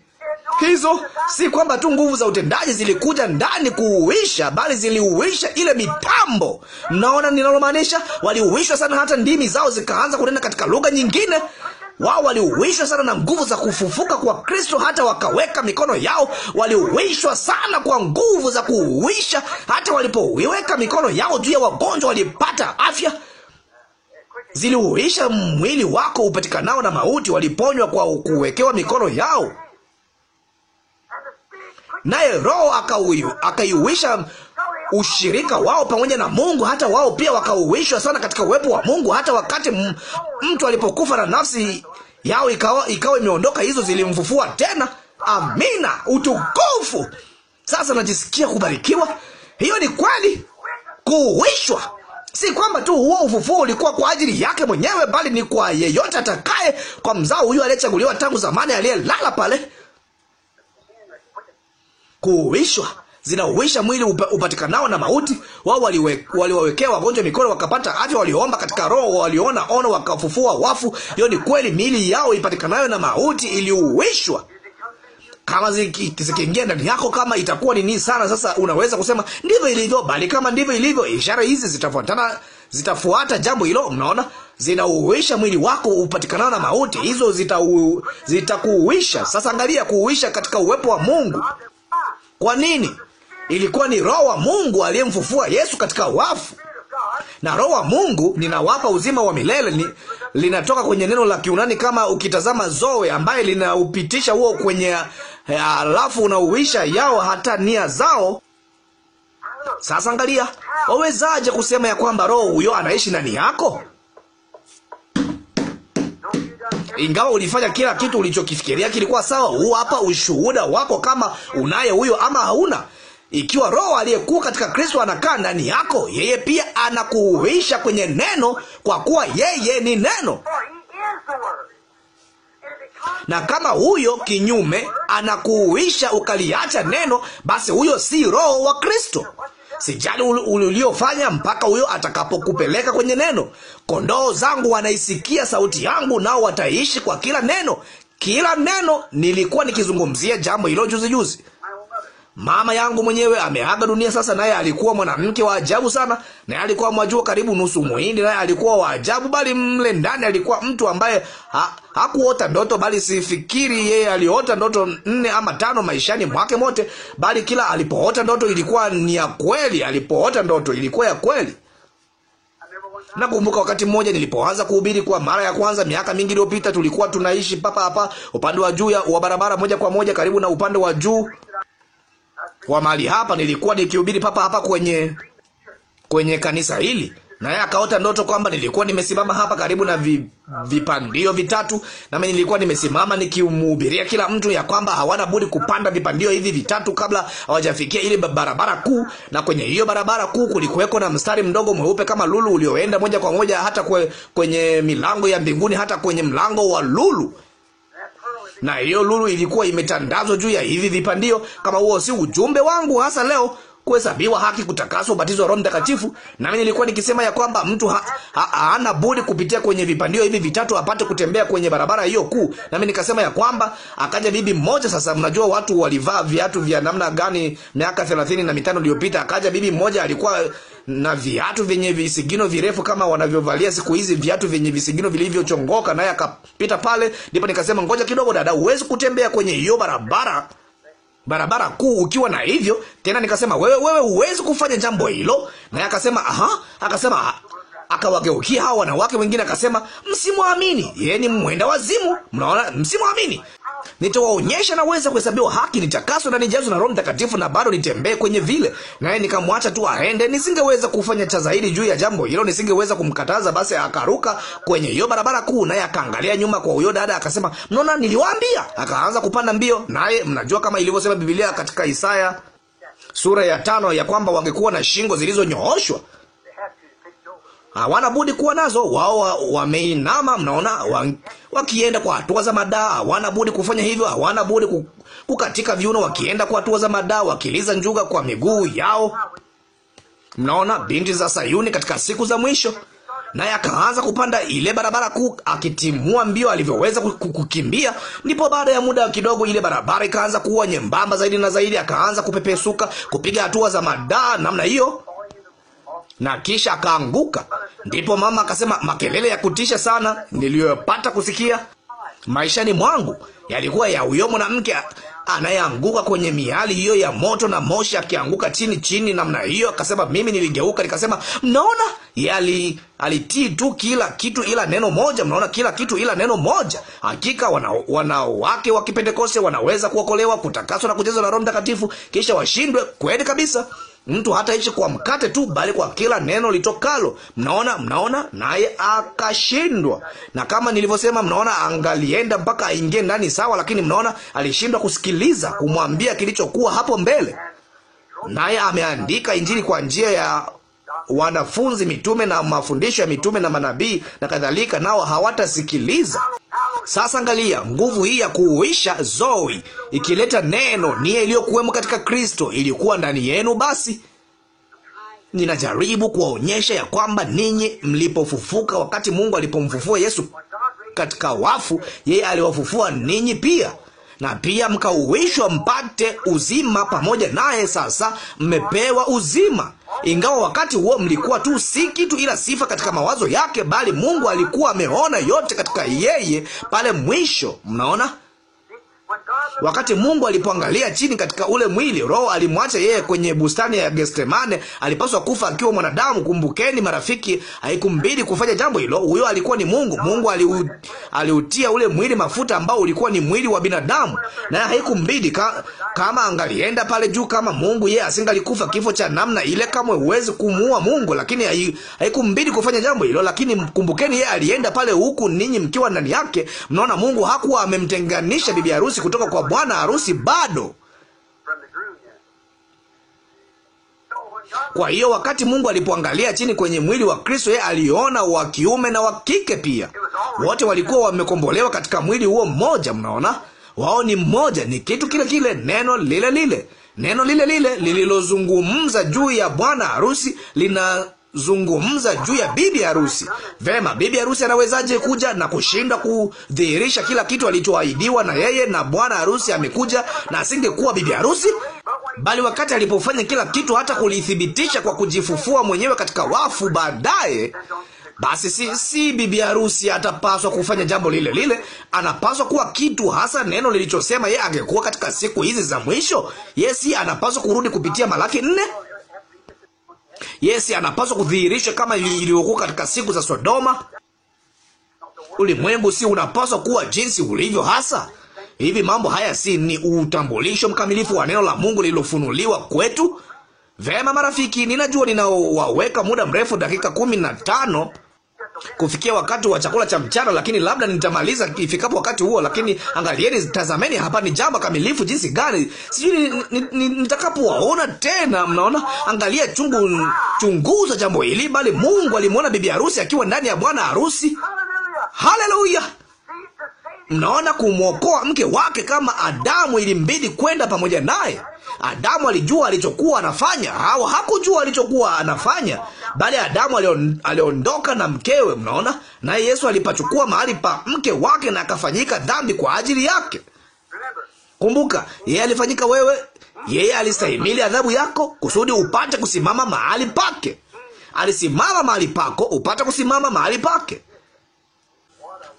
Hizo si kwamba tu nguvu za utendaji zilikuja ndani kuuisha, bali ziliuisha ile mitambo. Mnaona ninalomaanisha? Waliuishwa sana, hata ndimi zao zikaanza kunena katika lugha nyingine. Wao waliuwishwa sana na nguvu za kufufuka kwa Kristo, hata wakaweka mikono yao. Waliuwishwa sana kwa nguvu za kuuisha, hata walipoweka mikono yao juu ya wagonjwa walipata afya. Ziliuisha mwili wako upatikanao na mauti, waliponywa kwa kuwekewa mikono yao. Naye Roho akaiuisha ushirika wao pamoja na Mungu, hata wao pia wakauwishwa sana katika uwepo wa Mungu. Hata wakati mtu alipokufa na nafsi yao ikawa, ikawa imeondoka, hizo zilimfufua tena. Amina, utukufu. Sasa najisikia kubarikiwa. Hiyo ni kweli, kuuwishwa. Si kwamba tu huo ufufuo ulikuwa kwa ajili yake mwenyewe, bali ni kwa yeyote atakaye, kwa mzao huyu aliyechaguliwa tangu zamani, aliyelala pale. Kuuwishwa zinauisha mwili upatikanao na mauti. Wao waliwawekea wagonjwa mikono wakapata afya, waliomba katika roho, waliona ono wakafufua wafu. Hiyo ni kweli, miili yao ipatikanayo na mauti iliuishwa. Kama zikiingia ndani yako, kama itakuwa nini sana. Sasa unaweza kusema ndivyo ilivyo, bali kama ndivyo ilivyo, ishara hizi zitafuatana, zitafuata jambo hilo. Mnaona, zinauisha mwili wako upatikanao na mauti, hizo zitakuuisha. Zita sasa angalia kuuisha katika uwepo wa Mungu. Kwa nini? ilikuwa ni Roho wa Mungu aliyemfufua Yesu katika wafu, na Roho wa Mungu ninawapa uzima wa milele ni, linatoka kwenye neno la Kiunani kama ukitazama zoe, ambaye linaupitisha huo kwenye eh, alafu unauisha yao hata nia zao. Sasa angalia, wawezaje kusema ya kwamba roho huyo anaishi ndani yako ingawa ulifanya kila kitu ulichokifikiria kilikuwa sawa? Huu hapa ushuhuda wako, kama unaye huyo ama hauna. Ikiwa Roho aliyekuwa katika Kristo anakaa ndani yako, yeye pia anakuhuisha kwenye neno, kwa kuwa yeye ni neno. Na kama huyo kinyume anakuhuisha ukaliacha neno, basi huyo si Roho wa Kristo. Sijali uliofanya mpaka huyo atakapokupeleka kwenye neno. Kondoo zangu wanaisikia sauti yangu, nao wataishi kwa kila neno. Kila neno. Nilikuwa nikizungumzia jambo hilo juzi juzi. Mama yangu mwenyewe ameaga dunia sasa, naye alikuwa mwanamke wa ajabu sana, naye alikuwa mwajua karibu nusu Muhindi, naye alikuwa wa ajabu, bali mle ndani alikuwa mtu ambaye ha, hakuota ndoto, bali sifikiri yeye aliota ndoto nne ama tano maishani mwake mote, bali kila alipoota ndoto ilikuwa ni ya kweli, alipoota ndoto ilikuwa ya kweli. Nakumbuka wakati mmoja nilipoanza kuhubiri kwa mara ya kwanza miaka mingi iliyopita, tulikuwa tunaishi papa hapa upande wa juu wa barabara moja kwa moja karibu na upande wa juu wa mahali hapa. Nilikuwa nikihubiri papa hapa kwenye kwenye kanisa hili, naye akaota ndoto kwamba nilikuwa nimesimama hapa karibu na vi, vipandio vitatu, nami nilikuwa nimesimama nikimhubiria kila mtu ya kwamba hawana budi kupanda vipandio hivi vitatu kabla hawajafikia ile barabara kuu, na kwenye hiyo barabara kuu kulikuweko na mstari mdogo mweupe kama lulu ulioenda moja kwa moja hata kwe, kwenye milango ya mbinguni hata kwenye mlango wa lulu na hiyo lulu ilikuwa imetandazwa juu ya hivi vipandio. Kama huo si ujumbe wangu hasa leo, kuhesabiwa haki, kutakaswa, ubatizo wa Roho Mtakatifu. Nami nilikuwa nikisema ya kwamba mtu ha, ha, budi kupitia kwenye vipandio hivi vitatu apate kutembea kwenye barabara hiyo kuu. Nami nikasema ya kwamba akaja bibi mmoja. Sasa mnajua watu walivaa viatu vya namna gani miaka thelathini na mitano iliyopita? Akaja bibi mmoja alikuwa na viatu vyenye visigino virefu kama wanavyovalia siku hizi, viatu vyenye visigino vilivyochongoka. Naye akapita pale, ndipo nikasema ngoja kidogo, dada, huwezi kutembea kwenye hiyo barabara barabara kuu ukiwa na hivyo tena. Nikasema wewe, wewe huwezi kufanya jambo hilo. Naye akasema aha, akasema akawageukia hao wanawake wengine akasema, msimwamini yeye ni mwenda wazimu. Mnaona, msimwamini nitawaonyesha naweza kuhesabiwa haki, nitakaswa na nijazwe na Roho Mtakatifu na bado nitembee kwenye vile. Naye nikamwacha tu aende. Nisingeweza kufanya cha zaidi juu ya jambo hilo, nisingeweza kumkataza. Basi akaruka kwenye hiyo barabara kuu, naye akaangalia nyuma kwa huyo dada, akasema, mnaona, niliwaambia. Akaanza kupanda mbio, naye mnajua kama ilivyosema Biblia katika Isaya sura ya tano ya kwamba wangekuwa na shingo zilizonyooshwa hawana budi kuwa nazo. Wao wameinama, mnaona, wakienda kwa hatua za madaa, hawana budi kufanya hivyo. Hawana budi kukatika viuno, wakienda kwa hatua za madaa, wakiliza njuga kwa miguu yao. Mnaona binti za Sayuni katika siku za mwisho. Naye akaanza kupanda ile barabara kuu, akitimua mbio alivyoweza kukimbia. Ndipo baada ya muda kidogo, ile barabara ikaanza kuwa nyembamba zaidi na zaidi, akaanza kupepesuka, kupiga hatua za madaa namna hiyo na kisha akaanguka. Ndipo mama akasema makelele ya kutisha sana niliyopata kusikia maishani mwangu yalikuwa ya huyo mwanamke anayeanguka kwenye miali hiyo ya moto na moshi, akianguka chini chini namna hiyo. Akasema mimi niligeuka nikasema, mnaona, yali alitii tu kila kitu ila neno moja. Mnaona, kila kitu ila neno moja. Hakika wanawake wa Kipentekoste wanaweza kuokolewa, kutakaswa na kujazwa na Roho Mtakatifu, kisha washindwe kweli kabisa. Mtu hataishi kwa mkate tu, bali kwa kila neno litokalo. Mnaona, mnaona, naye akashindwa. Na kama nilivyosema, mnaona, angalienda mpaka aingie ndani, sawa, lakini mnaona, alishindwa kusikiliza, kumwambia kilichokuwa hapo mbele. Naye ameandika Injili kwa njia ya wanafunzi mitume na mafundisho ya mitume na manabii na kadhalika, nao hawatasikiliza. Sasa angalia nguvu hii ya kuuisha zoi ikileta neno nia iliyokuwemo katika Kristo ilikuwa ndani yenu. Basi ninajaribu kuwaonyesha ya kwamba ninyi mlipofufuka, wakati Mungu alipomfufua Yesu katika wafu, yeye aliwafufua ninyi pia na pia mkauwishwa mpate uzima pamoja naye. Sasa mmepewa uzima, ingawa wakati huo mlikuwa tu si kitu, ila sifa katika mawazo yake, bali Mungu alikuwa ameona yote katika yeye pale mwisho. Mnaona? Wakati Mungu alipoangalia chini katika ule mwili, Roho alimwacha yeye kwenye bustani ya Getsemane. Alipaswa kufa akiwa mwanadamu. Kumbukeni marafiki, haikumbidi kufanya jambo hilo. Huyo alikuwa ni Mungu. Mungu aliu, aliutia ule mwili mafuta ambao ulikuwa ni mwili wa binadamu, na haikumbidi ka, kama angalienda pale juu kama Mungu, yeye asingalikufa kifo cha namna ile. Kama huwezi kumuua Mungu, lakini haikumbidi kufanya jambo hilo. Lakini kumbukeni, yeye alienda pale, huku ninyi mkiwa ndani yake. Mnaona, Mungu hakuwa amemtenganisha bibi harusi harusi kutoka kwa bwana harusi bado. Kwa hiyo wakati Mungu alipoangalia chini kwenye mwili wa Kristo, yeye aliona wa kiume na wa kike pia. Wote walikuwa wamekombolewa katika mwili huo mmoja. Mnaona, wao ni mmoja, ni kitu kile kile, neno lile lile, neno lile lile lililozungumza juu ya bwana harusi lina zungumza juu ya bibi harusi. Vema, bibi harusi anawezaje kuja na kushinda kudhihirisha kila kitu alichoahidiwa na yeye? Na bwana harusi amekuja, na asingekuwa bibi harusi, bali wakati alipofanya kila kitu, hata kulithibitisha kwa kujifufua mwenyewe katika wafu baadaye, basi si, si bibi harusi atapaswa kufanya jambo lile lile. Anapaswa kuwa kitu hasa neno lilichosema yeye angekuwa katika siku hizi za mwisho. Yeye si anapaswa kurudi kupitia Malaki nne? Yesu anapaswa kudhihirishwa kama ilivyokuwa katika siku za Sodoma. Ulimwengu si unapaswa kuwa jinsi ulivyo hasa hivi. Mambo haya si ni utambulisho mkamilifu wa neno la Mungu lililofunuliwa kwetu? Vema marafiki, ninajua ninawaweka muda mrefu, dakika kumi na tano kufikia wakati wa chakula cha mchana, lakini labda nitamaliza ifikapo wakati huo. Lakini angalieni, tazameni, hapa ni jambo kamilifu jinsi gani! Sijui nitakapowaona tena. Mnaona, angalia, chungu chunguza jambo hili, bali Mungu alimwona bibi harusi akiwa ndani ya bwana harusi. Haleluya! Mnaona, kumwokoa mke wake, kama Adamu ilimbidi kwenda pamoja naye. Adamu alijua alichokuwa anafanya. Hawa hakujua alichokuwa anafanya, bali Adamu aliondoka na mkewe. Mnaona, naye Yesu alipachukua mahali pa mke wake na akafanyika dhambi kwa ajili yake. Kumbuka, yeye alifanyika wewe, yeye alistahimili adhabu yako kusudi upate kusimama mahali pake. Alisimama mahali pako upate kusimama mahali pake.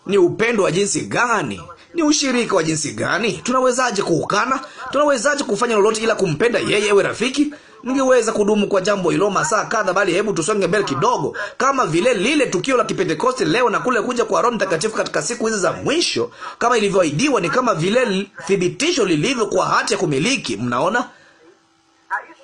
Ni upendo wa jinsi gani! Ni ushirika wa jinsi gani? Tunawezaje kuukana? Tunawezaje kufanya lolote ila kumpenda yeye? Ewe rafiki, ningeweza kudumu kwa jambo hilo masaa kadha, bali hebu tusonge mbele kidogo. Kama vile lile tukio la Kipentekoste leo na kule kuja kwa Roho Mtakatifu katika siku hizi za mwisho, kama ilivyoahidiwa, ni kama vile thibitisho lilivyo kwa hati ya kumiliki. Mnaona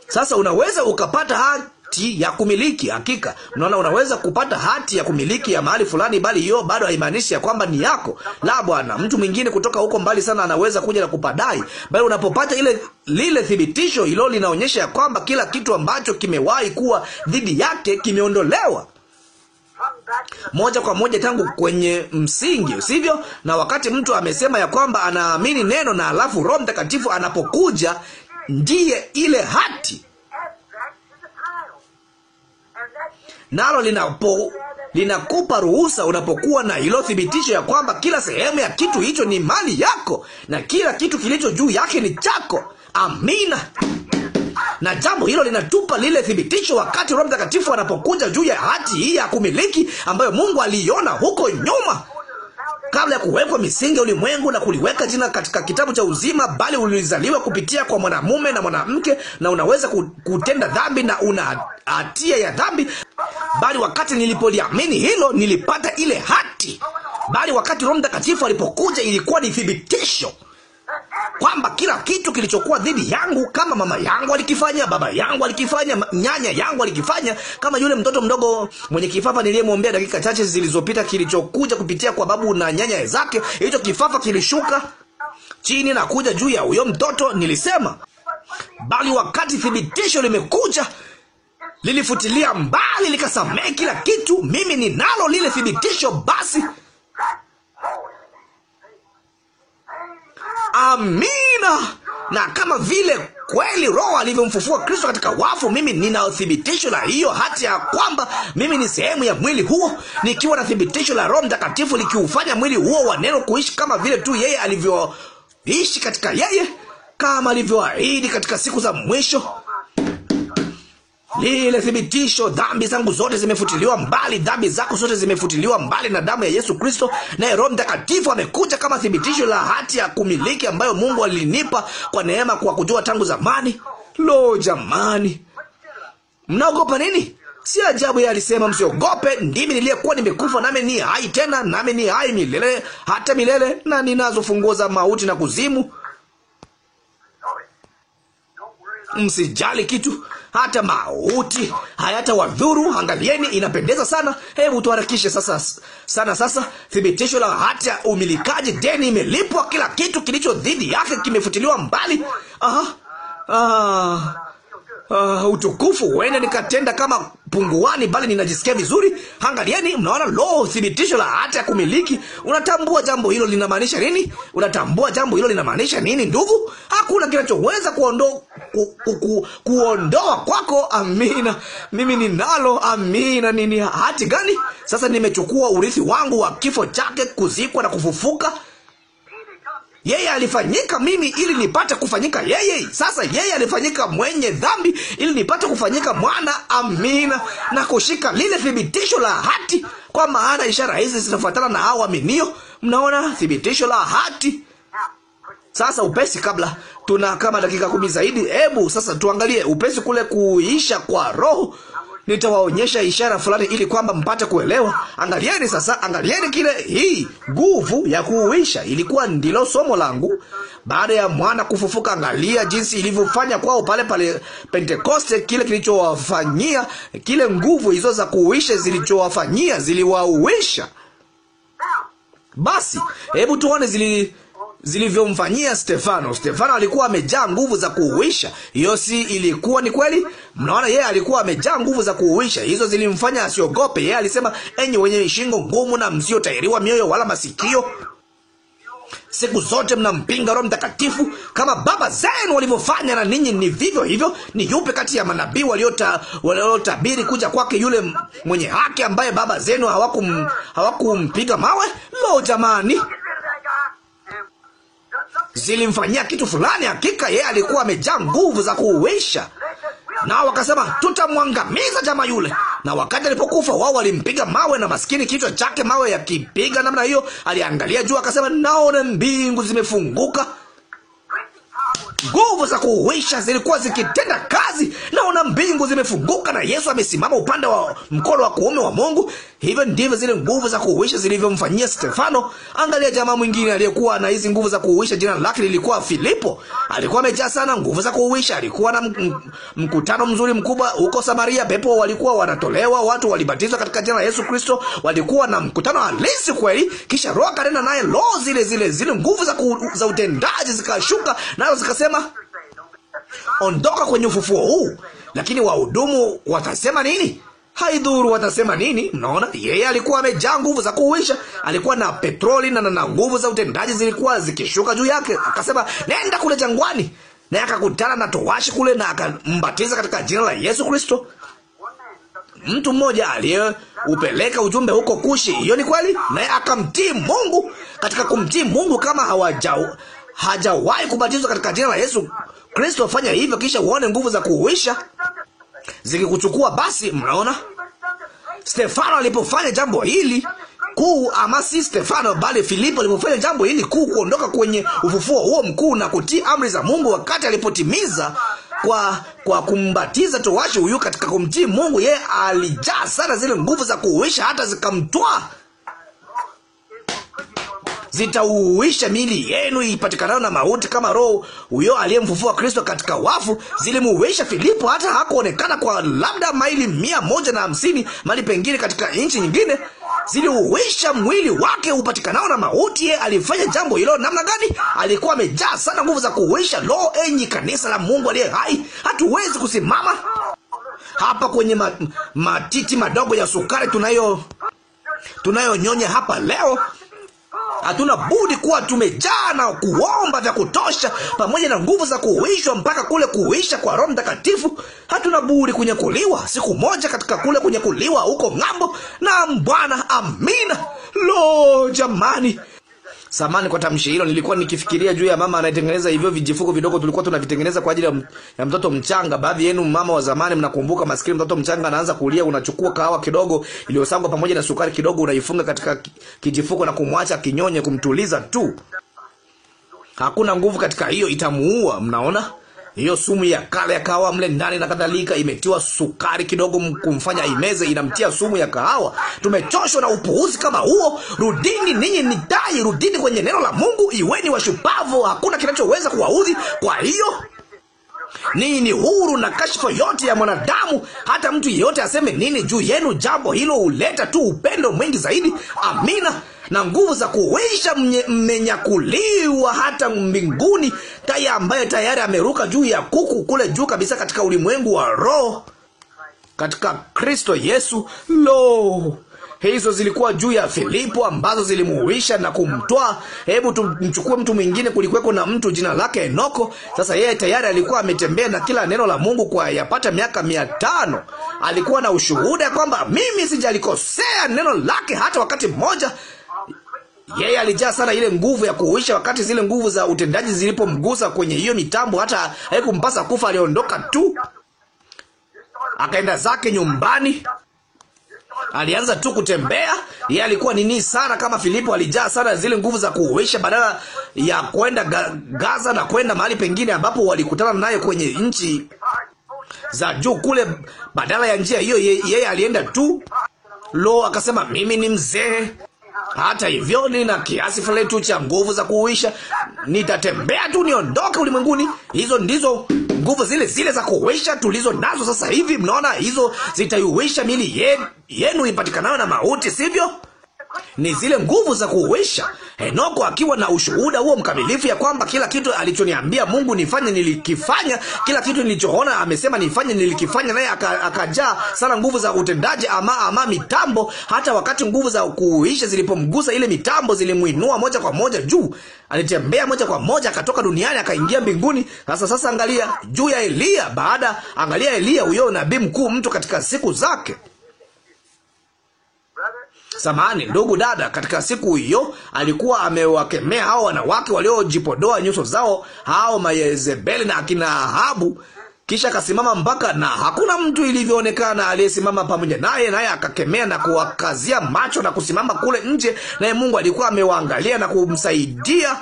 sasa, unaweza ukapata haki hati ya kumiliki. Hakika unaona, unaweza kupata hati ya kumiliki ya mahali fulani, bali hiyo bado haimaanishi ya kwamba ni yako. La, bwana, mtu mwingine kutoka huko mbali sana anaweza kuja na kupadai, bali unapopata ile lile thibitisho hilo, linaonyesha ya kwamba kila kitu ambacho kimewahi kuwa dhidi yake kimeondolewa moja kwa moja tangu kwenye msingi, sivyo? Na wakati mtu amesema ya kwamba anaamini neno na alafu Roho Mtakatifu anapokuja ndiye ile hati nalo linapo linakupa ruhusa, unapokuwa na hilo thibitisho ya kwamba kila sehemu ya kitu hicho ni mali yako na kila kitu kilicho juu yake ni chako. Amina. Na jambo hilo linatupa lile thibitisho wakati Roho Mtakatifu anapokuja juu ya hati hii ya kumiliki ambayo Mungu aliona huko nyuma kabla ya kuwekwa misingi ya ulimwengu na kuliweka jina katika kitabu cha uzima, bali ulizaliwa kupitia kwa mwanamume na mwanamke, na unaweza kutenda dhambi na una hatia ya dhambi. Bali wakati nilipoliamini hilo, nilipata ile hati. Bali wakati Roho Mtakatifu alipokuja, ilikuwa ni thibitisho kwamba kila kitu kilichokuwa dhidi yangu, kama mama yangu alikifanya, baba yangu alikifanya, nyanya yangu alikifanya, kama yule mtoto mdogo mwenye kifafa niliyemwombea dakika chache zilizopita, kilichokuja kupitia kwa babu na nyanya zake, hicho kifafa kilishuka chini na kuja juu ya huyo mtoto. Nilisema, bali wakati thibitisho limekuja lilifutilia mbali likasamehe kila kitu. Mimi ninalo lile thibitisho basi Amina. Na kama vile kweli Roho alivyomfufua Kristo katika wafu, mimi nina thibitisho la hiyo hata ya kwamba mimi ni sehemu ya mwili huo, nikiwa na thibitisho la Roho Mtakatifu likiufanya mwili huo wa neno kuishi kama vile tu yeye alivyoishi katika yeye, kama alivyoahidi katika siku za mwisho lile thibitisho, dhambi zangu zote zimefutiliwa mbali, dhambi zako zote zimefutiliwa mbali na damu ya Yesu Kristo. Naye Roho Mtakatifu amekuja kama thibitisho la hati ya kumiliki ambayo Mungu alinipa kwa neema, kwa kujua tangu zamani. Lo, jamani, mnaogopa nini? Si ajabu yeye alisema, msiogope, ndimi niliyekuwa nimekufa, nami ni hai tena, nami ni hai milele hata milele, na ninazo funguo za mauti na kuzimu. Msijali kitu hata mauti hayata wadhuru. Angalieni, inapendeza sana. Hebu tuharakishe sasa sana. Sasa thibitisho la hati ya umilikaji, deni imelipwa, kila kitu kilicho dhidi yake kimefutiliwa mbali. Aha. Aha uh, utukufu. Huenda nikatenda kama punguani, bali ninajisikia vizuri. Angalieni, mnaona lo, thibitisho la hata ya kumiliki. Unatambua jambo hilo linamaanisha nini? Unatambua jambo hilo linamaanisha nini, ndugu? Hakuna kinachoweza kuondoa ku, ku, ku, kuondoa kwako. Amina, mimi ninalo. Amina, nini hati gani? Sasa nimechukua urithi wangu wa kifo chake, kuzikwa na kufufuka yeye alifanyika mimi ili nipate kufanyika yeye. Sasa yeye alifanyika mwenye dhambi ili nipate kufanyika mwana. Amina, na kushika lile thibitisho la hati, kwa maana ishara hizi zitafuatana na hao waaminio. Mnaona thibitisho la hati. Sasa upesi, kabla tuna kama dakika kumi zaidi, hebu sasa tuangalie upesi kule kuisha kwa Roho nitawaonyesha ishara fulani ili kwamba mpate kuelewa. Angalieni sasa, angalieni kile hii nguvu ya kuuisha ilikuwa ndilo somo langu baada ya mwana kufufuka. Angalia jinsi ilivyofanya kwao pale pale Pentekoste, kile kilichowafanyia kile nguvu hizo za kuuisha zilichowafanyia, ziliwauisha. Basi hebu tuone zili zilivyomfanyia Stefano. Stefano alikuwa amejaa nguvu za kuuisha. Hiyo si ilikuwa ni kweli? Mnaona, yeye alikuwa amejaa nguvu za kuuisha, hizo zilimfanya asiogope. Yeye alisema, enyi wenye shingo ngumu na msiotahiriwa mioyo wala masikio, siku zote mnampinga Roho Mtakatifu kama baba zenu walivyofanya, na ninyi ni vivyo hivyo. Ni yupi kati ya manabii waliota waliotabiri kuja kwake yule mwenye haki ambaye baba zenu hawakum, hawakumpiga mawe? Lo, jamani! zilimfanyia kitu fulani. Hakika yeye alikuwa amejaa nguvu za kuuisha, na wakasema tutamwangamiza jamaa yule. Na wakati alipokufa wao walimpiga mawe, na maskini kichwa chake mawe yakipiga namna hiyo, aliangalia juu akasema, naona mbingu zimefunguka. Nguvu za kuuisha zilikuwa zikitenda kazi, naona mbingu zimefunguka, na Yesu amesimama upande wa mkono wa kuume wa Mungu. Hivyo ndivyo zile nguvu za kuuisha zilivyomfanyia Stefano. Angalia jamaa mwingine aliyekuwa na hizi nguvu za kuuisha, jina lake lilikuwa Filipo. Alikuwa amejaa sana nguvu za kuuisha, alikuwa na mkutano mzuri mkubwa huko Samaria. Pepo walikuwa wanatolewa, watu walibatizwa katika jina la Yesu Kristo, walikuwa na mkutano halisi kweli. Kisha Roho akanena naye, lo, zile zile zile nguvu za, za utendaji zikashuka, nazo zikasema ondoka kwenye ufufuo huu. Lakini wahudumu watasema nini? haidhuru watasema nini. Mnaona, yeye alikuwa amejaa nguvu za kuuisha, alikuwa na petroli na na nguvu za utendaji zilikuwa zikishuka juu yake. Akasema, nenda kule jangwani, naye akakutana na towashi kule na akambatiza katika jina la Yesu Kristo. Mtu mmoja aliyeupeleka ujumbe huko Kushi, hiyo ni kweli, naye akamtii Mungu. Katika kumtii Mungu, kama hawajau hajawahi kubatizwa katika jina la Yesu Kristo, fanya hivyo, kisha uone nguvu za kuuisha zikikuchukua basi. Mnaona, Stefano alipofanya jambo hili kuu, ama si Stefano bali Filipo alipofanya jambo hili kuu, kuondoka kwenye ufufuo huo mkuu na kutii amri za Mungu, wakati alipotimiza kwa kwa kumbatiza towashi huyu katika kumtii Mungu, yeye alijaa sana zile nguvu za kuuisha hata zikamtwaa zitauwisha mili yenu ipatikanayo na mauti, kama Roho huyo aliyemfufua Kristo katika wafu zilimuwisha Filipo, hata hakuonekana kwa labda maili mia moja na hamsini mali pengine katika nchi nyingine ziliuisha mwili wake upatikanao na mauti. Yeye alifanya jambo hilo namna gani? Alikuwa amejaa sana nguvu za kuuisha. Lo, enyi kanisa la Mungu aliye hai, hatuwezi kusimama hapa kwenye ma, matiti madogo ya sukari tunayo tunayonyonya hapa leo hatuna budi kuwa tumejaa na kuomba vya kutosha, pamoja na nguvu za kuhuishwa mpaka kule kuhuisha kwa Roho Mtakatifu. Hatuna budi kunyakuliwa siku moja katika kule kunyakuliwa huko ng'ambo. na Bwana, amina. Lo, jamani Samani kwa tamshi hilo. Nilikuwa nikifikiria juu ya mama anayetengeneza hivyo vijifuko vidogo, tulikuwa tunavitengeneza kwa ajili ya mtoto mchanga. Baadhi yenu mama wa zamani mnakumbuka, maskini mtoto mchanga anaanza kulia, unachukua kahawa kidogo iliyosangwa pamoja na sukari kidogo, unaifunga katika kijifuko na kumwacha kinyonye, kumtuliza tu. Hakuna nguvu katika hiyo, itamuua. Mnaona? hiyo sumu ya kale ya kahawa mle ndani na kadhalika, imetiwa sukari kidogo kumfanya imeze, inamtia sumu ya kahawa. Tumechoshwa na upuuzi kama huo. Rudini ninyi ni dai, rudini kwenye neno la Mungu, iweni washupavu, hakuna kinachoweza kuwaudhi. Kwa hiyo ninyi ni huru na kashfa yote ya mwanadamu. Hata mtu yeyote aseme nini juu yenu, jambo hilo huleta tu upendo mwingi zaidi. Amina na nguvu za kuwisha mmenyakuliwa hata mbinguni, tai ambaye tayari ameruka juu ya kuku kule juu kabisa katika ulimwengu wa roho katika Kristo Yesu. Lo, hizo zilikuwa juu ya Filipo ambazo zilimuhuisha na kumtoa. Hebu tumchukue mtu mwingine. Kulikuweko na mtu jina lake Enoko. Sasa yeye tayari alikuwa ametembea na kila neno la Mungu kwa yapata miaka mia tano. Alikuwa na ushuhuda kwamba mimi sijalikosea neno lake hata wakati mmoja. Yeye alijaa sana ile nguvu ya kuhuisha, wakati zile nguvu za utendaji zilipomgusa kwenye hiyo mitambo, hata haikumpasa kufa. Aliondoka tu akaenda zake nyumbani, alianza tu kutembea. Yeye alikuwa nini sana kama Filipo, alijaa sana zile nguvu za kuhuisha, badala ya kwenda ga Gaza na kwenda mahali pengine ambapo walikutana naye kwenye nchi za juu kule. Badala ya njia hiyo, yeye alienda tu. Lo, akasema mimi ni mzee hata hivyo nina kiasi fulani tu cha nguvu za kuuisha. Nitatembea tu niondoke ulimwenguni. Hizo ndizo nguvu zile zile za kuuisha tulizo nazo sasa hivi. Mnaona, hizo zitaiuisha mili yenu, yenu ipatikanayo na mauti, sivyo? ni zile nguvu za kuhuisha. Enoko akiwa na ushuhuda huo mkamilifu, ya kwamba kila kitu alichoniambia Mungu nifanye nilikifanya, kila kitu nilichoona amesema nifanye nilikifanya, naye akajaa sana nguvu za utendaji, ama ama mitambo. Hata wakati nguvu za kuhuisha zilipomgusa, ile mitambo zilimwinua moja kwa moja juu. Alitembea moja kwa moja akatoka duniani akaingia mbinguni. Sasa sasa, angalia juu ya Eliya, baada angalia Eliya, huyo nabii mkuu, mtu katika siku zake samani ndugu dada, katika siku hiyo alikuwa amewakemea hao wanawake waliojipodoa nyuso zao, hao Mayezebeli na akina Ahabu. Kisha akasimama mpaka, na hakuna mtu ilivyoonekana aliyesimama pamoja naye, naye akakemea na kuwakazia macho na kusimama kule nje, naye Mungu alikuwa amewaangalia na kumsaidia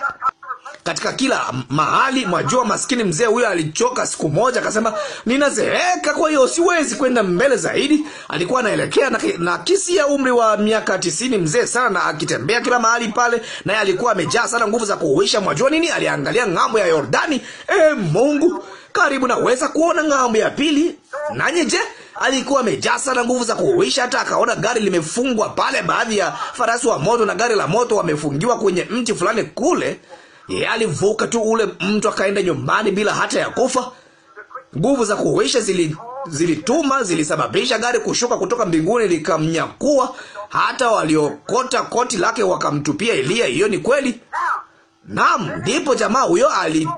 katika kila mahali. Mwajua, maskini mzee huyo alichoka siku moja, akasema ninazeeka, kwa hiyo siwezi kwenda mbele zaidi. Alikuwa anaelekea na, na kisi ya umri wa miaka tisini, mzee sana, na akitembea kila mahali pale, naye alikuwa amejaa sana nguvu za kuuisha. Mwajua nini? Aliangalia ng'ambo ya Yordani. E, Mungu karibu naweza kuona ng'ambo ya pili. Nanyi je? Alikuwa amejaa sana nguvu za kuhuisha, hata akaona gari limefungwa pale, baadhi ya farasi wa moto na gari la moto wamefungiwa kwenye mti fulani kule. Yeye alivuka tu ule mtu akaenda nyumbani bila hata ya kufa. Nguvu za kuhuisha zili zilituma zilisababisha gari kushuka kutoka mbinguni likamnyakua. Hata waliokota koti lake wakamtupia Eliya. Hiyo ni kweli. Naam, ndipo jamaa huyo ali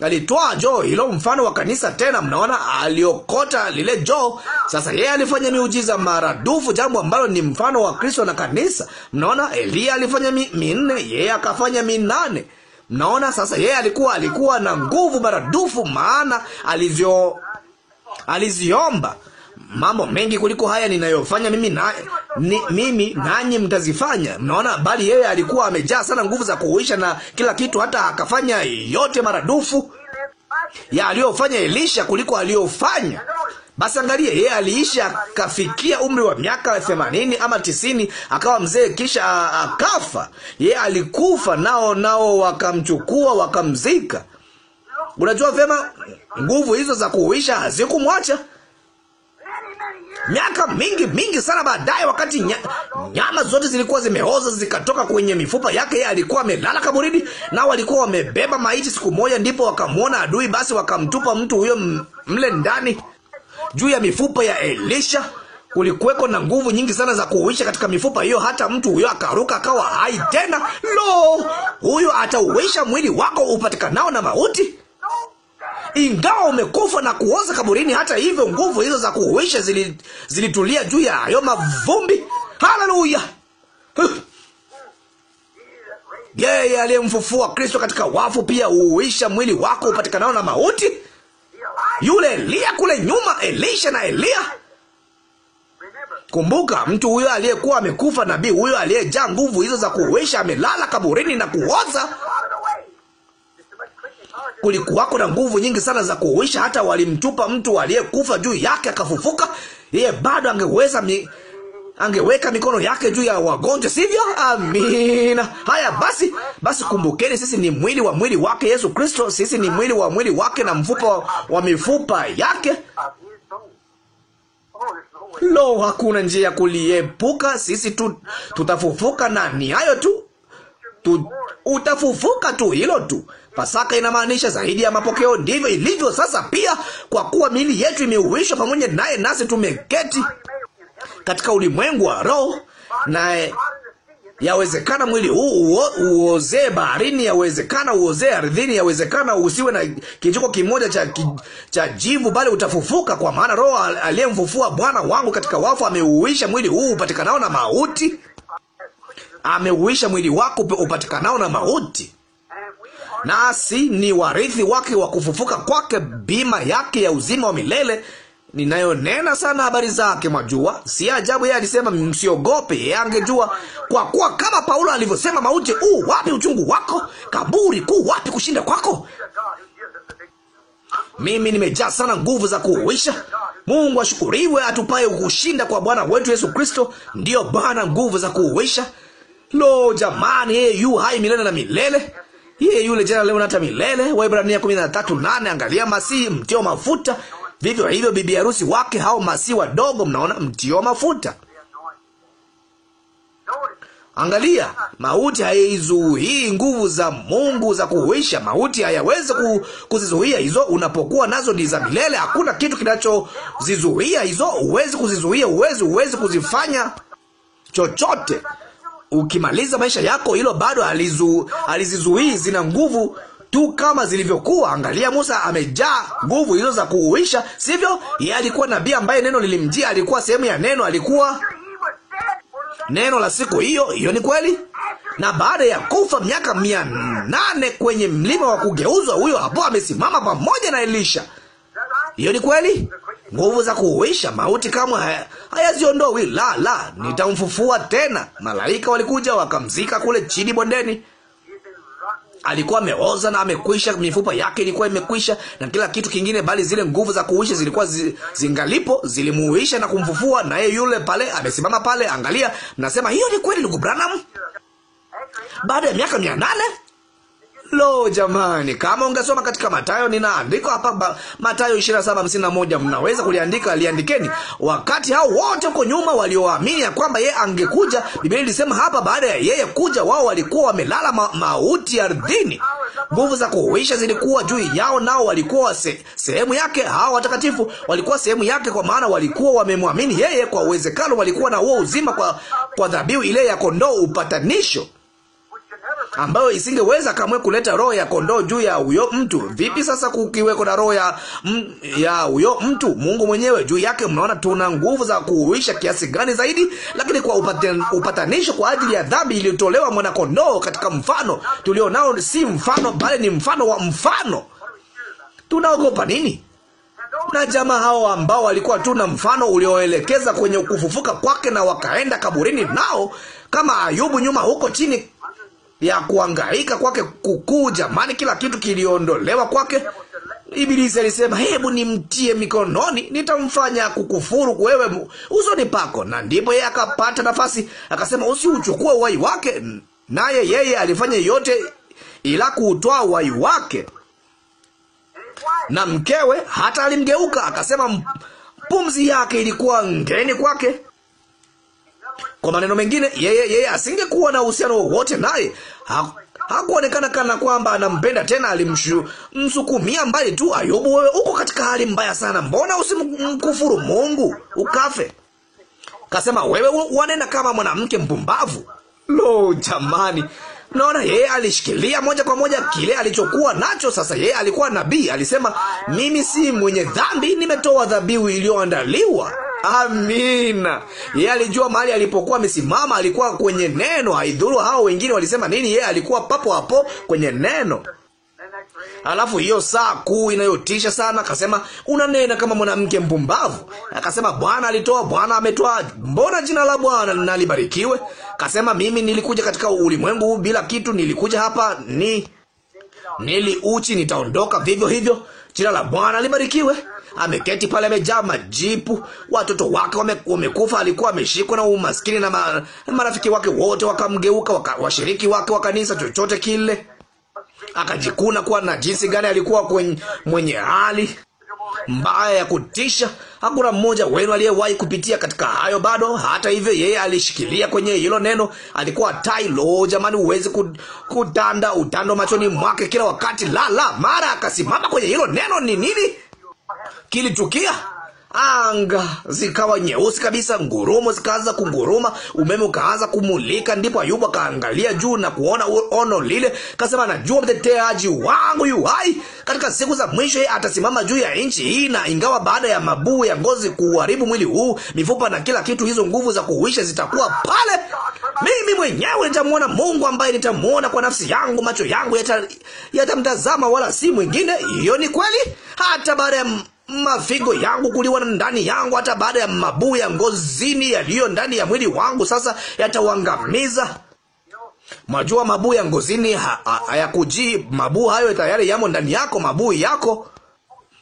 alitwaa joo hilo, mfano wa kanisa tena. Mnaona, aliokota lile joo. Sasa yeye alifanya miujiza maradufu, jambo ambalo ni mfano wa Kristo na kanisa. Mnaona, Eliya alifanya minne, yeye akafanya minane. Mnaona sasa, yeye alikuwa alikuwa na nguvu maradufu, maana alivyo aliziomba mambo mengi kuliko haya ninayofanya mimi na, ni, mimi nanyi mtazifanya. Mnaona, bali yeye alikuwa amejaa sana nguvu za kuhuisha na kila kitu, hata akafanya yote maradufu ya aliyofanya Elisha kuliko aliyofanya basi angalia, yeye aliishi akafikia umri wa miaka themanini ama tisini akawa mzee, kisha akafa. Yeye alikufa, nao nao wakamchukua wakamzika. Unajua vema, nguvu hizo za kuuisha hazikumwacha. Miaka mingi mingi sana baadaye, wakati nya, nyama zote zilikuwa zimeoza zikatoka kwenye mifupa yake, yeye alikuwa amelala kaburini, nao walikuwa wamebeba maiti. Siku moja ndipo wakamwona adui, basi wakamtupa mtu huyo mle ndani juu ya mifupa ya Elisha. Kulikuweko na nguvu nyingi sana za kuuisha katika mifupa hiyo, hata mtu huyo akaruka akawa hai tena. Lo, huyo atauisha mwili wako upatikanao na mauti, ingawa umekufa na kuoza kaburini. Hata hivyo, nguvu hizo za kuuisha zilitulia juu ya hayo mavumbi. Haleluya! Yeye aliyemfufua Kristo katika wafu pia huuisha mwili wako upatikanao na mauti yule Eliya kule nyuma, Elisha na Eliya. Kumbuka, mtu huyo aliyekuwa amekufa, nabii huyo aliyejaa nguvu hizo za kuuisha, amelala kaburini na kuoza. Kulikuwako na nguvu nyingi sana za kuuisha, hata walimtupa mtu aliyekufa juu yake akafufuka. Yeye bado angeweza mi angeweka mikono yake juu ya wagonjwa, sivyo? Amina. Haya basi, basi kumbukeni, sisi ni mwili wa mwili wake Yesu Kristo, sisi ni mwili wa mwili wake na mfupa wa mifupa yake. Lo, hakuna njia ya kuliepuka. Sisi tu, tutafufuka, na ni hayo tu, tu utafufuka tu, hilo tu. Pasaka inamaanisha zaidi ya mapokeo, ndivyo ilivyo sasa pia, kwa kuwa miili yetu imeuishwa pamoja naye, nasi tumeketi katika ulimwengu wa roho, na yawezekana mwili huu uozee baharini, yawezekana uozee ardhini, yawezekana usiwe na kijiko kimoja cha, cha jivu, bali utafufuka, kwa maana Roho aliyemfufua Bwana wangu katika wafu ameuisha mwili huu upatikanao na mauti, ameuisha mwili wako upatikanao na mauti, nasi ni warithi wake wa kufufuka kwake, bima yake ya uzima wa milele ninayonena sana habari zake, mwajua. Si ajabu yeye alisema msiogope. Yeye angejua kwa kuwa kama Paulo alivyosema, mauti u wapi uchungu wako, kaburi kuu wapi kushinda kwako. Mimi nimejaa sana nguvu za kuuisha. Mungu ashukuriwe, atupaye kushinda kwa Bwana wetu Yesu Kristo. Ndiyo Bwana, nguvu za kuuisha. Lo, jamani, yeye yu hai milele na milele. Yeye yule jana, leo na hata milele. Waebrania 13:8. Angalia, masihi mtio mafuta Vivyo hivyo bibi harusi wake hao masiwa wadogo, mnaona, mtio mafuta. Angalia, mauti haizuii nguvu za Mungu za kuhuisha. Mauti hayawezi kuzizuia hizo, unapokuwa nazo ni za milele. Hakuna kitu kinachozizuia hizo, huwezi kuzizuia, huwezi huwezi kuzifanya chochote. Ukimaliza maisha yako, hilo bado alizu alizizuii, zina nguvu tu kama zilivyokuwa. Angalia, Musa amejaa nguvu hizo za kuuisha, sivyo? Yeye alikuwa nabii ambaye neno lilimjia, alikuwa sehemu ya neno, alikuwa neno la siku hiyo. Hiyo ni kweli. Na baada ya kufa miaka mia nane kwenye mlima wa kugeuzwa, huyo hapo amesimama pamoja na Elisha. Hiyo ni kweli. Nguvu za kuuisha, mauti kamwe hayaziondoi. La, la, nitamfufua tena. Malaika walikuja wakamzika kule chini bondeni alikuwa ameoza na amekwisha, mifupa yake ilikuwa imekwisha na kila kitu kingine, bali zile nguvu za kuuisha zilikuwa zi, zingalipo, zilimuuisha na kumfufua. Naye yule pale amesimama pale, angalia. Mnasema hiyo ni kweli, ndugu Branham? Baada ya miaka mia nane Lo, jamani, kama ungesoma katika Mathayo, nina andiko hapa Mathayo 27:51 mnaweza kuliandika, liandikeni. Wakati hao wote huko nyuma walioamini ya kwamba yeye angekuja, Biblia ilisema hapa, baada ya yeye kuja, wao walikuwa wamelala ma mauti ardhini, nguvu za kuhuisha zilikuwa juu yao, nao walikuwa se sehemu yake. Hao watakatifu walikuwa sehemu yake, kwa maana walikuwa wamemwamini yeye. Kwa uwezekano walikuwa na huo uzima kwa, kwa dhabihu ile ya kondoo upatanisho ambayo isingeweza kamwe kuleta roho ya kondoo juu ya huyo mtu. Vipi sasa kukiweko na roho ya m, ya huyo mtu Mungu mwenyewe juu yake? Mnaona tuna nguvu za kuuisha kiasi gani zaidi, lakini kwa upaten, upatanisho kwa ajili ya dhambi iliyotolewa mwana kondoo katika mfano tulionao, si mfano bali ni mfano wa mfano. Tunaogopa nini? na jamaa hao ambao walikuwa tu na mfano ulioelekeza kwenye kufufuka kwake na wakaenda kaburini nao kama Ayubu nyuma huko chini ya kuangaika kwake kukuu. Jamani, kila kitu kiliondolewa kwake. Ibilisi alisema, hebu nimtie mikononi, nitamfanya kukufuru wewe usoni pako. Na ndipo yeye akapata nafasi, akasema, usiuchukue uhai wake. Naye yeye alifanya yote ila kuutoa uhai wake. Na mkewe hata alimgeuka, akasema pumzi yake ilikuwa ngeni kwake. Kwa maneno mengine, yeye yeye asingekuwa na uhusiano wowote naye. Hakuonekana kana kwamba anampenda tena, alimsukumia mbali tu. Ayubu, wewe uko katika hali mbaya sana, mbona usimkufuru Mungu ukafe? Kasema wewe wanena kama mwanamke mpumbavu. Lo, jamani! Naona yeye alishikilia moja kwa moja kile alichokuwa nacho. Sasa yeye alikuwa nabii, alisema mimi si mwenye dhambi, nimetoa dhabihu iliyoandaliwa. Amina. Yeye alijua mahali alipokuwa amesimama, alikuwa kwenye neno. Haidhuru hao wengine walisema nini, yeye alikuwa papo hapo kwenye neno. Alafu hiyo saa kuu inayotisha sana, akasema unanena kama mwanamke mpumbavu. Akasema Bwana alitoa, Bwana ametoa, mbona jina la Bwana linalibarikiwe? Akasema mimi nilikuja katika ulimwengu huu bila kitu, nilikuja hapa ni nili uchi, nitaondoka vivyo hivyo. Jina la Bwana libarikiwe ameketi pale, amejaa majipu, watoto wake wamekufa. Alikuwa ameshikwa na umaskini na marafiki wake wote wakamgeuka, waka, washiriki wake wa kanisa, chochote kile, akajikuna kuwa na jinsi gani alikuwa kwenye, mwenye hali mbaya ya kutisha. Hakuna mmoja wenu aliyewahi kupitia katika hayo bado. Hata hivyo, yeye alishikilia kwenye hilo neno, alikuwa tai. Lo, jamani, huwezi kutanda utando machoni mwake kila wakati. La la, mara akasimama kwenye hilo neno. Ni nini? kilitukia. Anga zikawa nyeusi kabisa, ngurumo zikaanza kunguruma, umeme ukaanza kumulika. Ndipo Ayubu akaangalia juu na kuona ono lile, kasema, najua mteteaji wangu yu hai, katika siku za mwisho yeye atasimama juu ya nchi hii. Na ingawa baada ya mabuu ya ngozi kuharibu mwili huu, mifupa na kila kitu, hizo nguvu za kuuisha zitakuwa pale. Mimi mwenyewe nitamwona Mungu ambaye nitamwona kwa nafsi yangu, macho yangu yatamtazama, yata wala si mwingine. Hiyo ni kweli, hata baada ya mafigo yangu kuliwa ndani yangu, hata baada ya mabuu ya ngozini yaliyo ndani ya mwili wangu sasa yatawangamiza. Mwajua mabuu ya ngozini hayakujii, ha, ha, mabuu hayo tayari yamo ndani yako, mabuu yako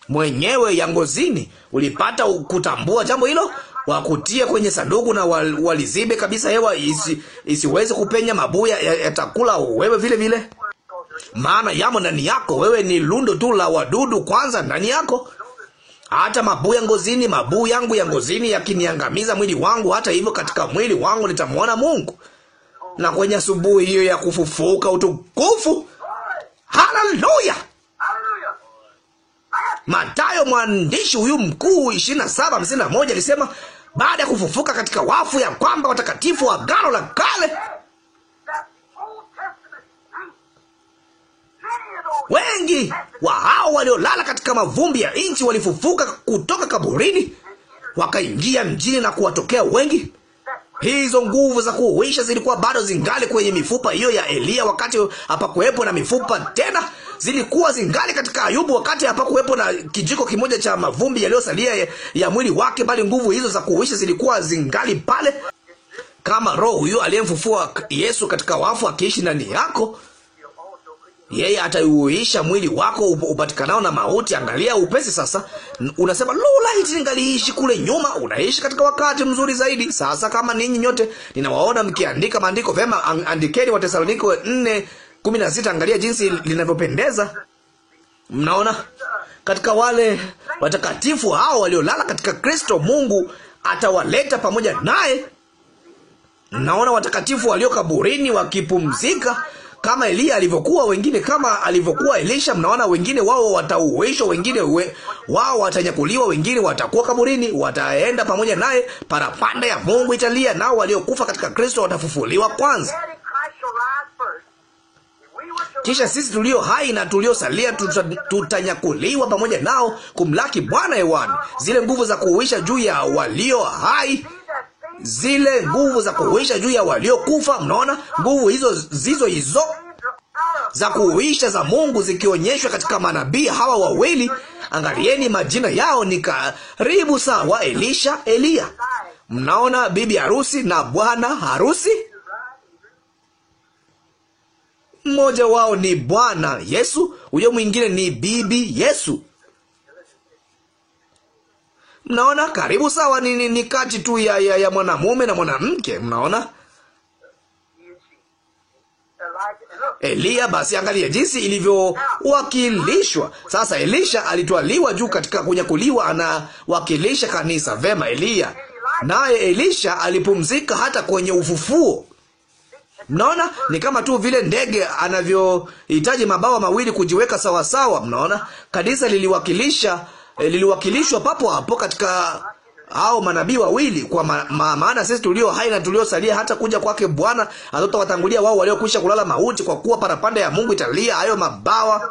mwenyewe ya ngozini. Ulipata kutambua jambo hilo? Wakutie kwenye sanduku na wal, walizibe kabisa, hewa isi, isiweze kupenya, mabuu yatakula ya wewe vile vile, maana yamo ndani yako. Wewe ni lundo tu la wadudu kwanza ndani yako hata mabuu ya ngozini, mabuu yangu ya ngozini yakiniangamiza mwili wangu, hata hivyo katika mwili wangu nitamwona Mungu. Na kwenye asubuhi hiyo ya kufufuka, utukufu! Haleluya! Matayo, mwandishi huyu mkuu, 27:51 alisema baada ya kufufuka katika wafu, ya kwamba watakatifu wa Agano la Kale Wengi wa hao waliolala katika mavumbi ya nchi walifufuka kutoka kaburini, wakaingia mjini na kuwatokea wengi. Hizo nguvu za kuuisha zilikuwa bado zingali kwenye mifupa hiyo ya Eliya wakati hapakuwepo na mifupa tena, zilikuwa zingali katika Ayubu wakati hapakuwepo na kijiko kimoja cha mavumbi yaliyosalia ya mwili wake, bali nguvu hizo za kuuisha zilikuwa zingali pale, kama Roho huyo aliyemfufua Yesu katika wafu akiishi ndani yako yeye atauisha mwili wako upatikanao na mauti. Angalia upesi sasa. Unasema lulaiti, ningaliishi kule nyuma. Unaishi katika wakati mzuri zaidi sasa. Kama ninyi nyote ninawaona mkiandika maandiko vema, andikeni wa Tesalonike 4:16. Angalia jinsi linavyopendeza. Mnaona katika wale watakatifu hao waliolala katika Kristo, Mungu atawaleta pamoja naye. Mnaona watakatifu walio kaburini wakipumzika kama Eliya alivyokuwa, wengine kama alivyokuwa Elisha. Mnaona, wengine wao watauwishwa, wengine we, wao watanyakuliwa, wengine watakuwa kaburini, wataenda pamoja naye. Parapanda ya Mungu italia, nao waliokufa katika Kristo watafufuliwa kwanza. Kisha sisi tulio hai na tuliosalia tutanyakuliwa pamoja nao kumlaki Bwana hewani. Zile nguvu za kuuisha juu ya walio hai zile nguvu za kuhuisha juu ya waliokufa. Mnaona nguvu hizo zizo hizo za kuhuisha za Mungu zikionyeshwa katika manabii hawa wawili. Angalieni majina yao, ni karibu sawa Elisha, Eliya. Mnaona bibi harusi na bwana harusi. Mmoja wao ni Bwana Yesu, huyo mwingine ni bibi Yesu. Mnaona, karibu sawa, ni, ni, ni kati tu ya, ya, ya mwanamume na mwanamke. Mnaona Eliya, basi angalia jinsi ilivyowakilishwa sasa. Elisha alitwaliwa juu katika kunyakuliwa, anawakilisha kanisa vema. Eliya naye Elisha alipumzika hata kwenye ufufuo. Mnaona, ni kama tu vile ndege anavyohitaji mabawa mawili kujiweka sawasawa. Mnaona, kanisa liliwakilisha Eh, liliwakilishwa papo hapo katika hao manabii wawili, kwa ma, ma, maana sisi tulio hai na tuliosalia hata kuja kwake Bwana hatotawatangulia wao waliokwisha kulala mauti, kwa kuwa parapanda ya Mungu italia, hayo mabawa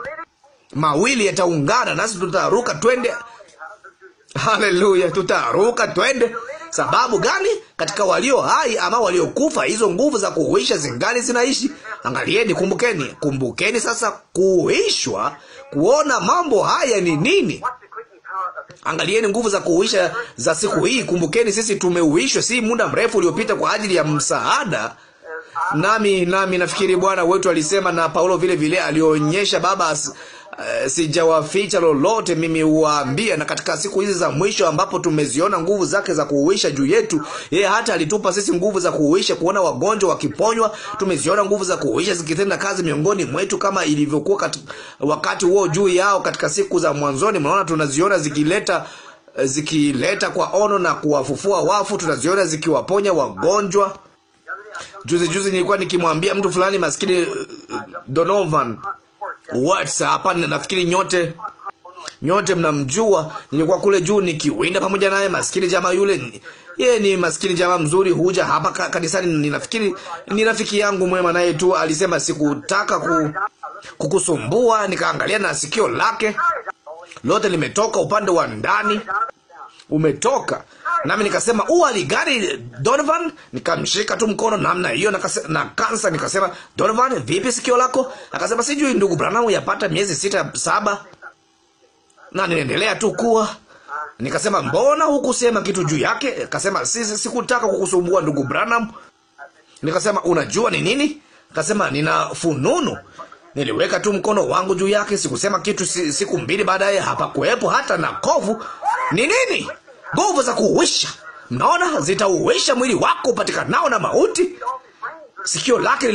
mawili yataungana, nasi tutaruka twende. Haleluya, tutaruka twende. Sababu gani? Katika walio hai ama waliokufa, hizo nguvu za kuhuisha zingali zinaishi. Angalieni, kumbukeni, kumbukeni sasa kuhuishwa, kuona mambo haya ni nini. Angalieni nguvu za kuuisha za siku hii. Kumbukeni sisi tumeuishwa si muda mrefu uliopita kwa ajili ya msaada. Nami nami nafikiri Bwana wetu alisema na Paulo vile vile alionyesha Baba as, Eh, sijawaficha lolote, mimi huwaambia. Na katika siku hizi za mwisho ambapo tumeziona nguvu zake za kuuisha juu yetu, yeye hata alitupa sisi nguvu za kuuisha, kuona wagonjwa wakiponywa. Tumeziona nguvu za kuuisha zikitenda kazi miongoni mwetu kama ilivyokuwa wakati huo juu yao katika siku za mwanzoni. Mnaona, tunaziona zikileta eh, zikileta kwa ono na kuwafufua wafu, tunaziona zikiwaponya wagonjwa. Juzi juzi nilikuwa nikimwambia mtu fulani maskini eh, Donovan WhatsApp na nafikiri nyote nyote mnamjua. Nilikuwa kule juu nikiwinda pamoja naye, maskini jamaa yule. Yeye ni maskini jamaa mzuri, huja hapa kanisani. Ninafikiri ni rafiki yangu mwema, naye tu alisema sikutaka ku, kukusumbua. Nikaangalia na sikio lake lote limetoka, upande wa ndani umetoka Nami nikasema u ali gari Donovan, nikamshika tu mkono namna hiyo na, kansa. Nikasema Donovan, vipi sikio lako? Akasema sijui ndugu Branham, yapata miezi sita saba na niendelea tu kuwa Nikasema mbona hukusema kitu juu yake? Akasema sisi sikutaka kukusumbua ndugu Branham. Nikasema unajua ni nini? Akasema nina fununu. Niliweka tu mkono wangu juu yake, sikusema kitu. Siku mbili baadaye hapakuwepo hata na kovu. Ni nini? nguvu za kuuisha. Mnaona, zitauisha mwili wako upatikanao na mauti. Sikio lake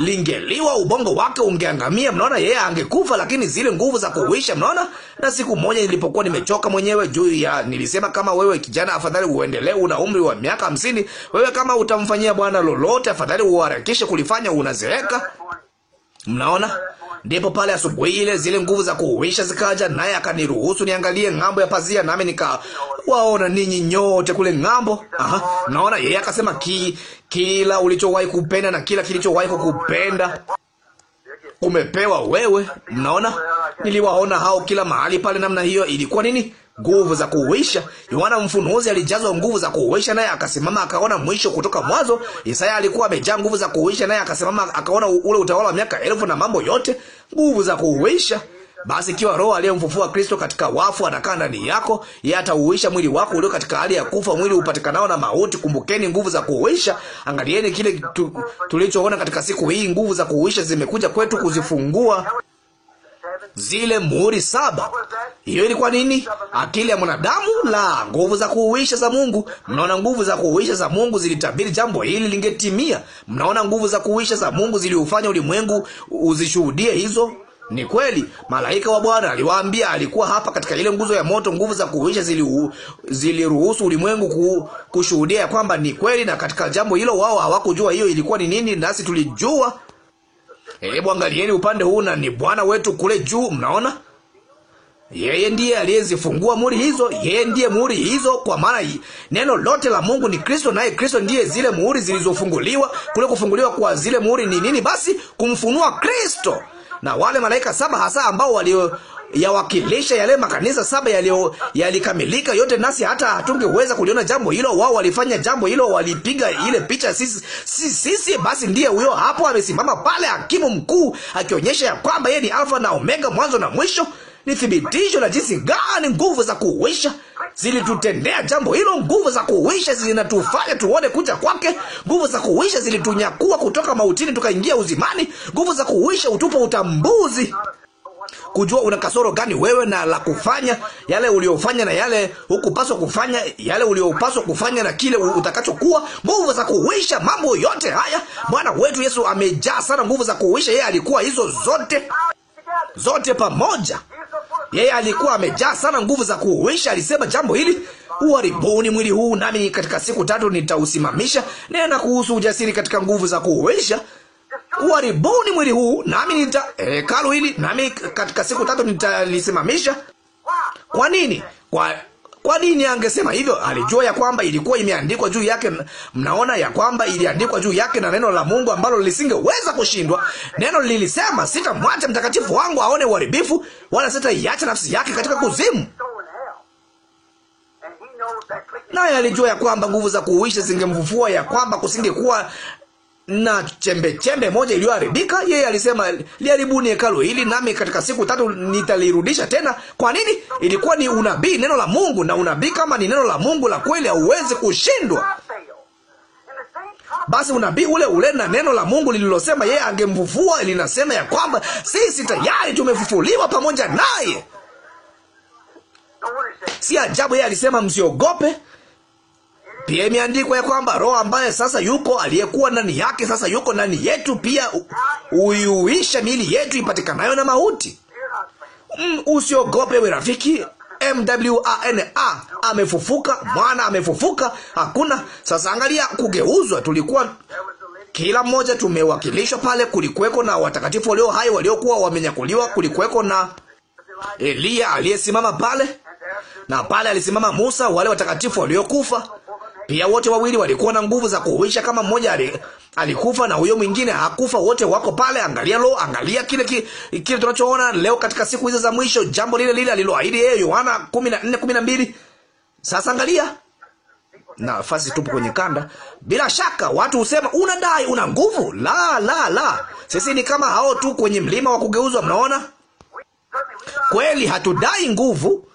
lingeliwa, ubongo wake ungeangamia. Mnaona, yeye angekufa, lakini zile nguvu za kuuisha. Mnaona. Na siku moja nilipokuwa nimechoka mwenyewe juu ya, nilisema kama wewe kijana, afadhali uendelee, una umri wa miaka hamsini. Wewe kama utamfanyia Bwana lolote, afadhali uharakishe kulifanya, unazeeka Mnaona, ndipo pale asubuhi ile zile nguvu za kuhuisha zikaja, naye akaniruhusu niangalie ng'ambo ya pazia, nami nikawaona ninyi nyote kule ng'ambo. Aha, naona yeye akasema ki, kila ulichowahi kupenda na kila kilichowahi kukupenda umepewa wewe. Mnaona, niliwaona hao kila mahali pale namna hiyo. Ilikuwa nini? nguvu za kuuisha. Yohana mfunuzi alijazwa nguvu za kuuisha, naye akasimama akaona mwisho kutoka mwanzo. Isaya alikuwa amejaa nguvu za kuuisha, naye akasimama akaona ule utawala wa miaka elfu na mambo yote, nguvu za kuuisha. Basi ikiwa Roho aliyemfufua Kristo katika wafu anakaa ndani yako, yeye atauisha mwili wako ulio katika hali ya kufa, mwili upatikanao na mauti. Kumbukeni nguvu za kuuisha. Angalieni kile tu, tulichoona katika siku hii. Nguvu za kuuisha zimekuja kwetu kuzifungua zile muhuri saba. Hiyo ilikuwa nini? Akili ya mwanadamu? La, nguvu za kuuisha za Mungu. Mnaona, nguvu za kuuisha za Mungu zilitabiri jambo hili lingetimia. Mnaona, nguvu za kuuisha za Mungu ziliufanya ulimwengu uzishuhudie hizo ni kweli. Malaika wa Bwana aliwaambia, alikuwa hapa katika ile nguzo ya moto. Nguvu za kuhuisha ziliruhusu zili ulimwengu ku, kushuhudia ya kwamba ni kweli, na katika jambo hilo wao hawakujua hiyo ilikuwa ni nini, nasi tulijua Hebu angalieni upande huu, na ni Bwana wetu kule juu. Mnaona, yeye ndiye aliyezifungua muri hizo, yeye ndiye muri hizo, kwa maana neno lote la Mungu ni Kristo, naye Kristo ndiye zile muhuri zilizofunguliwa. Kule kufunguliwa kwa zile muhuri ni nini? Basi kumfunua Kristo na wale malaika saba hasa ambao walio yawakilisha yale makanisa saba yalikamilika yote, nasi hata hatungeweza kuliona jambo hilo. Wao walifanya jambo hilo, walipiga ile picha. Sisi, sisi, sisi basi ndiye huyo hapo amesimama pale, hakimu mkuu, akionyesha ya kwamba yeye ni Alfa na Omega, mwanzo na mwisho. Ni thibitisho la jinsi gani nguvu za kuuisha zilitutendea jambo hilo. Nguvu za kuuisha zinatufanya tuone kuja kwake. Nguvu za kuuisha zilitunyakua kutoka mautini tukaingia uzimani. Nguvu za kuuisha utupa utambuzi kujua una kasoro gani wewe na la kufanya yale uliofanya na yale hukupaswa kufanya, yale uliopaswa kufanya na kile utakachokuwa, nguvu za kuwisha mambo yote haya. Bwana wetu Yesu amejaa sana nguvu za kuwisha. Yeye alikuwa hizo zote zote pamoja, yeye alikuwa amejaa sana nguvu za kuwisha. Alisema jambo hili Uharibuni mwili huu, nami katika siku tatu nitausimamisha. Nena kuhusu ujasiri katika nguvu za kuuisha uharibuni mwili huu, nami nita eh, hekalu hili, nami katika siku tatu nitalisimamisha. Kwa nini? Kwa kwa nini angesema hivyo? Alijua ya kwamba ilikuwa imeandikwa juu yake. Mnaona ya kwamba iliandikwa juu yake na neno la Mungu ambalo lisingeweza kushindwa. Neno lilisema, sitamwacha mtakatifu wangu aone uharibifu, wala sitaiacha nafsi yake katika kuzimu. Naye alijua ya kwamba nguvu za kuuisha zingemfufua, ya kwamba kusingekuwa na chembe chembe moja iliyoharibika. Yeye alisema liharibuni hekalu hili, nami katika siku tatu nitalirudisha tena. Kwa nini? Ilikuwa ni unabii, neno la Mungu. Na unabii kama ni neno la Mungu la kweli, hauwezi kushindwa. Basi unabii ule ule na neno la Mungu lililosema yeye angemfufua linasema ya kwamba sisi tayari tumefufuliwa pamoja naye. Si ajabu yeye alisema msiogope. Pia imeandikwa ya kwamba Roho ambaye sasa yuko aliyekuwa ndani yake sasa yuko ndani yetu, pia uiuisha miili yetu ipatikanayo na mauti. Mm, usiogope we rafiki. MWANA amefufuka, mwana amefufuka. Hakuna sasa, angalia kugeuzwa. Tulikuwa kila mmoja tumewakilishwa pale. Kulikuweko na watakatifu walio hai waliokuwa wamenyakuliwa, kulikuweko na Eliya aliyesimama pale, na pale alisimama Musa, wale watakatifu waliokufa. Pia wote wawili walikuwa na nguvu za kuhuisha. Kama mmoja alikufa na huyo mwingine hakufa, wote wako pale. Angalia lo, angalia kile kile, tunachoona leo katika siku hizo za mwisho, jambo lile lile aliloahidi yeye Yohana 14:12. Sasa angalia nafasi tupo kwenye kanda. Bila shaka watu husema unadai una nguvu. La, la, la, sisi ni kama hao tu kwenye mlima wa kugeuzwa. Mnaona kweli, hatudai nguvu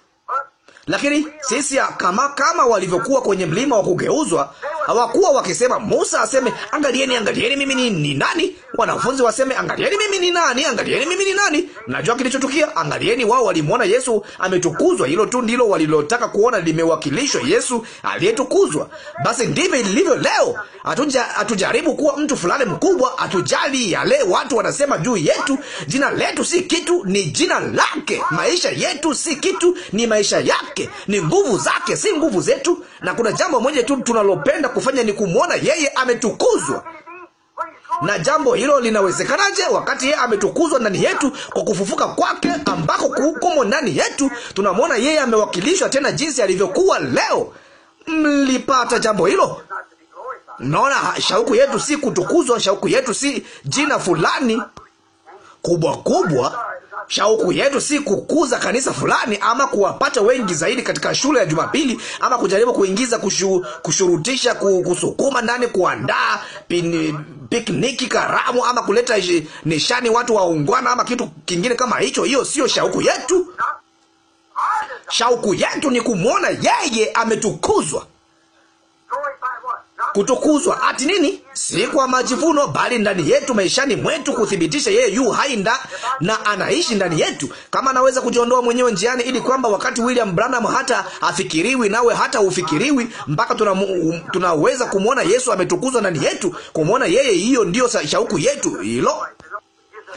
lakini sisi kama, kama walivyokuwa kwenye mlima wa kugeuzwa, Hawakuwa wakisema Musa aseme angalieni, angalieni mimi ni, ni nani. Wanafunzi waseme angalieni mimi ni nani, angalieni mimi ni nani. Mnajua kilichotukia? Angalieni, wao walimwona Yesu ametukuzwa. Hilo tu ndilo walilotaka kuona limewakilishwa, Yesu aliyetukuzwa. Basi ndivyo ilivyo leo. atuja atujaribu kuwa mtu fulani mkubwa, atujali yale watu wanasema juu yetu. Jina letu si kitu, ni jina lake. Maisha yetu si kitu, ni maisha yake. Ni nguvu zake, si nguvu zetu. Na kuna jambo moja tu tunalopenda kufanya ni kumwona yeye ametukuzwa. Na jambo hilo linawezekanaje wakati yeye ametukuzwa ndani yetu kwa kufufuka kwake ambako kuhukumu ndani yetu? Tunamwona yeye amewakilishwa tena jinsi alivyokuwa leo. Mlipata jambo hilo? Naona shauku yetu si kutukuzwa, shauku yetu si jina fulani kubwa kubwa shauku yetu si kukuza kanisa fulani ama kuwapata wengi zaidi katika shule ya Jumapili ama kujaribu kuingiza, kushu, kushurutisha, kusukuma ndani, kuandaa pikniki, karamu ama kuleta nishani watu waungwana ama kitu kingine kama hicho. Hiyo sio shauku yetu. Shauku yetu ni kumwona yeye ametukuzwa kutukuzwa. Ati nini? Si kwa majivuno, bali ndani yetu, maishani mwetu, kuthibitisha yeye yu hai nda, na anaishi ndani yetu. Kama anaweza kujiondoa mwenyewe njiani, ili kwamba wakati William Branham hata afikiriwi, nawe hata ufikiriwi, mpaka um, tunaweza kumwona Yesu ametukuzwa ndani yetu, kumwona yeye. Hiyo ndiyo shauku yetu, hilo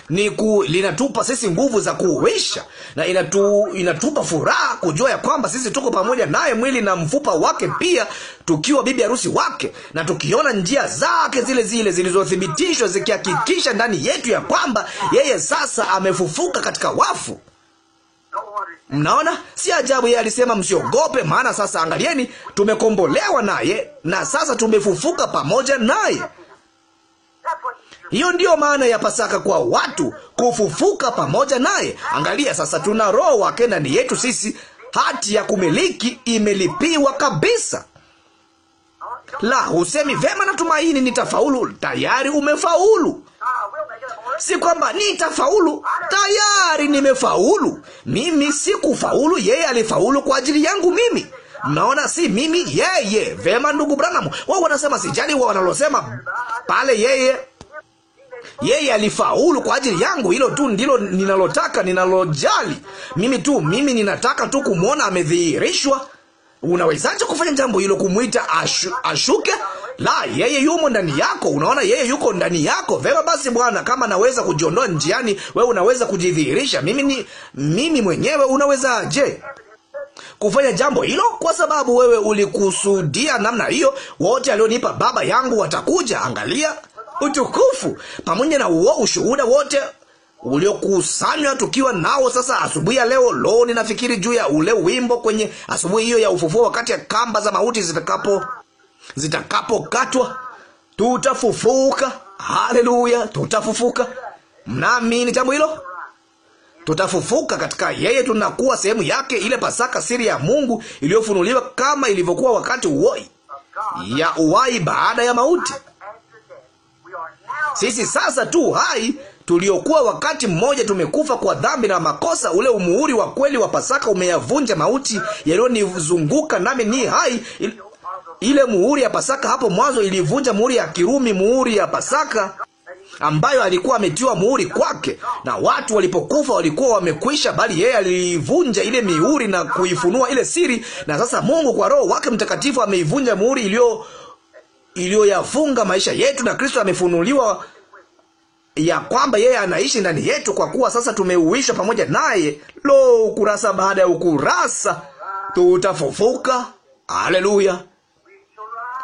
ni ku, linatupa sisi nguvu za kuwisha na inatu, inatupa furaha kujua ya kwamba sisi tuko pamoja naye mwili na mfupa wake pia, tukiwa bibi harusi wake, na tukiona njia zake zile zile zilizothibitishwa zikihakikisha ndani yetu ya kwamba yeye sasa amefufuka katika wafu. Mnaona, si ajabu yeye alisema msiogope, maana sasa angalieni, tumekombolewa naye na sasa tumefufuka pamoja naye. Hiyo ndiyo maana ya Pasaka kwa watu, kufufuka pamoja naye. Angalia sasa, tuna roho wake ndani yetu sisi, hati ya kumiliki imelipiwa kabisa. La, husemi vema, natumaini nitafaulu. Tayari umefaulu. Si kwamba nitafaulu, tayari nimefaulu. Mimi sikufaulu, yeye alifaulu kwa ajili yangu mimi. Mnaona, si mimi, yeye. Vema, ndugu Branham, wao wanasema sijali wao wanalosema pale, yeye yeye alifaulu kwa ajili yangu. Hilo tu ndilo ninalotaka, ninalojali mimi tu. Mimi ninataka tu kumwona amedhihirishwa. Unawezaje kufanya jambo hilo, kumwita ashu, ashuke? La, yeye yumo ndani yako. Unaona, yeye yuko ndani yako. Vema basi, Bwana, kama naweza kujiondoa njiani, wewe unaweza kujidhihirisha. Mimi ni mimi mwenyewe, unawezaje kufanya jambo hilo? Kwa sababu wewe ulikusudia namna hiyo. Wote alionipa Baba yangu watakuja. Angalia utukufu, pamoja na uo ushuhuda wote uliokusanywa tukiwa nao sasa asubuhi ya leo. Lo, ninafikiri juu ya ule wimbo kwenye asubuhi hiyo ya ufufuo, wakati ya kamba za mauti zitakapo zitakapokatwa, tutafufuka. Haleluya, tutafufuka. Mnaamini jambo hilo? Tutafufuka katika yeye, tunakuwa sehemu yake, ile Pasaka, siri ya Mungu iliyofunuliwa, kama ilivyokuwa wakati uoi ya uwai baada ya mauti. Sisi sasa tu hai tuliokuwa wakati mmoja tumekufa kwa dhambi na makosa. Ule umuhuri wa kweli wa Pasaka umeyavunja mauti yaliyonizunguka, nami ni hai. Ile muhuri ya Pasaka hapo mwanzo ilivunja muhuri ya Kirumi, muhuri ya Pasaka ambayo alikuwa ametiwa muhuri kwake, na watu walipokufa walikuwa wamekwisha, bali yeye aliivunja ile mihuri na kuifunua ile siri. Na sasa Mungu kwa Roho wake Mtakatifu ameivunja muhuri iliyo iliyoyafunga maisha yetu, na Kristo amefunuliwa ya kwamba yeye anaishi ndani yetu, kwa kuwa sasa tumeuishwa pamoja naye. Lo, ukurasa baada ya ukurasa, tutafufuka. Haleluya,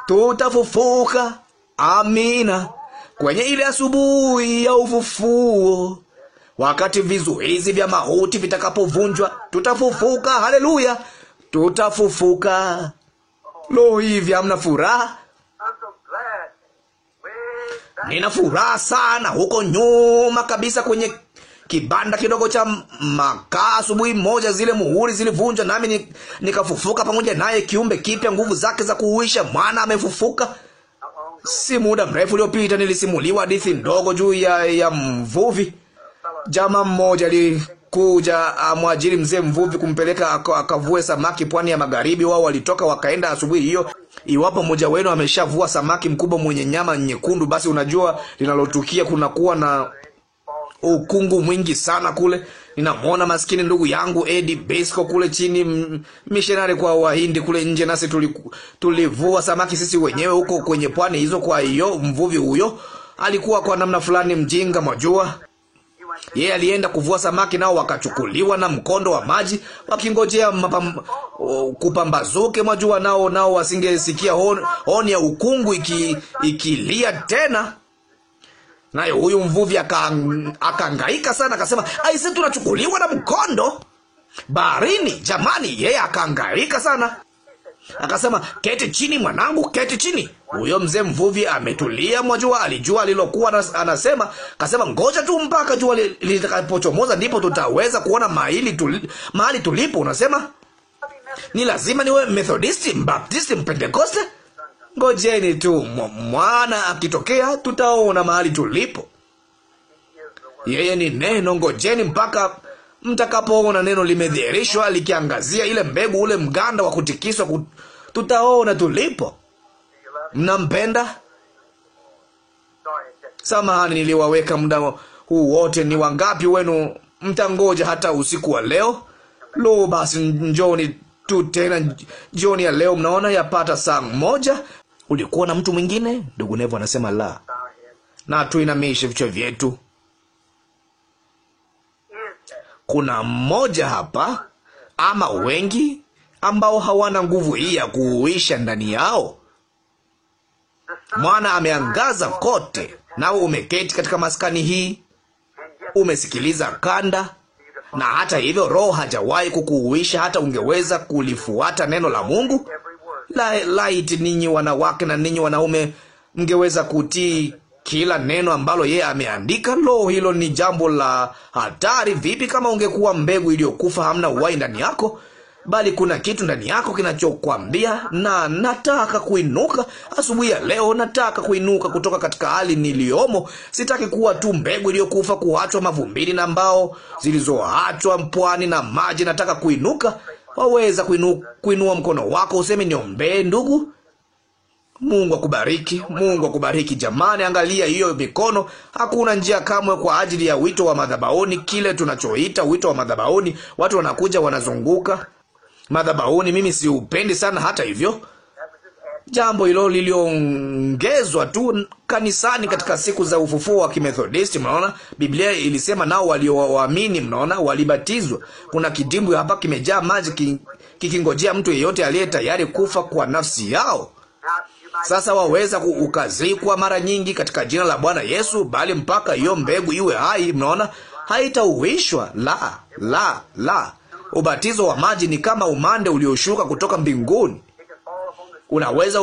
tutafufuka. Amina, kwenye ile asubuhi ya ufufuo, wakati vizuizi vya mauti vitakapovunjwa, tutafufuka. Haleluya, tutafufuka. Lo, hivi hamna furaha? Nina furaha sana. Huko nyuma kabisa kwenye kibanda kidogo cha makaa, asubuhi moja zile muhuri zilivunjwa, nami nikafufuka pamoja naye, kiumbe kipya, nguvu zake za kuuisha. Mwana amefufuka. Si muda mrefu uliopita nilisimuliwa hadithi ndogo juu ya, ya mvuvi. Jamaa mmoja alikuja amwajiri mzee mvuvi kumpeleka akavue samaki pwani ya magharibi. Wao walitoka wakaenda asubuhi hiyo Iwapo mmoja wenu ameshavua samaki mkubwa mwenye nyama nyekundu, basi unajua linalotukia, kunakuwa na ukungu mwingi sana kule. Ninamwona maskini ndugu yangu Eddie Besco kule chini, missionary kwa Wahindi kule nje, nasi tulivua samaki sisi wenyewe huko kwenye pwani hizo. Kwa hiyo mvuvi huyo alikuwa kwa namna fulani mjinga, mwajua yeye alienda kuvua samaki, nao wakachukuliwa na mkondo wa maji, wakingojea kupambazuke mwa nao nao wasingesikia honi, ya ukungu iki, ikilia tena. Naye huyu mvuvi akaangaika sana, akasema aise, tunachukuliwa na mkondo baharini jamani. Yeye akaangaika sana, akasema keti chini mwanangu, keti chini. Huyo mzee mvuvi ametulia, mwajua, alijua alilokuwa anasema. Kasema ngoja tu mpaka jua litakapochomoza, ndipo tutaweza kuona mahali tuli, mahali tulipo. Unasema ni lazima niwe Methodisti, Mbaptisti, Mpentekoste? Ngojeni tu mwana akitokea, tutaona mahali tulipo. Yeye ni neno. Ngojeni mpaka mtakapoona neno limedhihirishwa likiangazia ile mbegu, ule mganda wa kutikiswa, tutaona tulipo. Mnampenda? Samahani, niliwaweka muda huu wote. Ni wangapi wenu mtangoja hata usiku wa leo? Lo, basi njoni tu tena jioni ya leo. Mnaona, yapata saa moja. Ulikuwa na mtu mwingine? Ndugu Nevo anasema la, na tuinamishe vichwa vyetu. Kuna mmoja hapa ama wengi ambao hawana nguvu hii ya kuuisha ndani yao. Mwana ameangaza kote, nawe umeketi katika maskani hii, umesikiliza kanda, na hata hivyo Roho hajawahi kukuuisha, hata ungeweza kulifuata neno la Mungu. La, laiti ninyi wanawake na ninyi wanaume mngeweza kutii kila neno ambalo yeye ameandika. Lo, hilo ni jambo la hatari vipi! Kama ungekuwa mbegu iliyokufa, hamna uhai ndani yako, bali kuna kitu ndani yako kinachokwambia, na nataka kuinuka asubuhi ya leo. Nataka kuinuka kutoka katika hali niliyomo. Sitaki kuwa tu mbegu iliyokufa kuachwa mavumbini na mbao zilizoachwa pwani na maji. Nataka kuinuka. Waweza kuinu, kuinua mkono wako useme, niombee ndugu. Mungu akubariki. Mungu akubariki. Jamani, angalia hiyo mikono. Hakuna njia kamwe kwa ajili ya wito wa madhabaoni, kile tunachoita wito wa madhabaoni. Watu wanakuja wanazunguka madhabahuni. Mimi siupendi sana hata hivyo. Jambo hilo liliongezwa tu kanisani katika siku za ufufuo wa Kimethodisti. Mnaona, Biblia ilisema nao waliowaamini, mnaona, walibatizwa. Kuna kidimbwi hapa kimejaa maji kikingojea mtu yeyote aliye tayari kufa kwa nafsi yao. Sasa waweza ukazikwa mara nyingi katika jina la Bwana Yesu, bali mpaka hiyo mbegu iwe hai, mnaona, haitauishwa. La, la, la Ubatizo wa maji ni kama umande ulioshuka kutoka mbinguni. Unaweza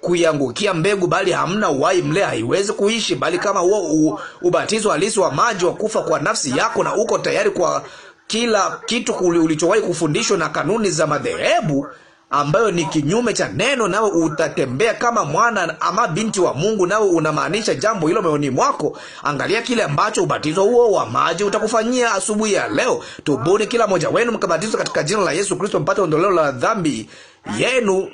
kuiangukia mbegu, bali hamna uhai mle, haiwezi kuishi. Bali kama huo ubatizo halisi wa maji wa kufa kwa nafsi yako, na uko tayari kwa kila kitu ulichowahi kufundishwa na kanuni za madhehebu, ambayo ni kinyume cha neno, nawe utatembea kama mwana ama binti wa Mungu, nawe unamaanisha jambo hilo moyoni mwako. Angalia kile ambacho ubatizo huo wa maji utakufanyia asubuhi ya leo. Tubuni kila mmoja wenu mkabatizwe katika jina la Yesu Kristo mpate ondoleo la dhambi yenu,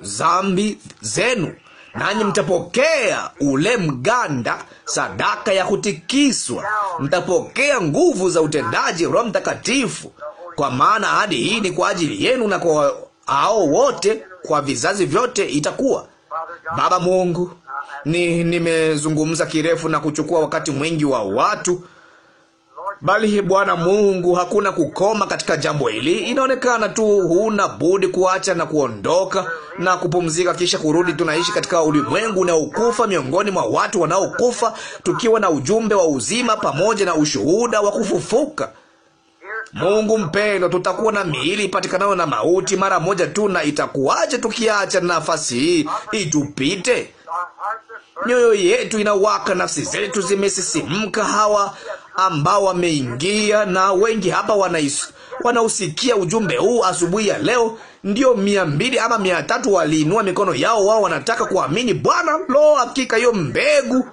dhambi zenu, nanyi mtapokea ule mganda, sadaka ya kutikiswa, mtapokea nguvu za utendaji Roho Mtakatifu. Kwa maana ahadi hii ni kwa ajili yenu na kwa hao wote, kwa vizazi vyote itakuwa. Baba Mungu, ni nimezungumza kirefu na kuchukua wakati mwingi wa watu, bali Bwana Mungu, hakuna kukoma katika jambo hili. Inaonekana tu huna budi kuacha na kuondoka na kupumzika, kisha kurudi. Tunaishi katika ulimwengu unaokufa, miongoni mwa watu wanaokufa, tukiwa na ujumbe wa uzima pamoja na ushuhuda wa kufufuka. Mungu mpendwa, tutakuwa na miili ipatikanayo na mauti mara moja tu, na itakuwaje tukiacha nafasi hii itupite? Mioyo yetu inawaka, nafsi zetu zimesisimka. Hawa ambao wameingia, na wengi hapa wanais, wanausikia ujumbe huu asubuhi ya leo, ndio mia mbili ama mia tatu waliinua mikono yao, wao wanataka kuamini Bwana. Lo, hakika hiyo mbegu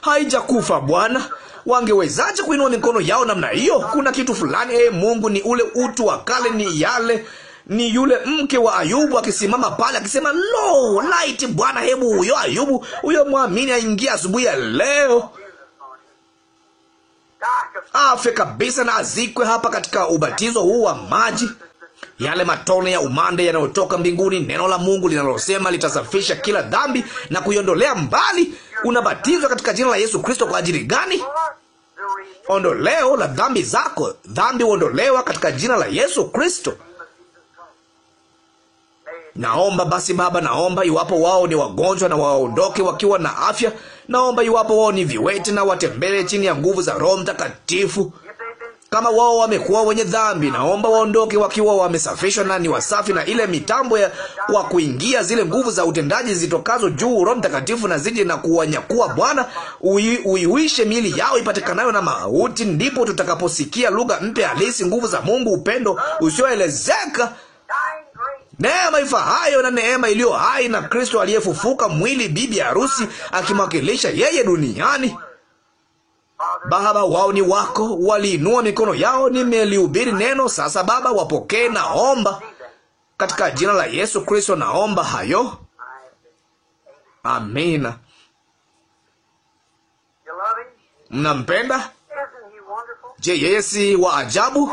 haijakufa Bwana, wangewezaje kuinua mikono yao namna hiyo? Kuna kitu fulani ee, Mungu, ni ule utu wa kale, ni yale ni yule mke wa Ayubu akisimama pale akisema, lo laiti Bwana, hebu huyo Ayubu huyo mwamini aingia asubuhi ya leo afe kabisa na azikwe hapa katika ubatizo huu wa maji. Yale matone ya umande yanayotoka mbinguni, neno la Mungu linalosema litasafisha kila dhambi na kuiondolea mbali Unabatizwa katika jina la Yesu Kristo kwa ajili gani? Ondoleo la dhambi zako. Dhambi huondolewa katika jina la Yesu Kristo. Naomba basi Baba, naomba iwapo wao ni wagonjwa na waondoke wakiwa na afya. Naomba iwapo wao ni viwete na watembele chini ya nguvu za Roho Mtakatifu. Kama wao wamekuwa wenye dhambi, naomba waondoke wakiwa wamesafishwa na ni wasafi, na ile mitambo ya kwa kuingia zile nguvu za utendaji zitokazo juu, Roho Mtakatifu na zije na kuwanyakuwa. Bwana, uiuishe miili yao ipatikanayo na mauti, ndipo tutakaposikia lugha mpya halisi, nguvu za Mungu, upendo usioelezeka neema ifahayo na neema iliyo hai na Kristo aliyefufuka mwili, bibi harusi akimwakilisha yeye duniani. Baba, wao ni wako. Waliinua mikono yao, nimelihubiri neno. Sasa Baba, wapokee. Naomba katika jina la Yesu Kristo, naomba hayo. Amina. Mnampenda? Je, yeye si wa ajabu?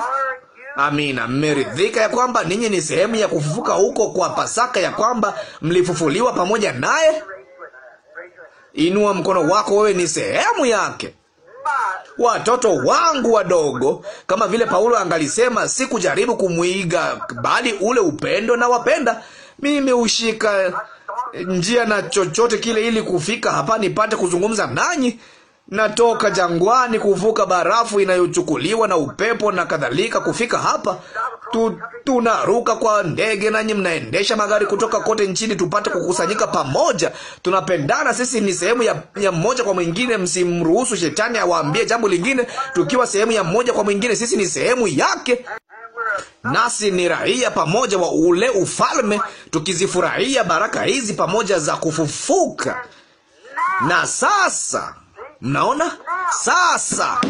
Amina. Mmeridhika ya kwamba ninyi ni sehemu ya kufufuka huko kwa Pasaka, ya kwamba mlifufuliwa pamoja naye? Inua mkono wako, wewe ni sehemu yake watoto wangu wadogo, kama vile Paulo angalisema, sikujaribu kumwiga, bali ule upendo na wapenda mimi ushika njia na chochote kile ili kufika hapa nipate kuzungumza nanyi natoka jangwani kuvuka barafu inayochukuliwa na upepo na kadhalika kufika hapa tu, tunaruka kwa ndege, nanyi mnaendesha magari kutoka kote nchini tupate kukusanyika pamoja. Tunapendana, sisi ni sehemu ya, ya mmoja kwa mwingine. Msimruhusu shetani awaambie jambo lingine. Tukiwa sehemu ya mmoja kwa mwingine, sisi ni sehemu yake, nasi ni raia pamoja wa ule ufalme, tukizifurahia baraka hizi pamoja za kufufuka. Na sasa Mnaona sasa,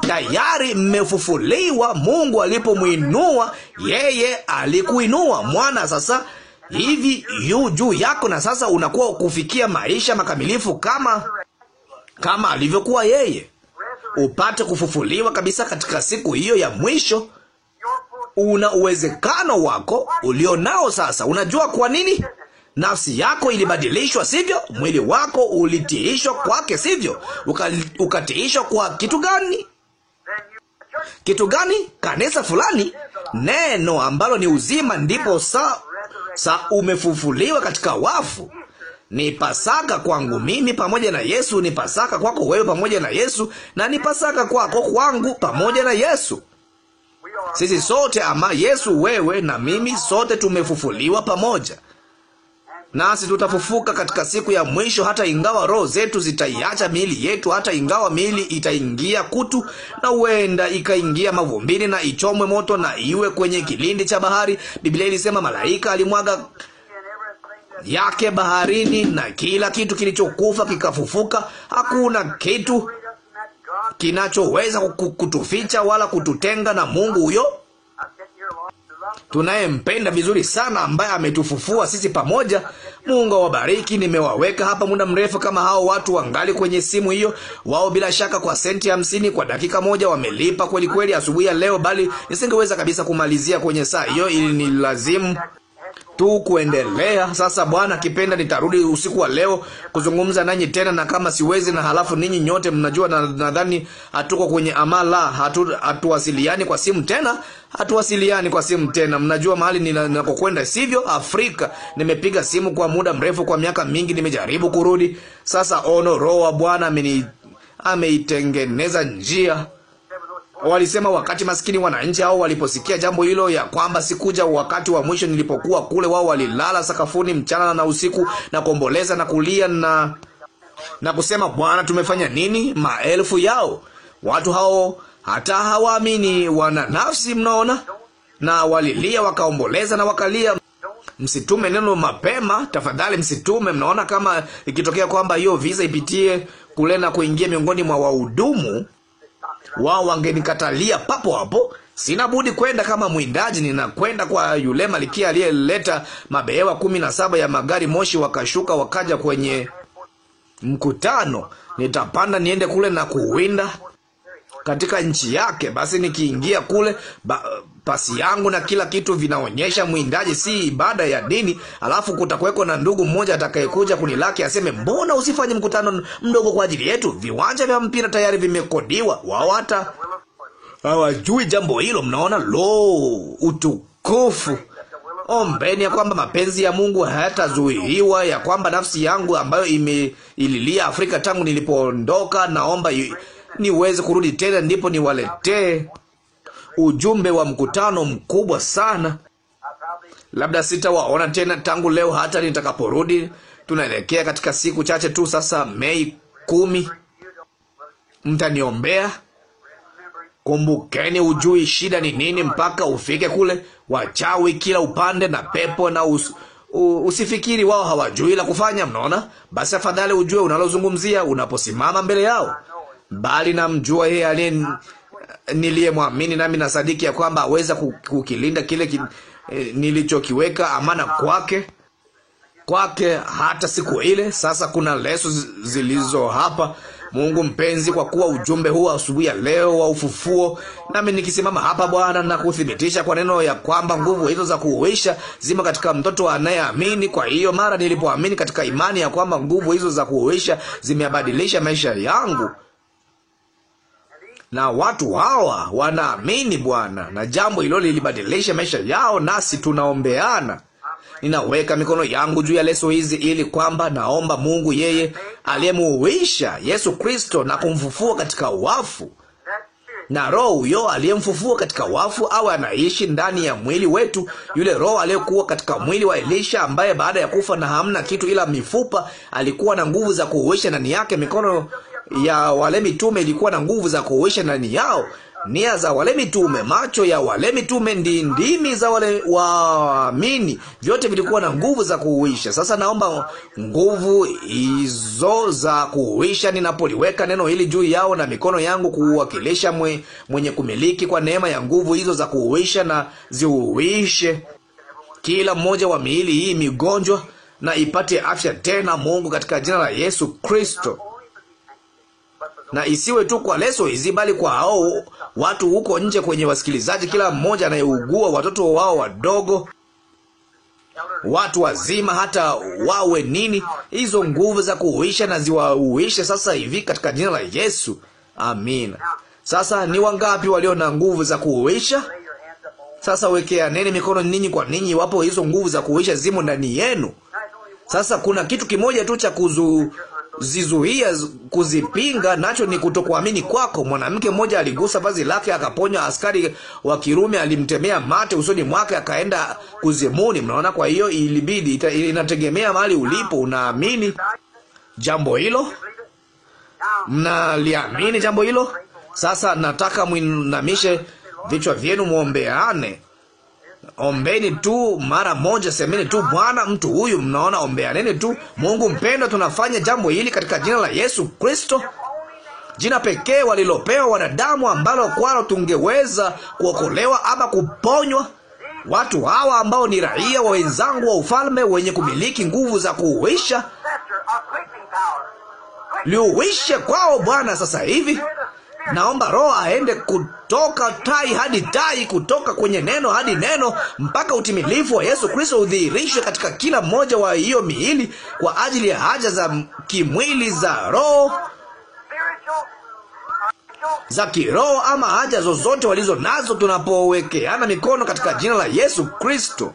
tayari mmefufuliwa. Mungu alipomwinua yeye, alikuinua mwana sasa hivi yu juu yako, na sasa unakuwa kufikia maisha makamilifu kama kama alivyokuwa yeye, upate kufufuliwa kabisa katika siku hiyo ya mwisho. Una uwezekano wako ulionao sasa. Unajua kwa nini? Nafsi yako ilibadilishwa, sivyo? Mwili wako ulitiishwa kwake, sivyo? Uka, ukatiishwa kwa kitu gani? Kitu gani? Kanisa fulani, neno ambalo ni uzima. Ndipo sa sa umefufuliwa katika wafu. Ni Pasaka kwangu mimi pamoja na Yesu, ni Pasaka kwako wewe pamoja na Yesu, na ni Pasaka kwako kwangu pamoja na Yesu. Sisi sote ama Yesu, wewe na mimi, sote tumefufuliwa pamoja nasi tutafufuka katika siku ya mwisho, hata ingawa roho zetu zitaiacha miili yetu, hata ingawa miili itaingia kutu na huenda ikaingia mavumbini na ichomwe moto na iwe kwenye kilindi cha bahari. Biblia ilisema malaika alimwaga yake baharini na kila kitu kilichokufa kikafufuka. Hakuna kitu kinachoweza kutuficha wala kututenga na Mungu huyo tunayempenda vizuri sana, ambaye ametufufua sisi pamoja. Mungu awabariki. Nimewaweka hapa muda mrefu. Kama hao watu wangali kwenye simu hiyo, wao bila shaka kwa senti hamsini kwa dakika moja wamelipa kweli kweli asubuhi ya leo, bali nisingeweza kabisa kumalizia kwenye saa hiyo, ili lazimu tu kuendelea. Sasa Bwana kipenda, nitarudi usiku wa leo kuzungumza nanyi tena, na kama siwezi, na halafu ninyi nyote mnajua, nadhani na hatuko kwenye amala, hatu hatuwasiliani kwa simu tena, hatuwasiliani kwa simu tena. Mnajua mahali ninakokwenda, sivyo? Afrika. Nimepiga simu kwa muda mrefu, kwa miaka mingi, nimejaribu kurudi. Sasa ono, Roho wa Bwana ameitengeneza njia. Walisema wakati maskini wananchi hao waliposikia jambo hilo, ya kwamba sikuja wakati wa mwisho nilipokuwa kule, wao walilala sakafuni mchana na usiku na kuomboleza na kulia na na kusema, Bwana, tumefanya nini? Maelfu yao watu hao hata hawaamini wana nafsi, mnaona, na walilia wakaomboleza na wakalia. Msitume neno mapema, tafadhali msitume. Mnaona, kama ikitokea kwamba hiyo visa ipitie kule na kuingia miongoni mwa wahudumu wao, wangenikatalia papo hapo. Sina budi kwenda kama mwindaji, ninakwenda kwa yule malikia aliyeleta mabehewa kumi na saba ya magari moshi, wakashuka wakaja kwenye mkutano. Nitapanda niende kule na kuwinda katika nchi yake. Basi nikiingia kule ba, pasi yangu na kila kitu vinaonyesha mwindaji, si ibada ya dini. Alafu kutakuweko na ndugu mmoja atakayekuja kunilaki aseme, mbona usifanye mkutano mdogo kwa ajili yetu? Viwanja vya mpira tayari vimekodiwa, wao hata hawajui jambo hilo. Mnaona, lo, utukufu! Ombeni ya kwamba mapenzi ya Mungu hayatazuiwa, ya kwamba nafsi yangu ambayo imeililia Afrika tangu nilipoondoka, naomba yu niweze kurudi tena, ndipo niwaletee ujumbe wa mkutano mkubwa sana. Labda sitawaona tena tangu leo hata nitakaporudi. Tunaelekea katika siku chache tu sasa, Mei kumi. Mtaniombea. Kumbukeni, ujui shida ni nini mpaka ufike kule. Wachawi kila upande na pepo na us, u, usifikiri wao hawajui la kufanya. Mnaona? Basi afadhali ujue unalozungumzia unaposimama mbele yao bali namjua yeye aliye niliyemwamini, nami nasadiki ya kwamba aweza kukilinda kile ki, e, nilichokiweka amana kwake kwake hata siku ile. Sasa kuna leso zilizo hapa, Mungu mpenzi, kwa kuwa ujumbe huu asubuhi ya leo wa ufufuo, nami nikisimama hapa Bwana na kuthibitisha kwa neno ya kwamba nguvu hizo za kuuisha zimo katika mtoto anayeamini. Kwa hiyo mara nilipoamini katika imani ya kwamba nguvu hizo za kuuisha zimeabadilisha maisha yangu na watu hawa wanaamini Bwana, na jambo hilo lilibadilisha maisha yao, nasi tunaombeana. Ninaweka mikono yangu juu ya leso hizi ili kwamba naomba Mungu yeye aliyemuuisha Yesu Kristo na kumfufua katika wafu, na Roho huyo aliyemfufua katika wafu awe anaishi ndani ya mwili wetu, yule Roho aliyekuwa katika mwili wa Elisha ambaye baada ya kufa na hamna kitu ila mifupa, alikuwa na nguvu za kuuisha ndani yake mikono ya wale mitume ilikuwa na nguvu za kuuisha ndani yao. Nia za wale mitume, macho ya wale mitume, ndi ndimi za wale waamini, vyote vilikuwa na nguvu za kuuisha. Sasa naomba nguvu hizo za kuuisha, ninapoliweka neno hili juu yao na mikono yangu kuwakilisha mwe, mwenye kumiliki kwa neema ya nguvu hizo za kuuisha, na ziuishe kila mmoja wa miili hii migonjwa, na ipate afya tena, Mungu, katika jina la Yesu Kristo na isiwe tu kwa leso hizi, bali kwa hao watu huko nje, kwenye wasikilizaji, kila mmoja anayeugua, watoto wao wadogo, watu wazima, hata wawe nini, hizo nguvu za kuuisha na ziwauishe sasa hivi katika jina la Yesu, amina. Sasa ni wangapi walio na nguvu za kuuisha? Sasa nene mikono ninyi kwa ninyi, iwapo hizo nguvu za kuuisha zimo ndani yenu. Sasa kuna kitu kimoja tu cha kuzu zizuia kuzipinga, nacho ni kutokuamini kwako. Mwanamke mmoja aligusa vazi lake akaponya askari wa Kirumi, alimtemea mate usoni mwake, akaenda kuzimuni. Mnaona, kwa hiyo ilibidi inategemea mahali ulipo, unaamini jambo hilo, mnaliamini jambo hilo. Sasa nataka mwinamishe vichwa vyenu, mwombeane. Ombeni tu mara moja, semeni tu, Bwana, mtu huyu mnaona, ombeaneni tu. Mungu mpendwa, tunafanya jambo hili katika jina la Yesu Kristo, jina pekee walilopewa wanadamu, ambalo kwalo tungeweza kuokolewa ama kuponywa. Watu hawa ambao ni raia wa wenzangu wa ufalme, wenye kumiliki nguvu za kuuisha, liuishe kwao Bwana sasa hivi. Naomba Roho aende kutoka tai hadi tai, kutoka kwenye neno hadi neno, mpaka utimilifu wa Yesu Kristo udhihirishwe katika kila mmoja wa hiyo miili kwa ajili ya haja za kimwili za roho za kiroho ama haja zozote walizo nazo, tunapowekeana mikono katika jina la Yesu Kristo.